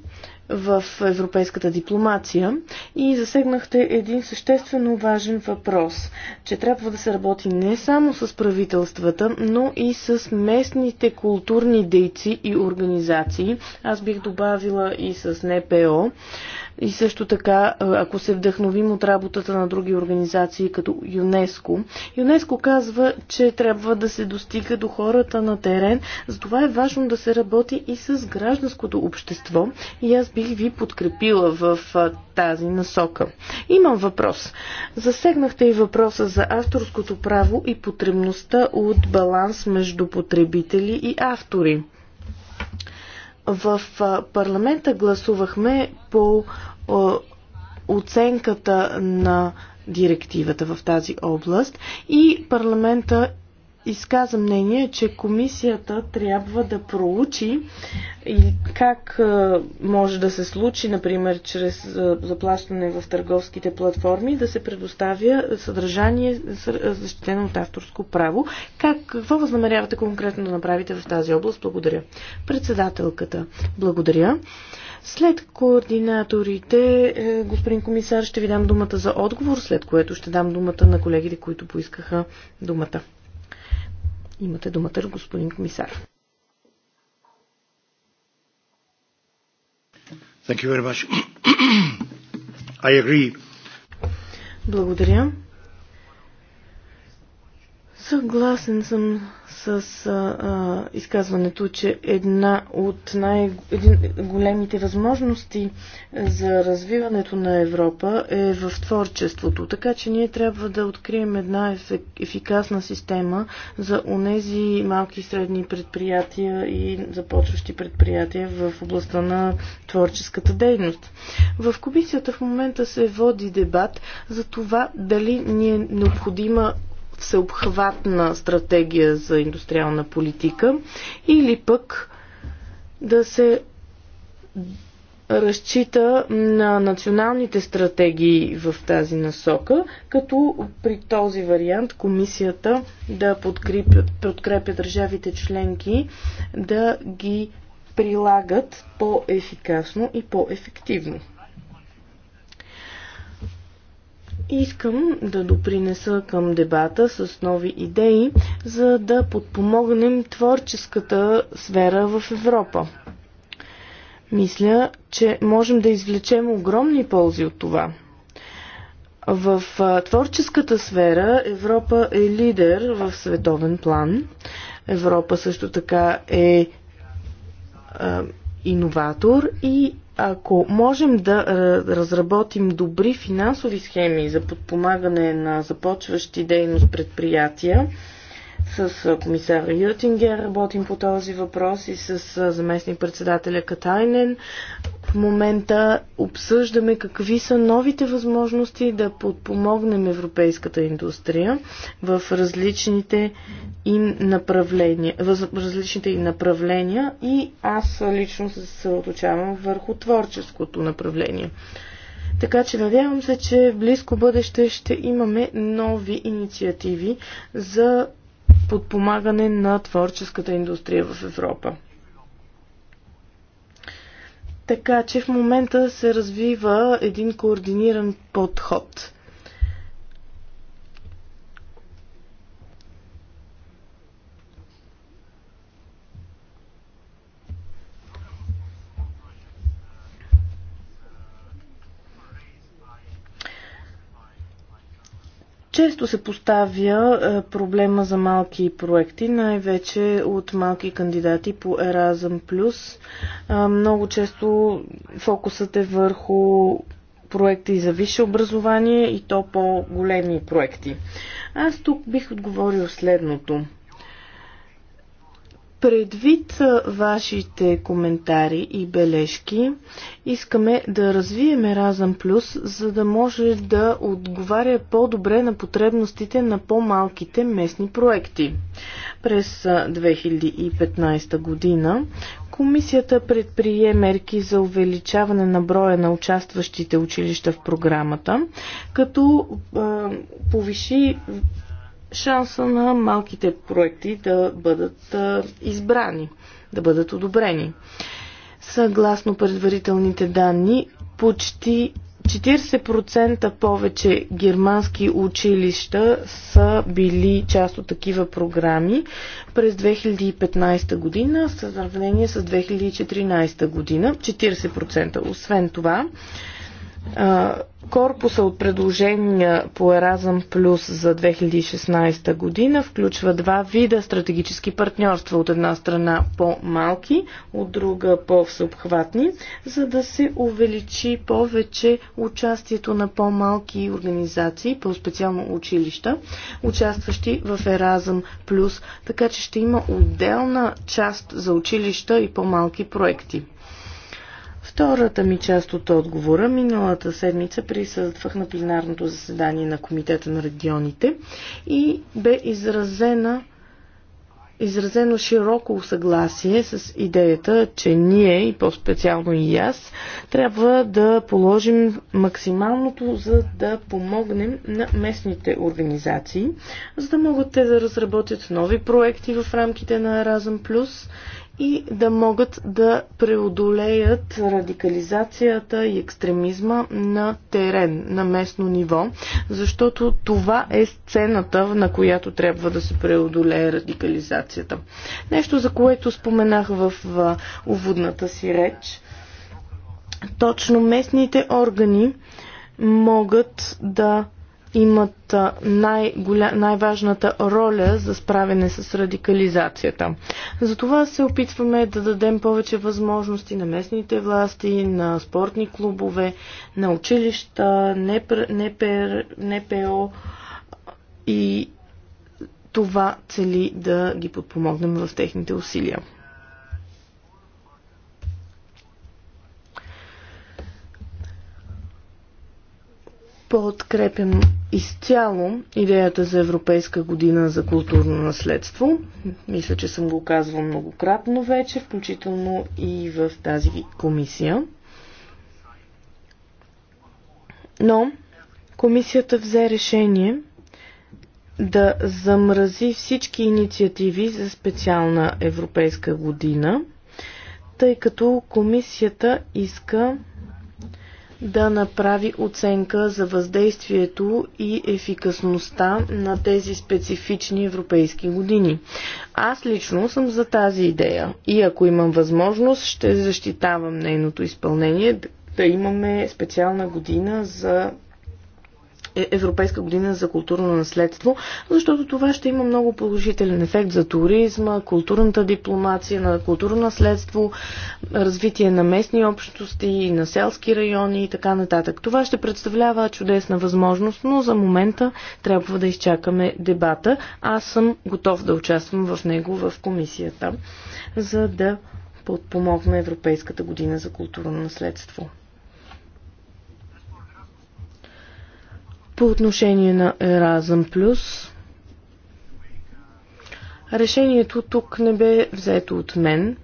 в европейската дипломация и засегнахте един съществено важен въпрос, че трябва да се работи не само с правителствата, но и с местните културни дейци и организации. Аз бих добавила и с НПО, и също така, е, ако се вдъхновим от работата на други организации, като ЮНЕСКО, ЮНЕСКО казва, че трябва да се достига до хората на терен, затова е важно да се работи и с гражданското общество и аз бих ви подкрепила в тази насока. Имам въпрос. Засегнахте и въпроса за авторското право и потребността от баланс между потребители и автори. В парламента гласувахме по оценката на директивата в тази област и парламента изказа мнение, че комисията трябва да проучи и как е, може да се случи, например, чрез е, заплащане в търговските платформи, да се предоставя съдържание е, защитено от авторско право. Как, какво възнамерявате конкретно да направите в тази област? Благодаря. Председателката, благодаря. След координаторите, господин комисар, ще ви дам думата за отговор, след което ще дам думата на колегите, които поискаха думата. Имате думата, господин комисар. Thank you very much. I agree. Благодаря. Съгласен съм с а, а, изказването, че една от най-големите възможности за развиването на Европа е в творчеството. Така че ние трябва да открием една ефикасна система за онези малки и средни предприятия и започващи предприятия в областта на творческата дейност. В комисията в момента се води дебат за това дали ни е необходима всеобхватна стратегия за индустриална политика или пък да се разчита на националните стратегии в тази насока, като при този вариант комисията да подкрепя, подкрепя държавите членки да ги прилагат по-ефикасно и по-ефективно. Искам да допринеса към дебата с нови идеи, за да подпомогнем творческата сфера в Европа. Мисля, че можем да извлечем огромни ползи от това. В творческата сфера Европа е лидер в световен план. Европа също така е, е иноватор и ако можем да е, разработим добри финансови схеми за подпомагане на започващи дейност предприятия, с комисар Ютингер работим по този въпрос и с заместник председателя Катайнен. В момента обсъждаме какви са новите възможности да подпомогнем европейската индустрия в различните им направления, различните им направления и аз лично се съсредоточавам върху творческото направление. Така че надявам се, че в близко бъдеще ще имаме нови инициативи за подпомагане на творческата индустрия в Европа. Така че в момента се развива един координиран подход. Често се поставя е, проблема за малки проекти, най-вече от малки кандидати по Erasm+. Е, много често фокусът е върху проекти за висше образование и то по-големи проекти. Аз тук бих отговорил следното – Предвид вашите коментари и бележки, искаме да развием Еразъм Плюс, за да може да отговаря по-добре на потребностите на по-малките местни проекти. През 2015 година Комисията предприе мерки за увеличаване на броя на участващите училища в програмата, като повиши шанса на малките проекти да бъдат избрани, да бъдат одобрени. Съгласно предварителните данни, почти 40% повече германски училища са били част от такива програми през 2015 година в сравнение с 2014 година. 40%. Освен това, Корпуса от предложения по Еразъм Плюс за 2016 година включва два вида стратегически партньорства. От една страна по-малки, от друга по-всеобхватни, за да се увеличи повече участието на по-малки организации, по-специално училища, участващи в Еразъм Плюс, така че ще има отделна част за училища и по-малки проекти. Втората ми част от отговора. Миналата седмица присъствах на пленарното заседание на Комитета на регионите и бе изразена изразено широко съгласие с идеята, че ние и по-специално и аз трябва да положим максималното, за да помогнем на местните организации, за да могат те да разработят нови проекти в рамките на Erasmus Plus и да могат да преодолеят радикализацията и екстремизма на терен, на местно ниво, защото това е сцената, на която трябва да се преодолее радикализацията. Нещо, за което споменах в уводната си реч. Точно местните органи могат да имат най-важната най роля за справяне с радикализацията. Затова се опитваме да дадем повече възможности на местните власти, на спортни клубове, на училища, НПР, НПР, НПО и това цели да ги подпомогнем в техните усилия. Подкрепям изцяло идеята за Европейска година за културно наследство. Мисля, че съм го казвал многократно вече, включително и в тази комисия. Но комисията взе решение да замрази всички инициативи за специална Европейска година, тъй като комисията иска да направи оценка за въздействието и ефикасността на тези специфични европейски години. Аз лично съм за тази идея и ако имам възможност, ще защитавам нейното изпълнение, да имаме специална година за е Европейска година за културно наследство, защото това ще има много положителен ефект за туризма, културната дипломация, на културно наследство, развитие на местни общности, на селски райони и така нататък. Това ще представлява чудесна възможност, но за момента трябва да изчакаме дебата. Аз съм готов да участвам в него в комисията, за да подпомогна Европейската година за културно наследство. По отношение на Еразъм Плюс, решението тук не бе взето от мен.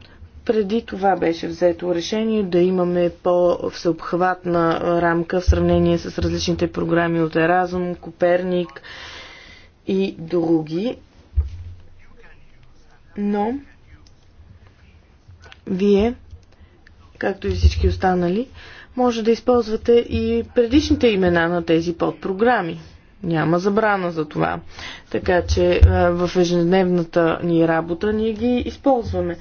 Преди това беше взето решение да имаме по-всеобхватна рамка в сравнение с различните програми от Еразъм, Коперник и други. Но вие, както и всички останали, може да използвате и предишните имена на тези подпрограми. Няма забрана за това. Така че е, в ежедневната ни работа ние ги използваме.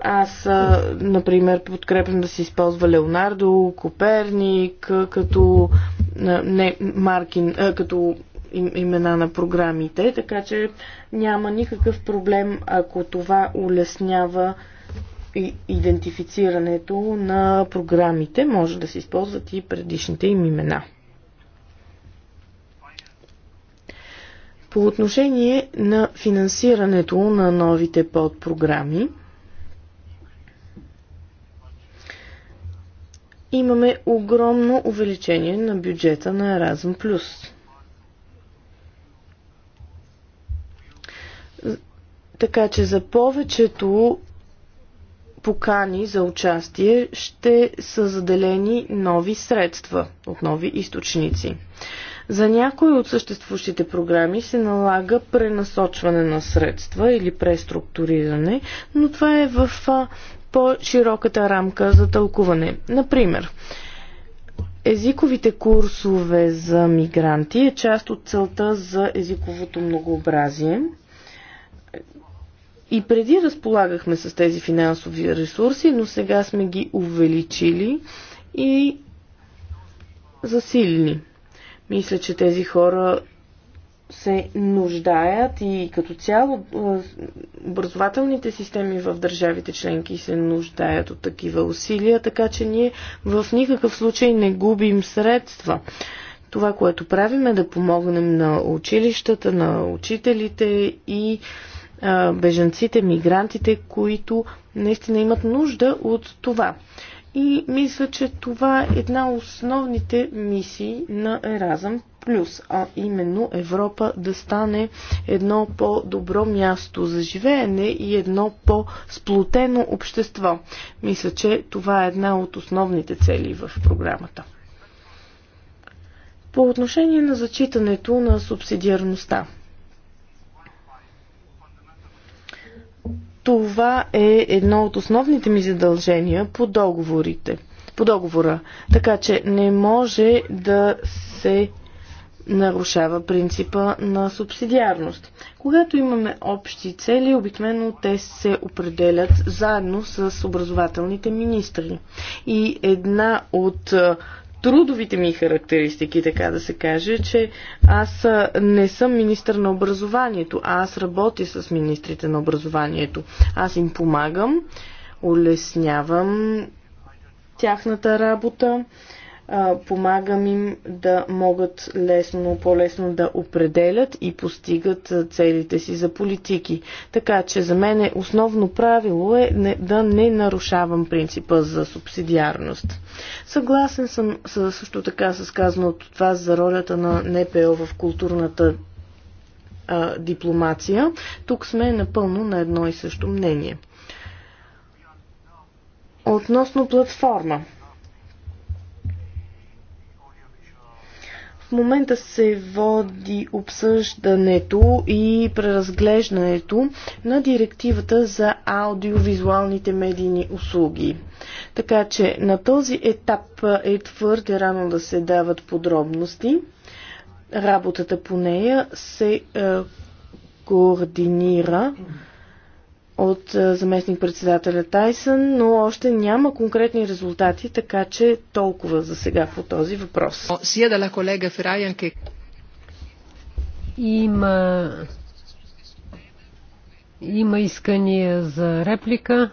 Аз, е, например, подкрепям да се използва Леонардо, Коперник, е, като, не, Маркин, като имена на програмите, така че няма никакъв проблем, ако това улеснява идентифицирането на програмите. Може да се използват и предишните им имена. По отношение на финансирането на новите подпрограми, имаме огромно увеличение на бюджета на Еразъм Плюс. Така че за повечето покани за участие ще са заделени нови средства от нови източници. За някои от съществуващите програми се налага пренасочване на средства или преструктуриране, но това е в по-широката рамка за тълкуване. Например, Езиковите курсове за мигранти е част от целта за езиковото многообразие. И преди разполагахме с тези финансови ресурси, но сега сме ги увеличили и засилили. Мисля, че тези хора се нуждаят и като цяло образователните системи в държавите членки се нуждаят от такива усилия, така че ние в никакъв случай не губим средства. Това, което правим е да помогнем на училищата, на учителите и бежанците, мигрантите, които наистина имат нужда от това. И мисля, че това е една от основните мисии на Еразъм Плюс, а именно Европа да стане едно по-добро място за живеене и едно по-сплутено общество. Мисля, че това е една от основните цели в програмата. По отношение на зачитането на субсидиарността – Това е едно от основните ми задължения по договорите, по договора. Така че не може да се нарушава принципа на субсидиарност. Когато имаме общи цели, обикновено те се определят заедно с образователните министри. И една от трудовите ми характеристики, така да се каже, че аз не съм министър на образованието, а аз работя с министрите на образованието. Аз им помагам, улеснявам тяхната работа помагам им да могат лесно, по-лесно да определят и постигат целите си за политики. Така че за мен е основно правило е да не нарушавам принципа за субсидиарност. Съгласен съм също така с казаното това за ролята на НПО в културната а, дипломация. Тук сме напълно на едно и също мнение. Относно платформа. В момента се води обсъждането и преразглеждането на директивата за аудиовизуалните медийни услуги. Така че на този етап е твърде рано да се дават подробности. Работата по нея се е, координира от е, заместник-председателя Тайсън, но още няма конкретни резултати, така че толкова за сега по този въпрос. Има, има искания за реплика.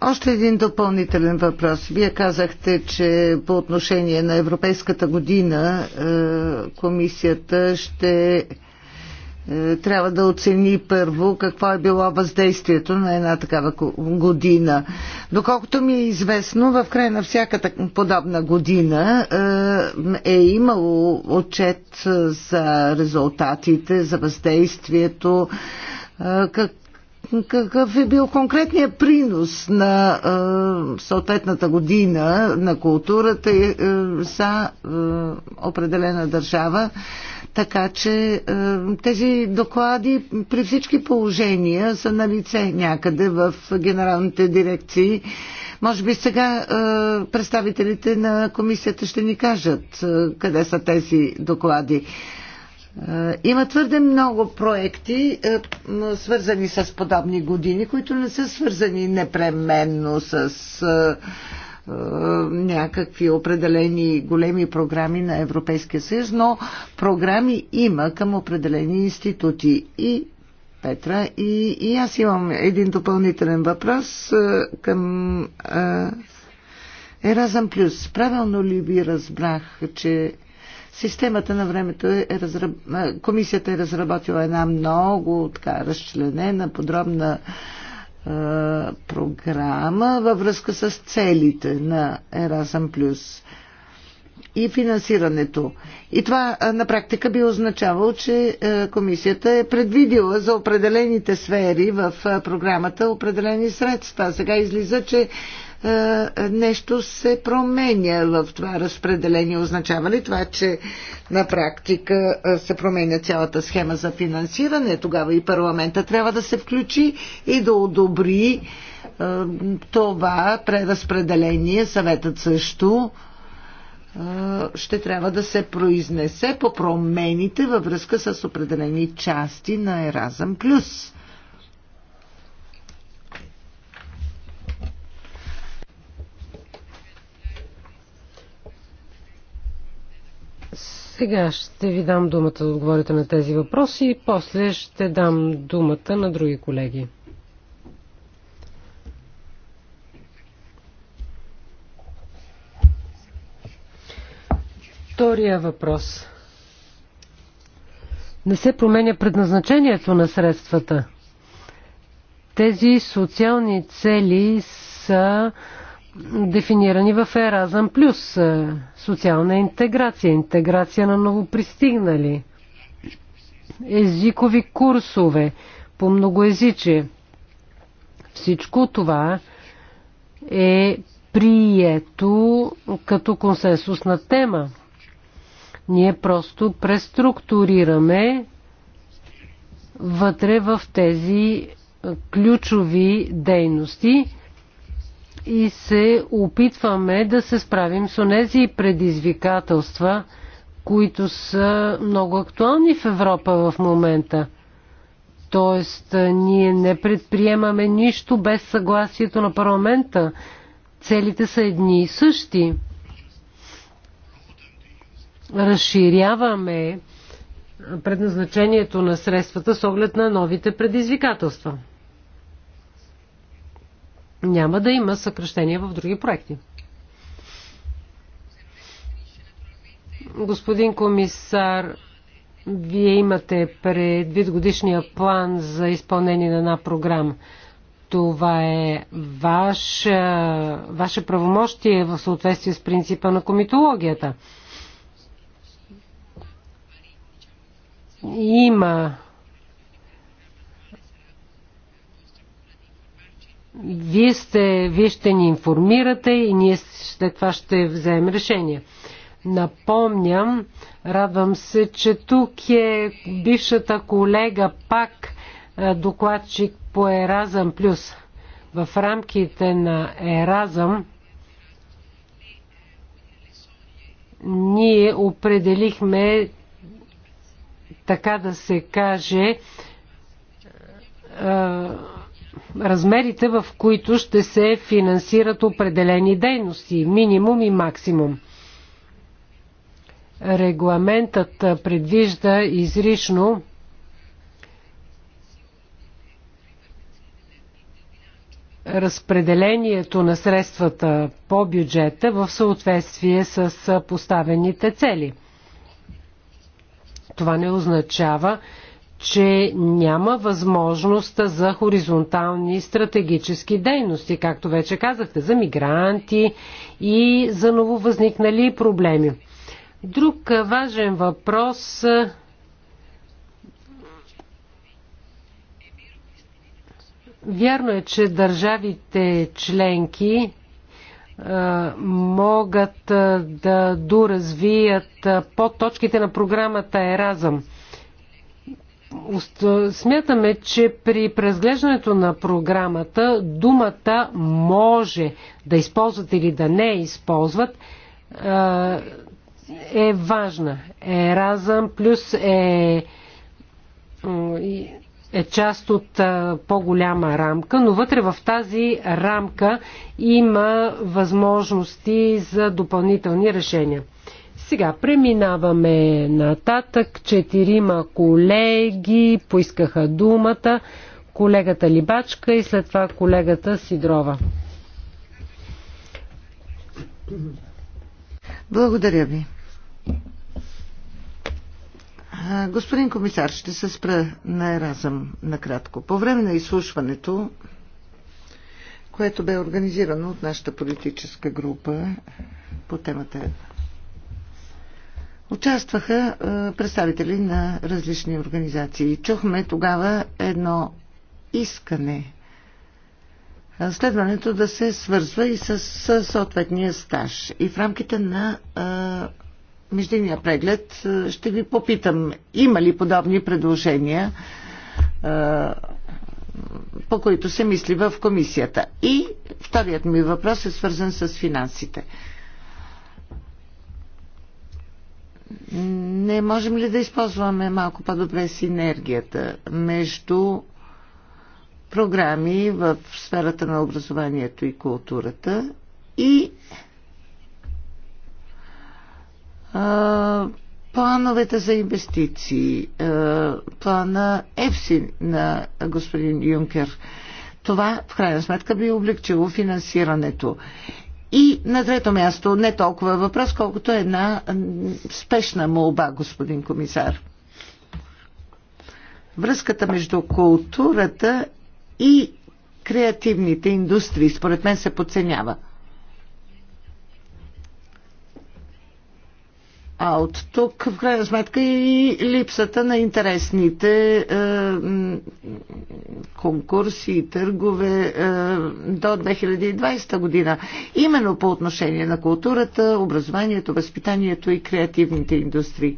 Още един допълнителен въпрос. Вие казахте, че по отношение на Европейската година е, комисията ще е, трябва да оцени първо какво е било въздействието на една такава година. Доколкото ми е известно, в край на всяка подобна година е, е имало отчет е, за резултатите, за въздействието, как какъв е бил конкретният принос на е, съответната година на културата е, за е, определена държава така че е, тези доклади при всички положения са на лице някъде в генералните дирекции. Може би сега е, представителите на комисията ще ни кажат е, къде са тези доклади. Има твърде много проекти, свързани с подобни години, които не са свързани непременно с е, някакви определени големи програми на Европейския съюз, но програми има към определени институти и Петра. И, и аз имам един допълнителен въпрос е, към а, е, Еразъм Плюс. Правилно ли ви разбрах, че системата на времето е, е комисията е разработила една много така разчленена, подробна програма във връзка с целите на Erasmus Plus и финансирането. И това на практика би означавало, че комисията е предвидила за определените сфери в програмата определени средства. Сега излиза, че е, нещо се променя в това разпределение. Означава ли това, че на практика е, се променя цялата схема за финансиране? Тогава и парламента трябва да се включи и да одобри е, това преразпределение. Съветът също ще трябва да се произнесе по промените във връзка с определени части на Еразъм Плюс. Сега ще ви дам думата да отговорите на тези въпроси и после ще дам думата на други колеги. Втория въпрос. Не се променя предназначението на средствата. Тези социални цели са дефинирани в Еразъм плюс е, социална интеграция, интеграция на новопристигнали, езикови курсове по многоязичие. Всичко това е прието като консенсусна тема. Ние просто преструктурираме вътре в тези ключови дейности и се опитваме да се справим с онези предизвикателства, които са много актуални в Европа в момента. Тоест, ние не предприемаме нищо без съгласието на парламента. Целите са едни и същи. Разширяваме предназначението на средствата с оглед на новите предизвикателства няма да има съкръщения в други проекти. Господин комисар, вие имате предвид годишния план за изпълнение на една програма. Това е ваше, ваше правомощие в съответствие с принципа на комитологията. Има вие, сте, вие ще ни информирате и ние след това ще вземем решение. Напомням, радвам се, че тук е бившата колега пак е, докладчик по Еразъм Плюс. В рамките на Еразъм ние определихме така да се каже е, размерите, в които ще се финансират определени дейности, минимум и максимум. Регламентът предвижда изрично разпределението на средствата по бюджета в съответствие с поставените цели. Това не означава, че няма възможност за хоризонтални стратегически дейности, както вече казахте, за мигранти и за нововъзникнали проблеми. Друг важен въпрос Вярно е, че държавите членки могат да доразвият подточките на програмата Еразъм. Смятаме, че при презглеждането на програмата думата може да използват или да не използват е важна. Еразъм плюс е, е част от по-голяма рамка, но вътре в тази рамка има възможности за допълнителни решения. Сега преминаваме нататък. Четирима колеги поискаха думата. Колегата Либачка и след това колегата Сидрова. Благодаря ви. Господин комисар, ще се спра на Еразъм накратко. По време на изслушването, което бе организирано от нашата политическа група по темата Участваха е, представители на различни организации. Чухме тогава едно искане е, следването да се свързва и с съответния стаж. И в рамките на а, е, междинния преглед ще ви попитам, има ли подобни предложения, а, по които се мисли в комисията. И вторият ми въпрос е свързан с финансите. не можем ли да използваме малко по-добре синергията между програми в сферата на образованието и културата и а, плановете за инвестиции, а, плана ЕФСИ на господин Юнкер. Това в крайна сметка би облегчило финансирането. И на трето място, не толкова въпрос, колкото е една спешна молба, господин комисар. Връзката между културата и креативните индустрии, според мен, се подценява. А от тук, в крайна сметка, и липсата на интересните е, конкурси и търгове е, до 2020 година. Именно по отношение на културата, образованието, възпитанието и креативните индустрии.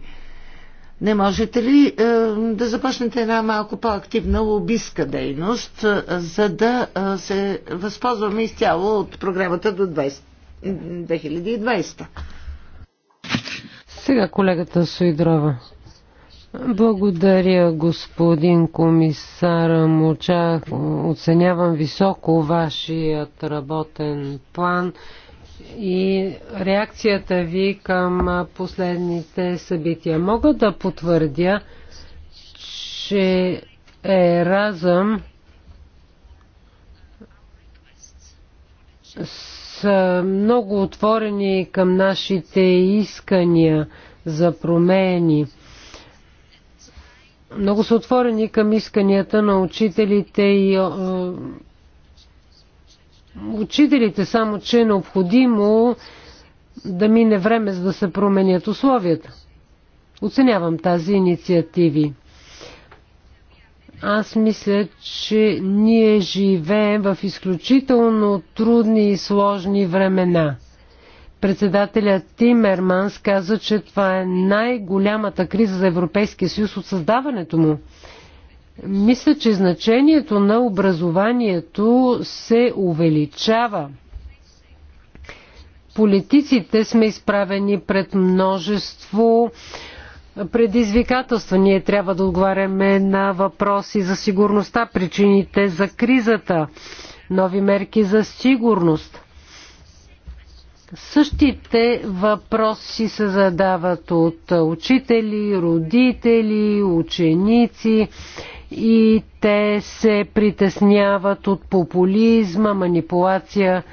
Не можете ли е, да започнете една малко по-активна лобиска дейност, е, за да е, се възползваме изцяло от програмата до 20, 2020? Сега колегата Суидрова. Благодаря, господин комисар Моча. Оценявам високо вашият работен план и реакцията ви към последните събития. Мога да потвърдя, че е разъм са много отворени към нашите искания за промени. Много са отворени към исканията на учителите и учителите, само че е необходимо да мине време, за да се променят условията. Оценявам тази инициативи. Аз мисля, че ние живеем в изключително трудни и сложни времена. Председателят Тимерманс каза, че това е най-голямата криза за Европейския съюз от създаването му. Мисля, че значението на образованието се увеличава. Политиците сме изправени пред множество предизвикателства. Ние трябва да отговаряме на въпроси за сигурността, причините за кризата, нови мерки за сигурност. Същите въпроси се задават от учители, родители, ученици и те се притесняват от популизма, манипулация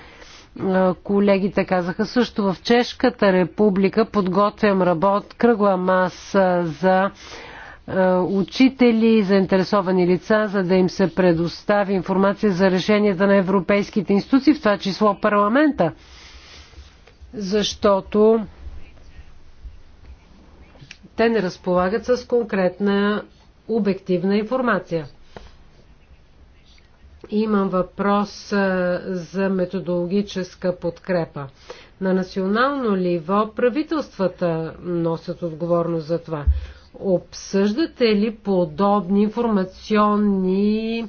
Колегите казаха също в Чешката република подготвям работ, кръгла маса за учители, заинтересовани лица, за да им се предостави информация за решенията на европейските институции, в това число парламента. Защото те не разполагат с конкретна обективна информация имам въпрос за методологическа подкрепа. На национално ниво правителствата носят отговорност за това. Обсъждате ли подобни информационни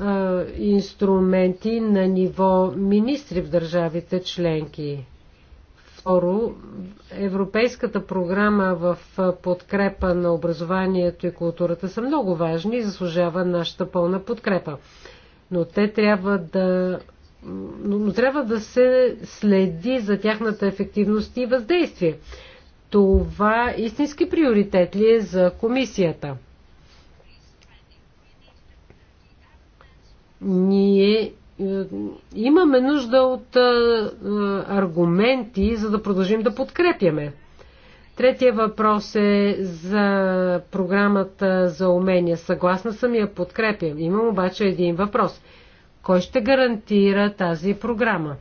а, инструменти на ниво министри в държавите членки? Второ, Европейската програма в подкрепа на образованието и културата са много важни и заслужава нашата пълна подкрепа но те трябва да но трябва да се следи за тяхната ефективност и въздействие. Това истински приоритет ли е за комисията? Ние е, имаме нужда от е, аргументи, за да продължим да подкрепяме. Третия въпрос е за програмата за умения. Съгласна съм и я подкрепям. Имам обаче един въпрос. Кой ще гарантира тази програма?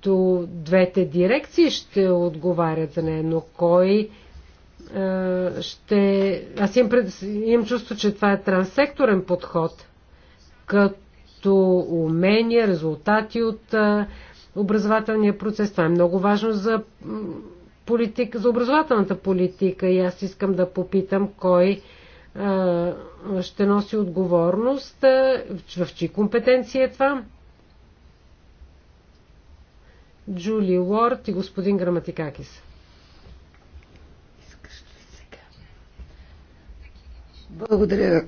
То двете дирекции ще отговарят за нея, но кой е, ще... Аз имам, пред... имам чувство, че това е транссекторен подход, като умения, резултати от е, образователния процес. Това е много важно за политика, за образователната политика и аз искам да попитам кой а, ще носи отговорност, а, в, в чи компетенция е това. Джули Уорд и господин Граматикакис. Благодаря,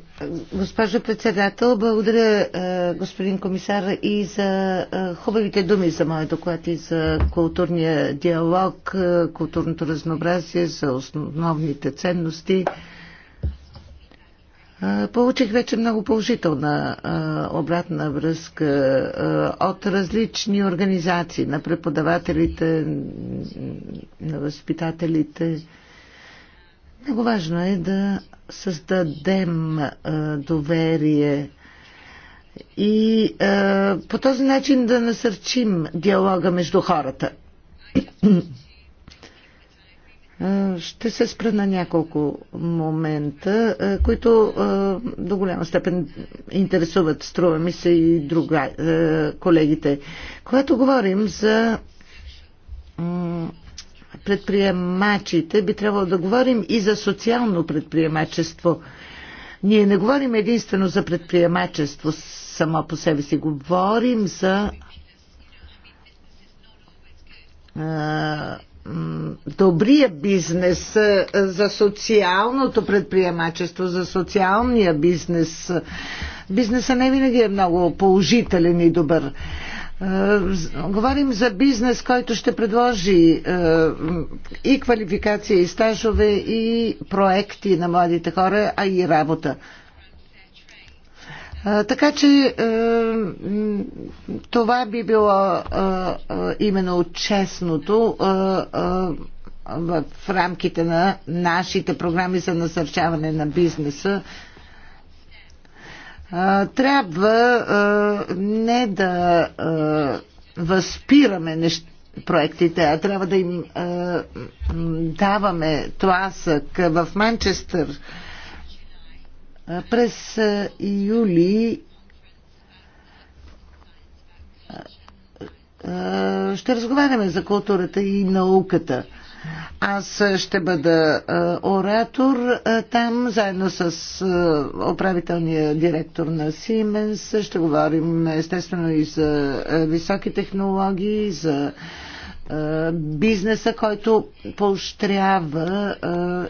госпожо председател. Благодаря, е, господин комисар, и за е, хубавите думи за моят доклад и за културния диалог, е, културното разнообразие, за основните ценности. Получих вече много положителна обратна връзка от различни организации на преподавателите, на възпитателите. Много важно е да създадем доверие и по този начин да насърчим диалога между хората. Ще се спра на няколко момента, които до голяма степен интересуват, струва ми се и друга, колегите. Когато говорим за предприемачите, би трябвало да говорим и за социално предприемачество. Ние не говорим единствено за предприемачество само по себе си, говорим за добрия бизнес, за социалното предприемачество, за социалния бизнес. Бизнесът не винаги е много положителен и добър. Е, говорим за бизнес, който ще предложи е, и квалификация, и стажове, и проекти на младите хора, а и работа. Е, така че това би било именно честното в рамките на нашите програми за насърчаване на бизнеса трябва не да възпираме неща, проектите, а трябва да им а, даваме тласък. В Манчестър през юли ще разговаряме за културата и науката. Аз ще бъда оратор там, заедно с управителния директор на Siemens. Ще говорим естествено и за високи технологии, за бизнеса, който поощрява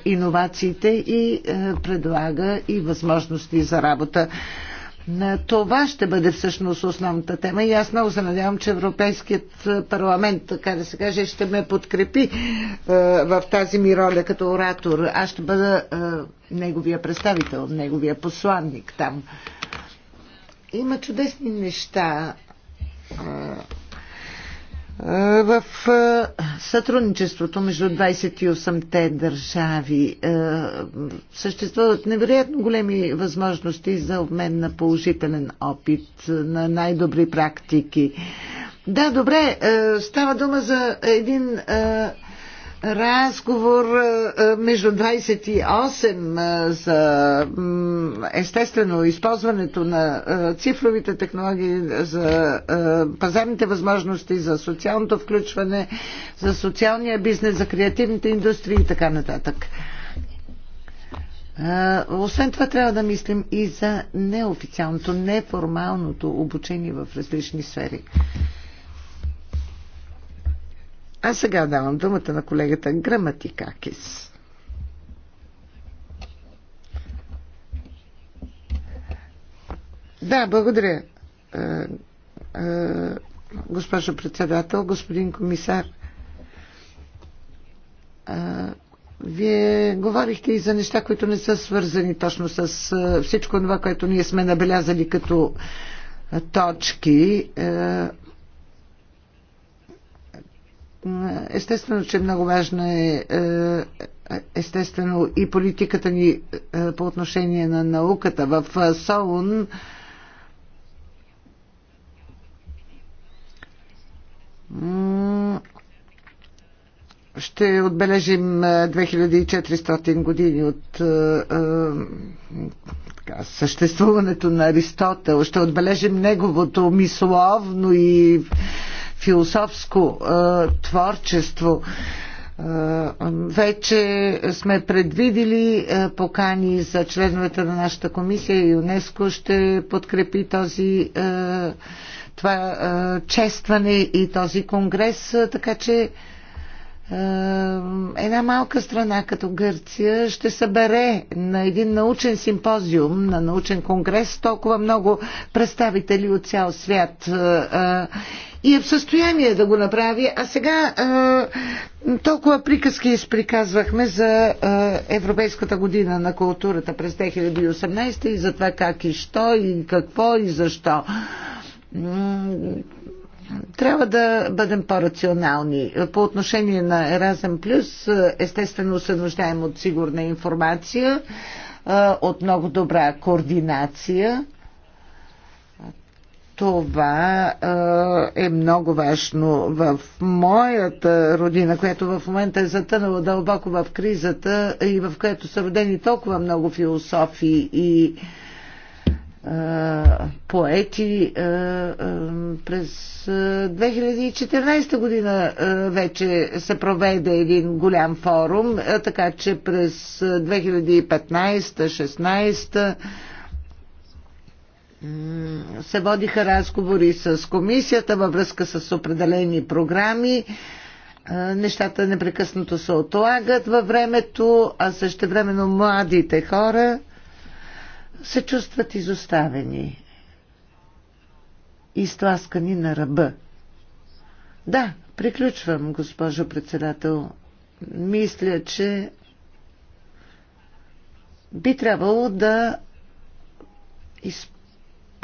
иновациите и предлага и възможности за работа. На това ще бъде всъщност основната тема и аз много се надявам, че Европейският парламент, така да се каже, ще ме подкрепи е, в тази ми роля като оратор. Аз ще бъда е, неговия представител, неговия посланник там. Има чудесни неща. Е, е, в е, сътрудничеството между 28-те държави е, съществуват невероятно големи възможности за обмен на положителен опит, на най-добри практики. Да, добре, става дума за един разговор между 28 за естествено използването на цифровите технологии, за пазарните възможности, за социалното включване, за социалния бизнес, за креативните индустрии и така нататък. Освен това трябва да мислим и за неофициалното, неформалното обучение в различни сфери. А сега давам думата на колегата Граматикакис. Да, благодаря. Е, е, госпожо председател, господин комисар, е, вие говорихте и за неща, които не са свързани точно с всичко това, което ние сме набелязали като точки Естествено, че много важно е, е естествено и политиката ни е, по отношение на науката. В е, Солун ще отбележим 2400 години от съществуването на Аристотел. Ще отбележим неговото мисловно и философско творчество. Вече сме предвидили покани за членовете на нашата комисия и ЮНЕСКО ще подкрепи този това честване и този конгрес, така че една малка страна като Гърция ще събере на един научен симпозиум, на научен конгрес толкова много представители от цял свят и е в състояние да го направи. А сега а, толкова приказки изприказвахме за а, Европейската година на културата през 2018 и за това как и що и какво и защо. Трябва да бъдем по-рационални. По отношение на Еразъм Плюс, естествено се нуждаем от сигурна информация, от много добра координация това е много важно. В моята родина, която в момента е затънала дълбоко в кризата и в която са родени толкова много философи и поети през 2014 година вече се проведе един голям форум, така че през 2015-16 се водиха разговори с комисията във връзка с определени програми. Е, нещата непрекъснато се отлагат във времето, а също времено младите хора се чувстват изоставени, изтласкани на ръба. Да, приключвам, госпожо председател. Мисля, че би трябвало да изпълняваме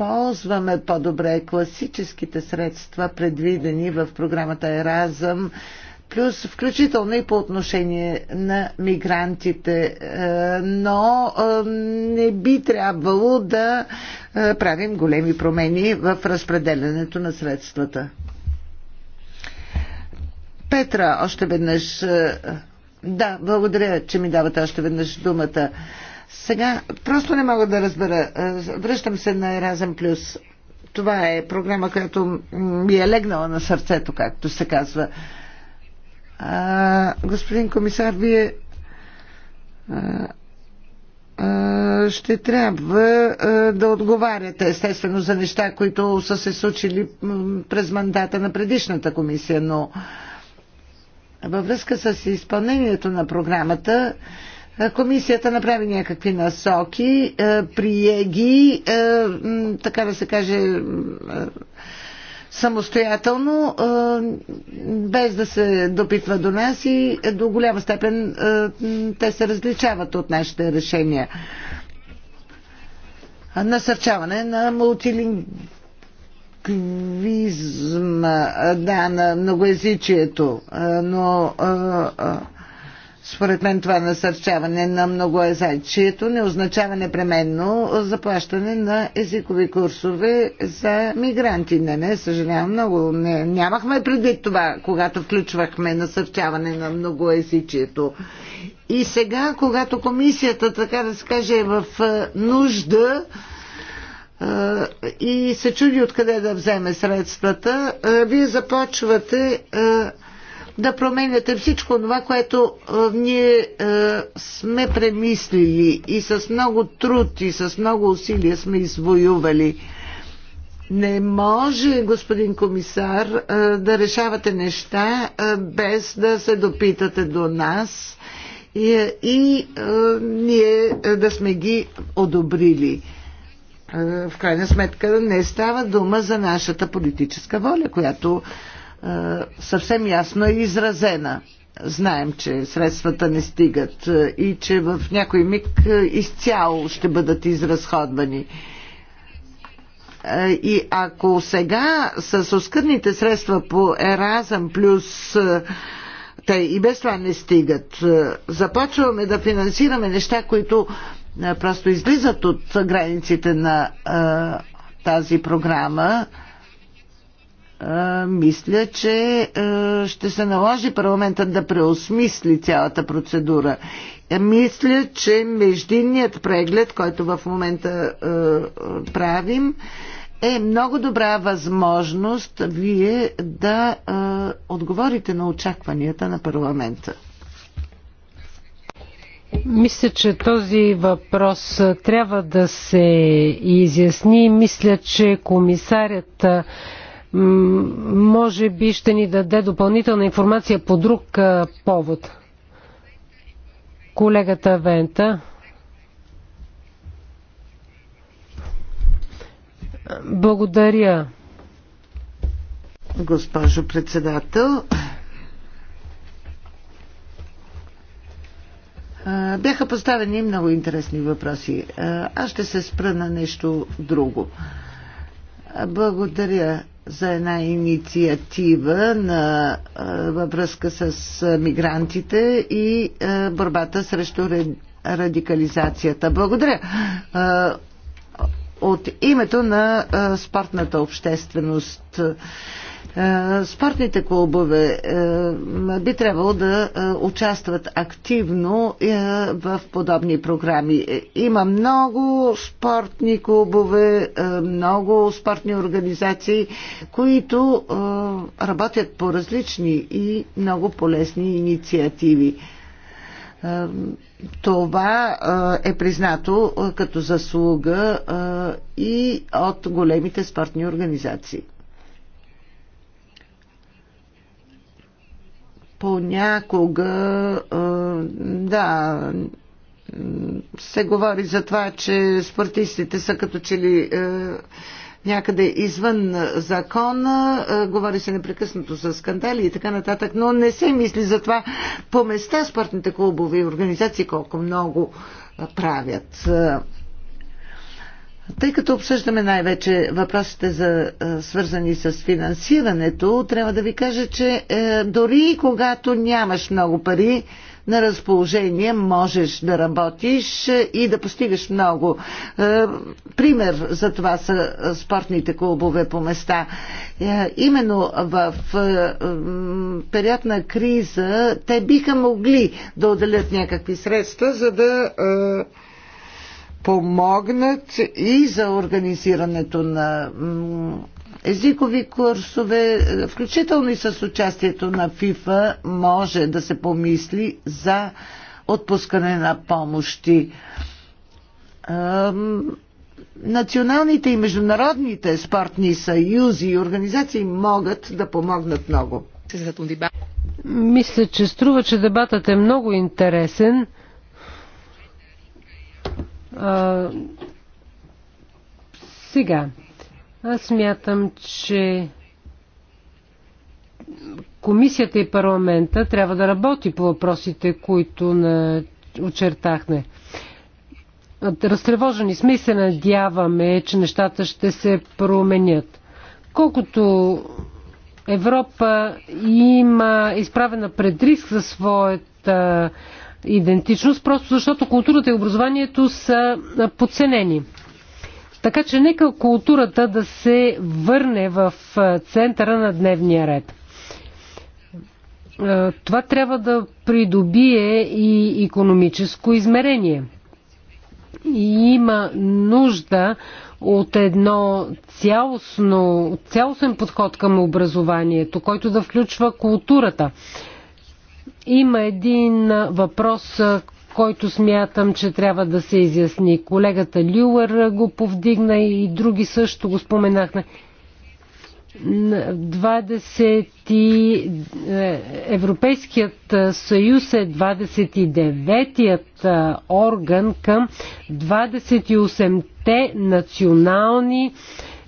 използваме по-добре класическите средства, предвидени в програмата Еразъм, плюс включително и по отношение на мигрантите. Е, но е, не би трябвало да е, правим големи промени в разпределянето на средствата. Петра, още веднъж. Да, благодаря, че ми давате още веднъж думата. Сега просто не мога да разбера. Е, връщам се на Еразъм Плюс. Това е програма, която ми е легнала на сърцето, както се казва. А, господин комисар, вие а, а, ще трябва а, да отговаряте естествено за неща, които са се случили през мандата на предишната комисия, но във връзка с изпълнението на програмата, а, е, комисията направи някакви насоки, е, прие ги, е, така да се каже, самостоятелно, без да се допитва до нас и до голяма степен те се различават от нашите решения. Насърчаване на мултилингвизма, да, на многоязичието, но според мен това насърчаване на езайчието не означава непременно заплащане на езикови курсове за мигранти. Не, не, съжалявам много. Не, нямахме предвид това, когато включвахме насърчаване на езичието. И сега, когато комисията, така да се каже, е в е, нужда, е, и се чуди откъде да вземе средствата, е, вие започвате да променяте всичко това, което ние сме премислили и с много труд и с много усилия сме извоювали. Не може, господин комисар, да решавате неща без да се допитате до нас и, и ние да сме ги одобрили. В крайна сметка не става дума за нашата политическа воля, която е, съвсем ясно е изразена. Знаем, че средствата не стигат е, и че в някой миг е, изцяло ще бъдат изразходвани. И ако сега с оскърните средства по Еразъм плюс те и без това не стигат, започваме да финансираме неща, които просто излизат от границите на тази програма, мисля, че ще се наложи парламентът да преосмисли цялата процедура. Е, мисля, че междинният преглед, който в момента правим, е много добра възможност вие да отговорите на очакванията на парламента. Мисля, че този въпрос трябва да се изясни. Мисля, че комисарят може би ще ни даде допълнителна информация по друг повод. Колегата Вента. Благодаря. Госпожо председател, бяха поставени много интересни въпроси. Аз ще се спра на нещо друго. Благодаря за една инициатива на, във връзка с мигрантите и борбата срещу радикализацията. Благодаря. От името на спортната общественост. Е, спортните клубове е, би трябвало да е, участват активно в подобни програми. Има много спортни клубове, много спортни организации, които работят по различни и много полезни инициативи. Това е признато като заслуга и от големите спортни организации. понякога да се говори за това, че спортистите са като че ли някъде извън закона, говори се непрекъснато за скандали и така нататък, но не се мисли за това по места спортните клубове и организации колко много правят. Тъй като обсъждаме най-вече въпросите за, е, свързани с финансирането, трябва да ви кажа, че е, дори когато нямаш много пари на разположение, можеш да работиш е, и да постигаш много. Е, пример за това са е, спортните клубове по места. Е, именно в период на криза те биха могли да отделят някакви средства, за да помогнат и за организирането на езикови курсове, включително и с участието на ФИФА, може да се помисли за отпускане на помощи. Националните и международните спортни съюзи и организации могат да помогнат много. Мисля, че струва, че дебатът е много интересен сега, аз смятам, че комисията и парламента трябва да работи по въпросите, които на... очертахме. Разтревожени сме и се надяваме, че нещата ще се променят. Колкото Европа има изправена пред риск за своята идентичност, просто защото културата и образованието са подценени. Така че нека културата да се върне в центъра на дневния ред. Това трябва да придобие и економическо измерение. И има нужда от едно цялостно, цялостен подход към образованието, който да включва културата. Има един въпрос, който смятам, че трябва да се изясни. Колегата Люер го повдигна и други също го споменахме. 20... Е, Европейският съюз е 29-тият орган към 28-те национални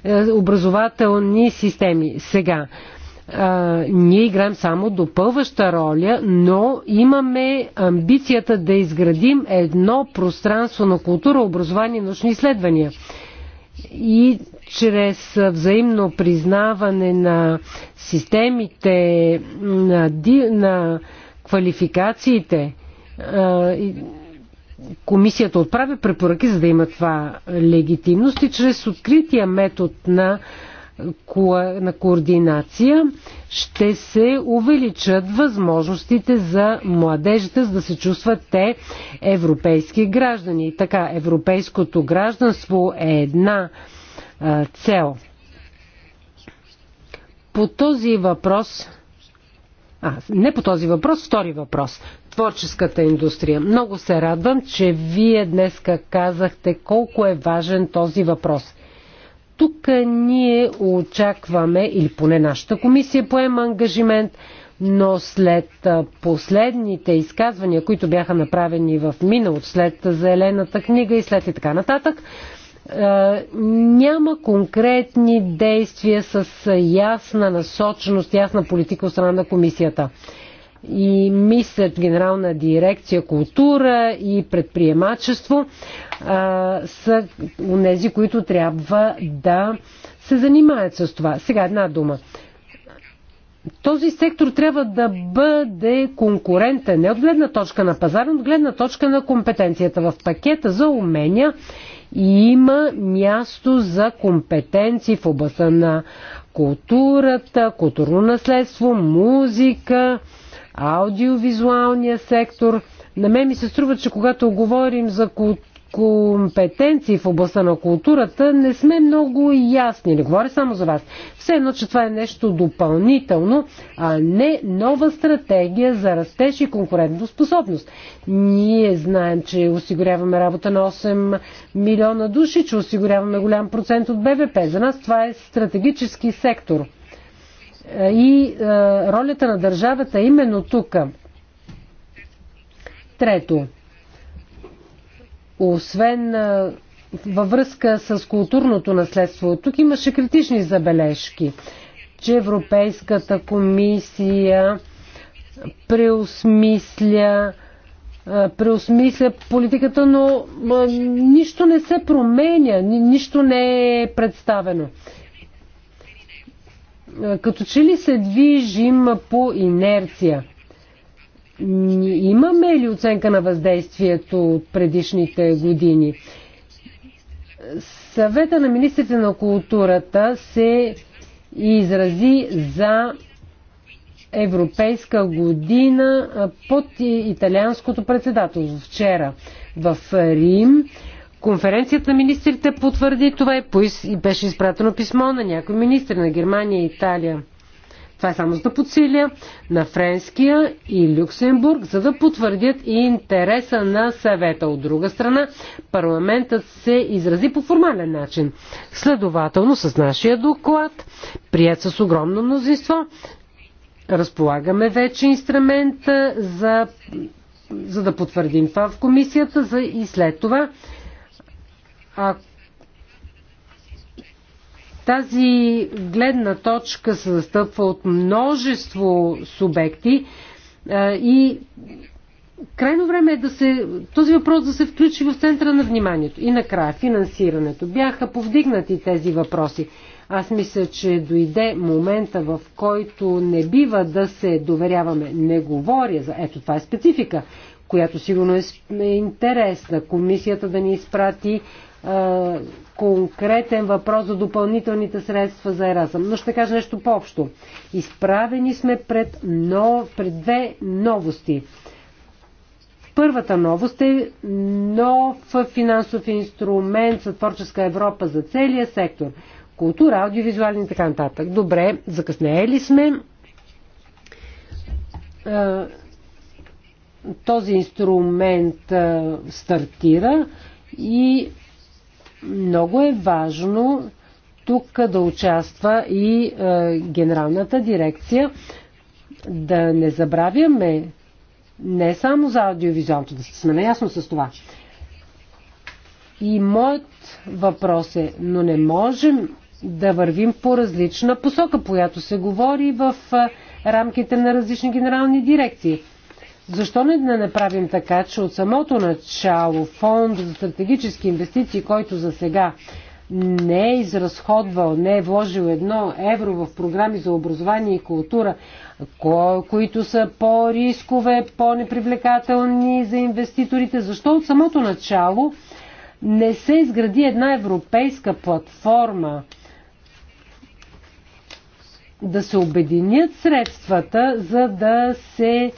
е, образователни системи. Сега, ние играем само допълваща роля, но имаме амбицията да изградим едно пространство на култура, образование и научни изследвания. И чрез взаимно признаване на системите, на, на квалификациите, комисията отправя препоръки, за да има това легитимност и чрез открития метод на на координация ще се увеличат възможностите за младежите, за да се чувстват те европейски граждани. така, европейското гражданство е една а, цел. По този въпрос. А, не по този въпрос, втори въпрос. Творческата индустрия. Много се радвам, че вие днес казахте колко е важен този въпрос тук ние очакваме, или поне нашата комисия поема ангажимент, но след последните изказвания, които бяха направени в миналото, след Зелената книга и след и така нататък, няма конкретни действия с ясна насоченост, ясна политика от страна на комисията и мислят Генерална дирекция култура и предприемачество а, са тези, които трябва да се занимаят с това. Сега една дума. Този сектор трябва да бъде конкурентен не от гледна точка на пазар, но от гледна точка на компетенцията. В пакета за умения има място за компетенции в областта на културата, културно наследство, музика, аудиовизуалния сектор. На мен ми се струва, че когато говорим за компетенции в областта на културата, не сме много ясни. Не говоря само за вас. Все едно, че това е нещо допълнително, а не нова стратегия за растеж и конкурентоспособност. Ние знаем, че осигуряваме работа на 8 милиона души, че осигуряваме голям процент от БВП. За нас това е стратегически сектор – е, и е, ролята на държавата е именно тук. Трето, освен във връзка с културното наследство, тук имаше критични забележки, че Европейската комисия преосмисля преосмисля политиката, но нищо не се променя, нищо не е представено като че ли се движим по инерция? Имаме ли оценка на въздействието от предишните години? Съвета на министрите на културата се изрази за Европейска година под италианското председателство. Вчера в Рим Конференцията на министрите потвърди това и беше изпратено писмо на някои министри на Германия и Италия. Това е само за да подсиля на Френския и Люксембург, за да потвърдят и интереса на съвета. От друга страна, парламентът се изрази по формален начин. Следователно, с нашия доклад, прият с огромно мнозинство, разполагаме вече инструмента, за, за да потвърдим това в комисията за и след това а тази гледна точка се застъпва от множество субекти и крайно време е да се, този въпрос да се включи в центъра на вниманието. И накрая финансирането. Бяха повдигнати тези въпроси. Аз мисля, че дойде момента, в който не бива да се доверяваме. Не говоря за... Ето, това е специфика, която сигурно е, е интересна. Комисията да ни изпрати конкретен въпрос за допълнителните средства за Еразъм. Но ще кажа нещо по-общо. Изправени сме пред, нов, пред две новости. Първата новост е нов финансов инструмент за творческа Европа за целия сектор. Култура, аудиовизуални и така нататък. Добре, закъснели сме. Този инструмент стартира и много е важно тук да участва и е, генералната дирекция. Да не забравяме не само за аудиовизуалното, да сме наясно с това. И моят въпрос е, но не можем да вървим по различна посока, която се говори в е, рамките на различни генерални дирекции. Защо не да направим така, че от самото начало фонд за стратегически инвестиции, който за сега не е изразходвал, не е вложил едно евро в програми за образование и култура, които са по-рискове, по-непривлекателни за инвеститорите, защо от самото начало не се изгради една европейска платформа да се обединят средствата, за да се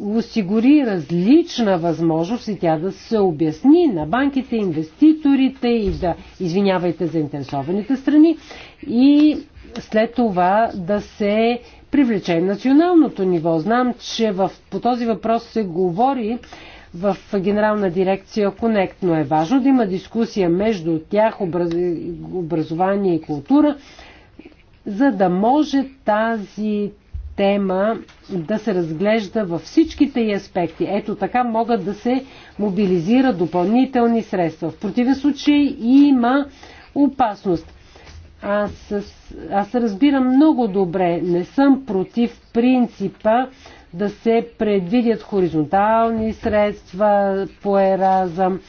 осигури различна възможност и тя да се обясни на банките, инвеститорите и да извинявайте заинтересованите страни и след това да се привлече националното ниво. Знам, че в, по този въпрос се говори в Генерална дирекция Конект, но е важно да има дискусия между тях, образ, образование и култура, за да може тази тема да се разглежда във всичките и аспекти. Ето така могат да се мобилизират допълнителни средства. В противен случай има опасност. Аз, аз разбирам много добре, не съм против принципа да се предвидят хоризонтални средства по еразъм,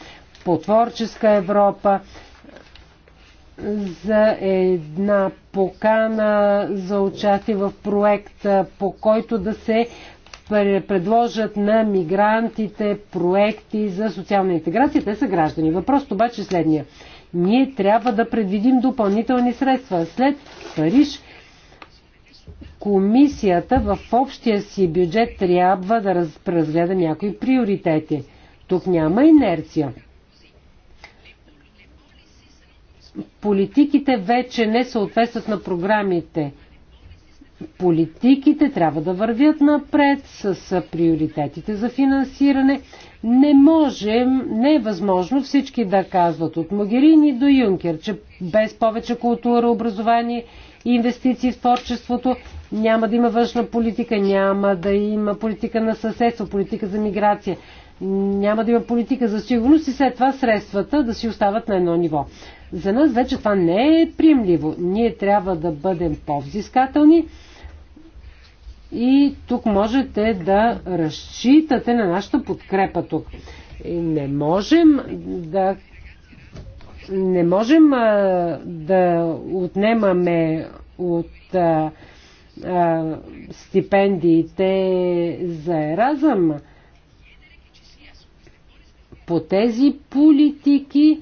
по творческа Европа за една покана за участие в проект, по който да се предложат на мигрантите проекти за социална интеграция. Те са граждани. Въпросът обаче е следния. Ние трябва да предвидим допълнителни средства. След Париж комисията в общия си бюджет трябва да разгледа някои приоритети. Тук няма инерция политиките вече не съответстват на програмите. Политиките трябва да вървят напред с приоритетите за финансиране. Не можем, не е възможно всички да казват от Могерини до Юнкер, че без повече култура, образование и инвестиции в творчеството няма да има външна политика, няма да има политика на съседство, политика за миграция, няма да има политика за сигурност и след това средствата да си остават на едно ниво. За нас вече това не е приемливо. Ние трябва да бъдем по-взискателни и тук можете да разчитате на нашата подкрепа тук. Не можем да не можем а, да отнемаме от а, а, стипендиите за еразъм по тези политики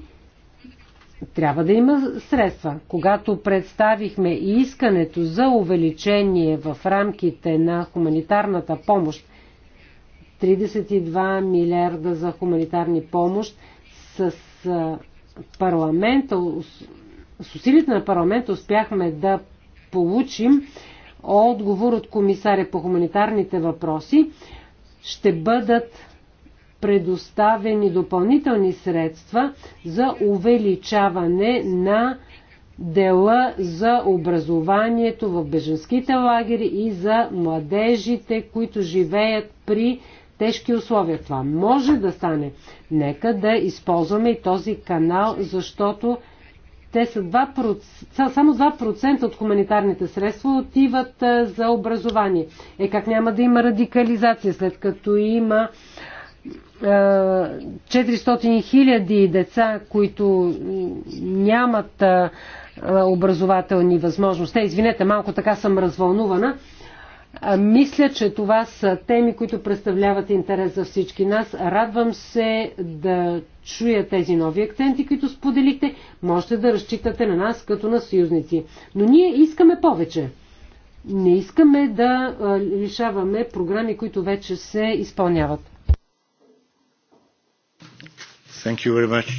трябва да има средства. Когато представихме искането за увеличение в рамките на хуманитарната помощ, 32 милиарда за хуманитарни помощ с парламента, с усилите на парламента успяхме да получим отговор от комисаря по хуманитарните въпроси. Ще бъдат предоставени допълнителни средства за увеличаване на дела за образованието в беженските лагери и за младежите, които живеят при тежки условия. Това може да стане. Нека да използваме и този канал, защото те са 2%, само 2% от хуманитарните средства отиват за образование. Е как няма да има радикализация, след като има 400 хиляди деца, които нямат образователни възможности. Те, Извинете, малко така съм развълнувана. Мисля, че това са теми, които представляват интерес за всички нас. Радвам се да чуя тези нови акценти, които споделихте. Можете да разчитате на нас като на съюзници. Но ние искаме повече. Не искаме да лишаваме програми, които вече се изпълняват. Thank you very much.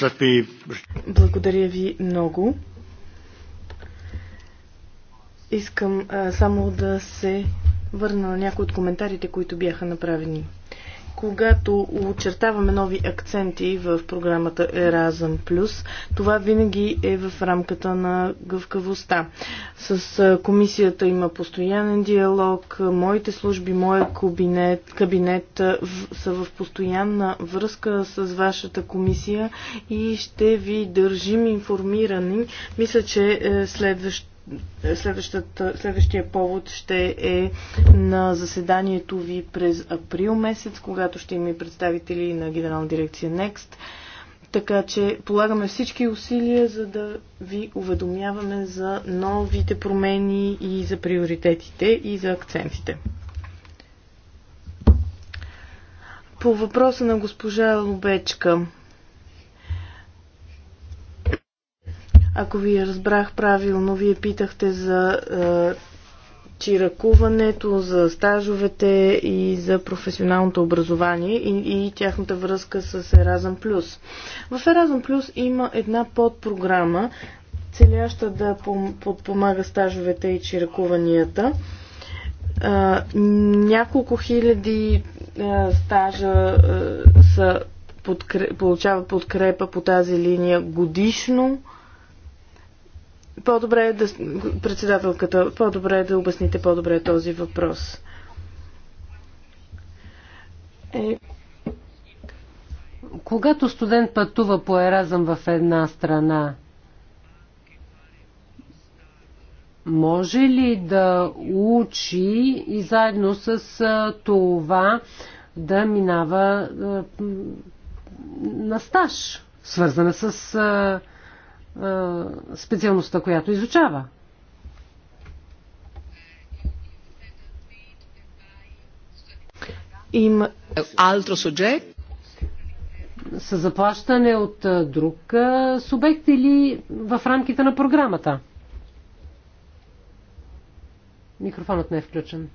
Let me... Благодаря ви много. Искам а, само да се върна на някои от коментарите, които бяха направени когато очертаваме нови акценти в програмата Erasm+, Плюс, това винаги е в рамката на гъвкавостта. С комисията има постоянен диалог, моите служби, моят кабинет, кабинет са в постоянна връзка с вашата комисия и ще ви държим информирани. Мисля, че е, следващ Следващия повод ще е на заседанието ви през април месец, когато ще има и представители на Генерална дирекция Next. Така че полагаме всички усилия, за да ви уведомяваме за новите промени и за приоритетите и за акцентите. По въпроса на госпожа Лобечка. Ако ви разбрах правилно, вие питахте за е, чиракуването, за стажовете и за професионалното образование и, и тяхната връзка с Еразъм Плюс. В Еразъм Плюс има една подпрограма, целяща да подпомага стажовете и чиракуванията. Е, няколко хиляди е, стажа са, подкреп, получава подкрепа по тази линия годишно по-добре е да, председателката, по-добре е да обясните по-добре този въпрос. Е... Когато студент пътува по Еразъм в една страна, може ли да учи и заедно с това да минава на стаж, свързана с е, специалността, която изучава. Им алтро субект. С заплащане от е, друг е, субект или в рамките на програмата? Микрофонът не е включен.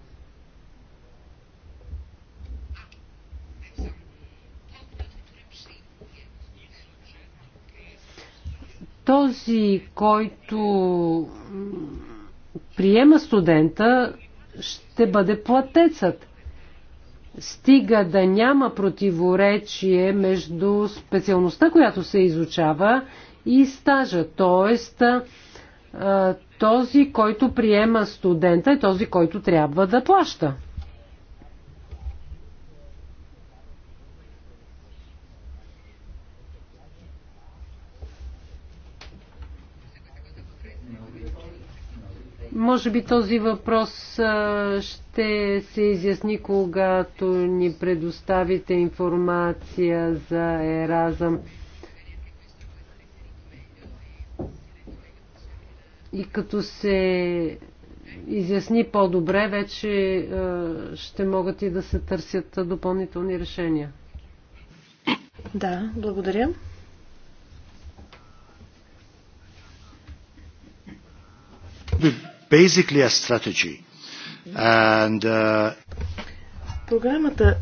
Този, който приема студента, ще бъде платецът. Стига да няма противоречие между специалността, която се изучава, и стажа. Тоест, този, който приема студента, е този, който трябва да плаща. Може би този въпрос ще се изясни, когато ни предоставите информация за Еразъм. И като се изясни по-добре, вече ще могат и да се търсят допълнителни решения. Да, благодаря. Good basically a strategy. And, uh... Програмата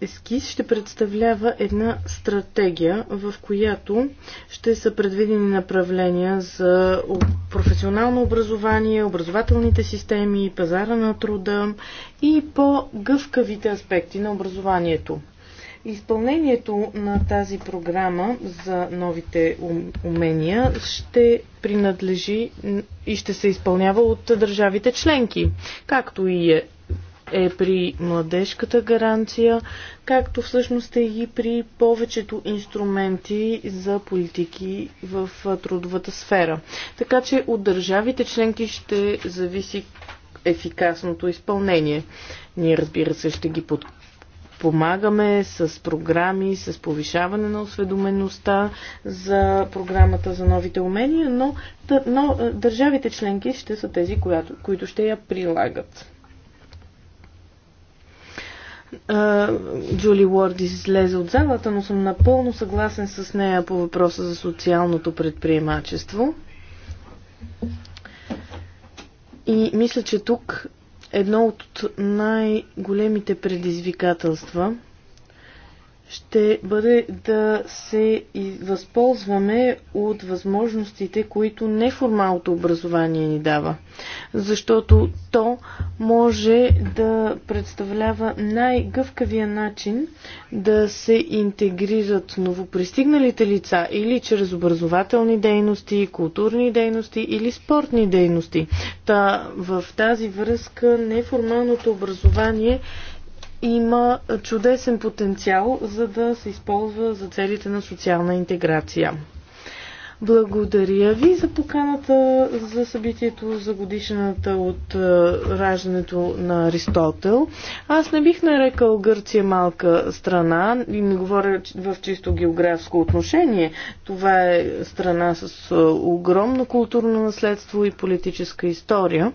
ескиз ще представлява една стратегия, в която ще са предвидени направления за професионално образование, образователните системи, пазара на труда и по-гъвкавите аспекти на образованието. Изпълнението на тази програма за новите умения ще принадлежи и ще се изпълнява от държавите членки, както и е, е при младежката гаранция, както всъщност е и при повечето инструменти за политики в трудовата сфера. Така че от държавите членки ще зависи ефикасното изпълнение. Ние, разбира се, ще ги подкрепим помагаме с програми, с повишаване на осведомеността за програмата за новите умения, но, но е, държавите членки ще са тези, която, които ще я прилагат. Джули Уорд излезе от залата, но съм напълно съгласен с нея по въпроса за социалното предприемачество. И мисля, че тук едно от най-големите предизвикателства – ще бъде да се възползваме от възможностите, които неформалното образование ни дава. Защото то може да представлява най-гъвкавия начин да се интегрират новопристигналите лица или чрез образователни дейности, културни дейности или спортни дейности. Та в тази връзка неформалното образование има чудесен потенциал, за да се използва за целите на социална интеграция. Благодаря ви за поканата за събитието за годишната от е, раждането на Аристотел. Аз не бих нарекал Гърция малка страна и не говоря в чисто географско отношение. Това е страна с е, огромно културно наследство и политическа история.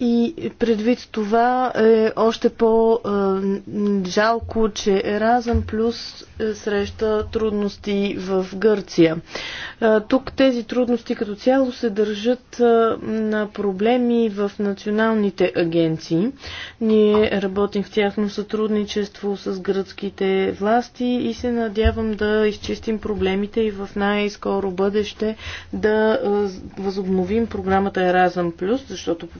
И предвид това е още по-жалко, че Еразъм Плюс е, среща трудности в Гърция. Е, тук тези трудности като цяло се държат е, на проблеми в националните агенции. Ние работим в тяхно сътрудничество с гръцките власти и се надявам да изчистим проблемите и в най-скоро бъдеще да възобновим програмата Еразъм Плюс, защото по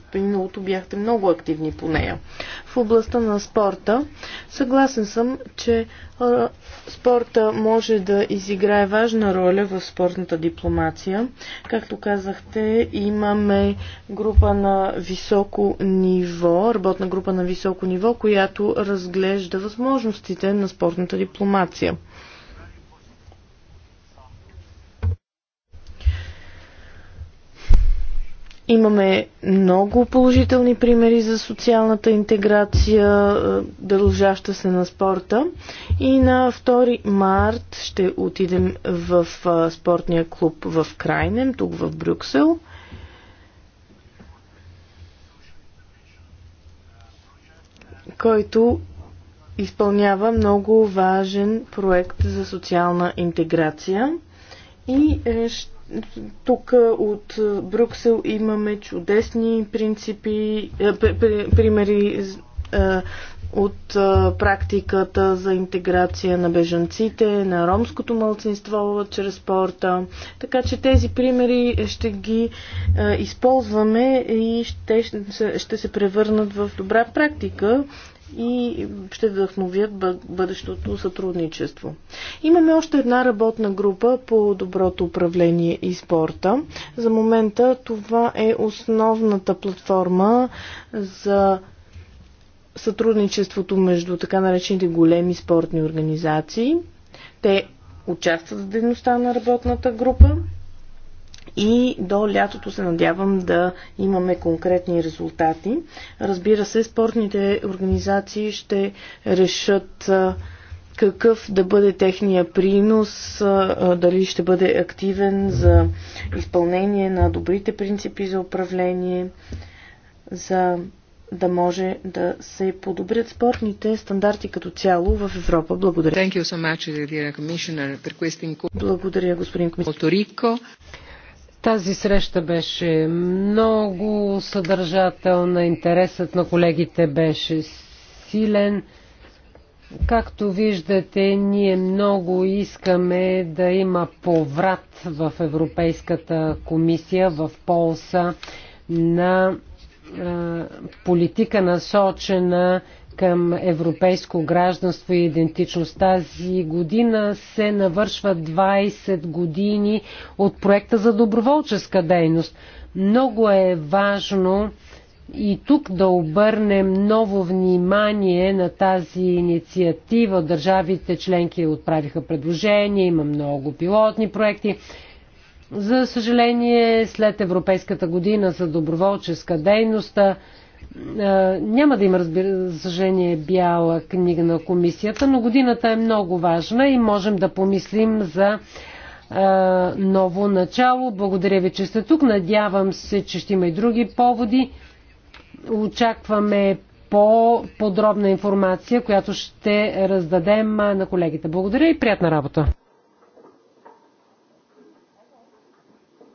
миналото бяхте много активни по нея. В областта на спорта съгласен съм, че спорта може да изиграе важна роля в спортната дипломация. Както казахте, имаме група на високо ниво, работна група на високо ниво, която разглежда възможностите на спортната дипломация. Имаме много положителни примери за социалната интеграция, е, дължаща се на спорта. И на 2 март ще отидем в е, спортния клуб в Крайнем, тук в Брюксел. който изпълнява много важен проект за социална интеграция и е, ще тук е, от Брюксел имаме чудесни принципи, е, примери е, от практиката за интеграция на бежанците, на ромското мълцинство чрез спорта. Така че тези примери ще ги използваме и ще, ще се превърнат в добра практика и ще вдъхновят бъдещото сътрудничество. Имаме още една работна група по доброто управление и спорта. За момента това е основната платформа за сътрудничеството между така наречените големи спортни организации. Те участват в дейността на работната група и до лятото се надявам да имаме конкретни резултати. Разбира се, спортните организации ще решат какъв да бъде техния принос, дали ще бъде активен за изпълнение на добрите принципи за управление, за да може да се подобрят спортните стандарти като цяло в Европа. Благодаря. Благодаря, господин комисар. Тази среща беше много съдържателна, интересът на колегите беше силен. Както виждате, ние много искаме да има поврат в Европейската комисия в полса на политика насочена към европейско гражданство и идентичност. Тази година се навършва 20 години от проекта за доброволческа дейност. Много е важно и тук да обърнем ново внимание на тази инициатива. Държавите членки отправиха предложения, има много пилотни проекти. За съжаление, след Европейската година за доброволческа дейност, няма да има, разбира съжаление, бяла книга на комисията, но годината е много важна и можем да помислим за ново начало. Благодаря ви, че сте тук. Надявам се, че ще има и други поводи. Очакваме по-подробна информация, която ще раздадем на колегите. Благодаря и приятна работа!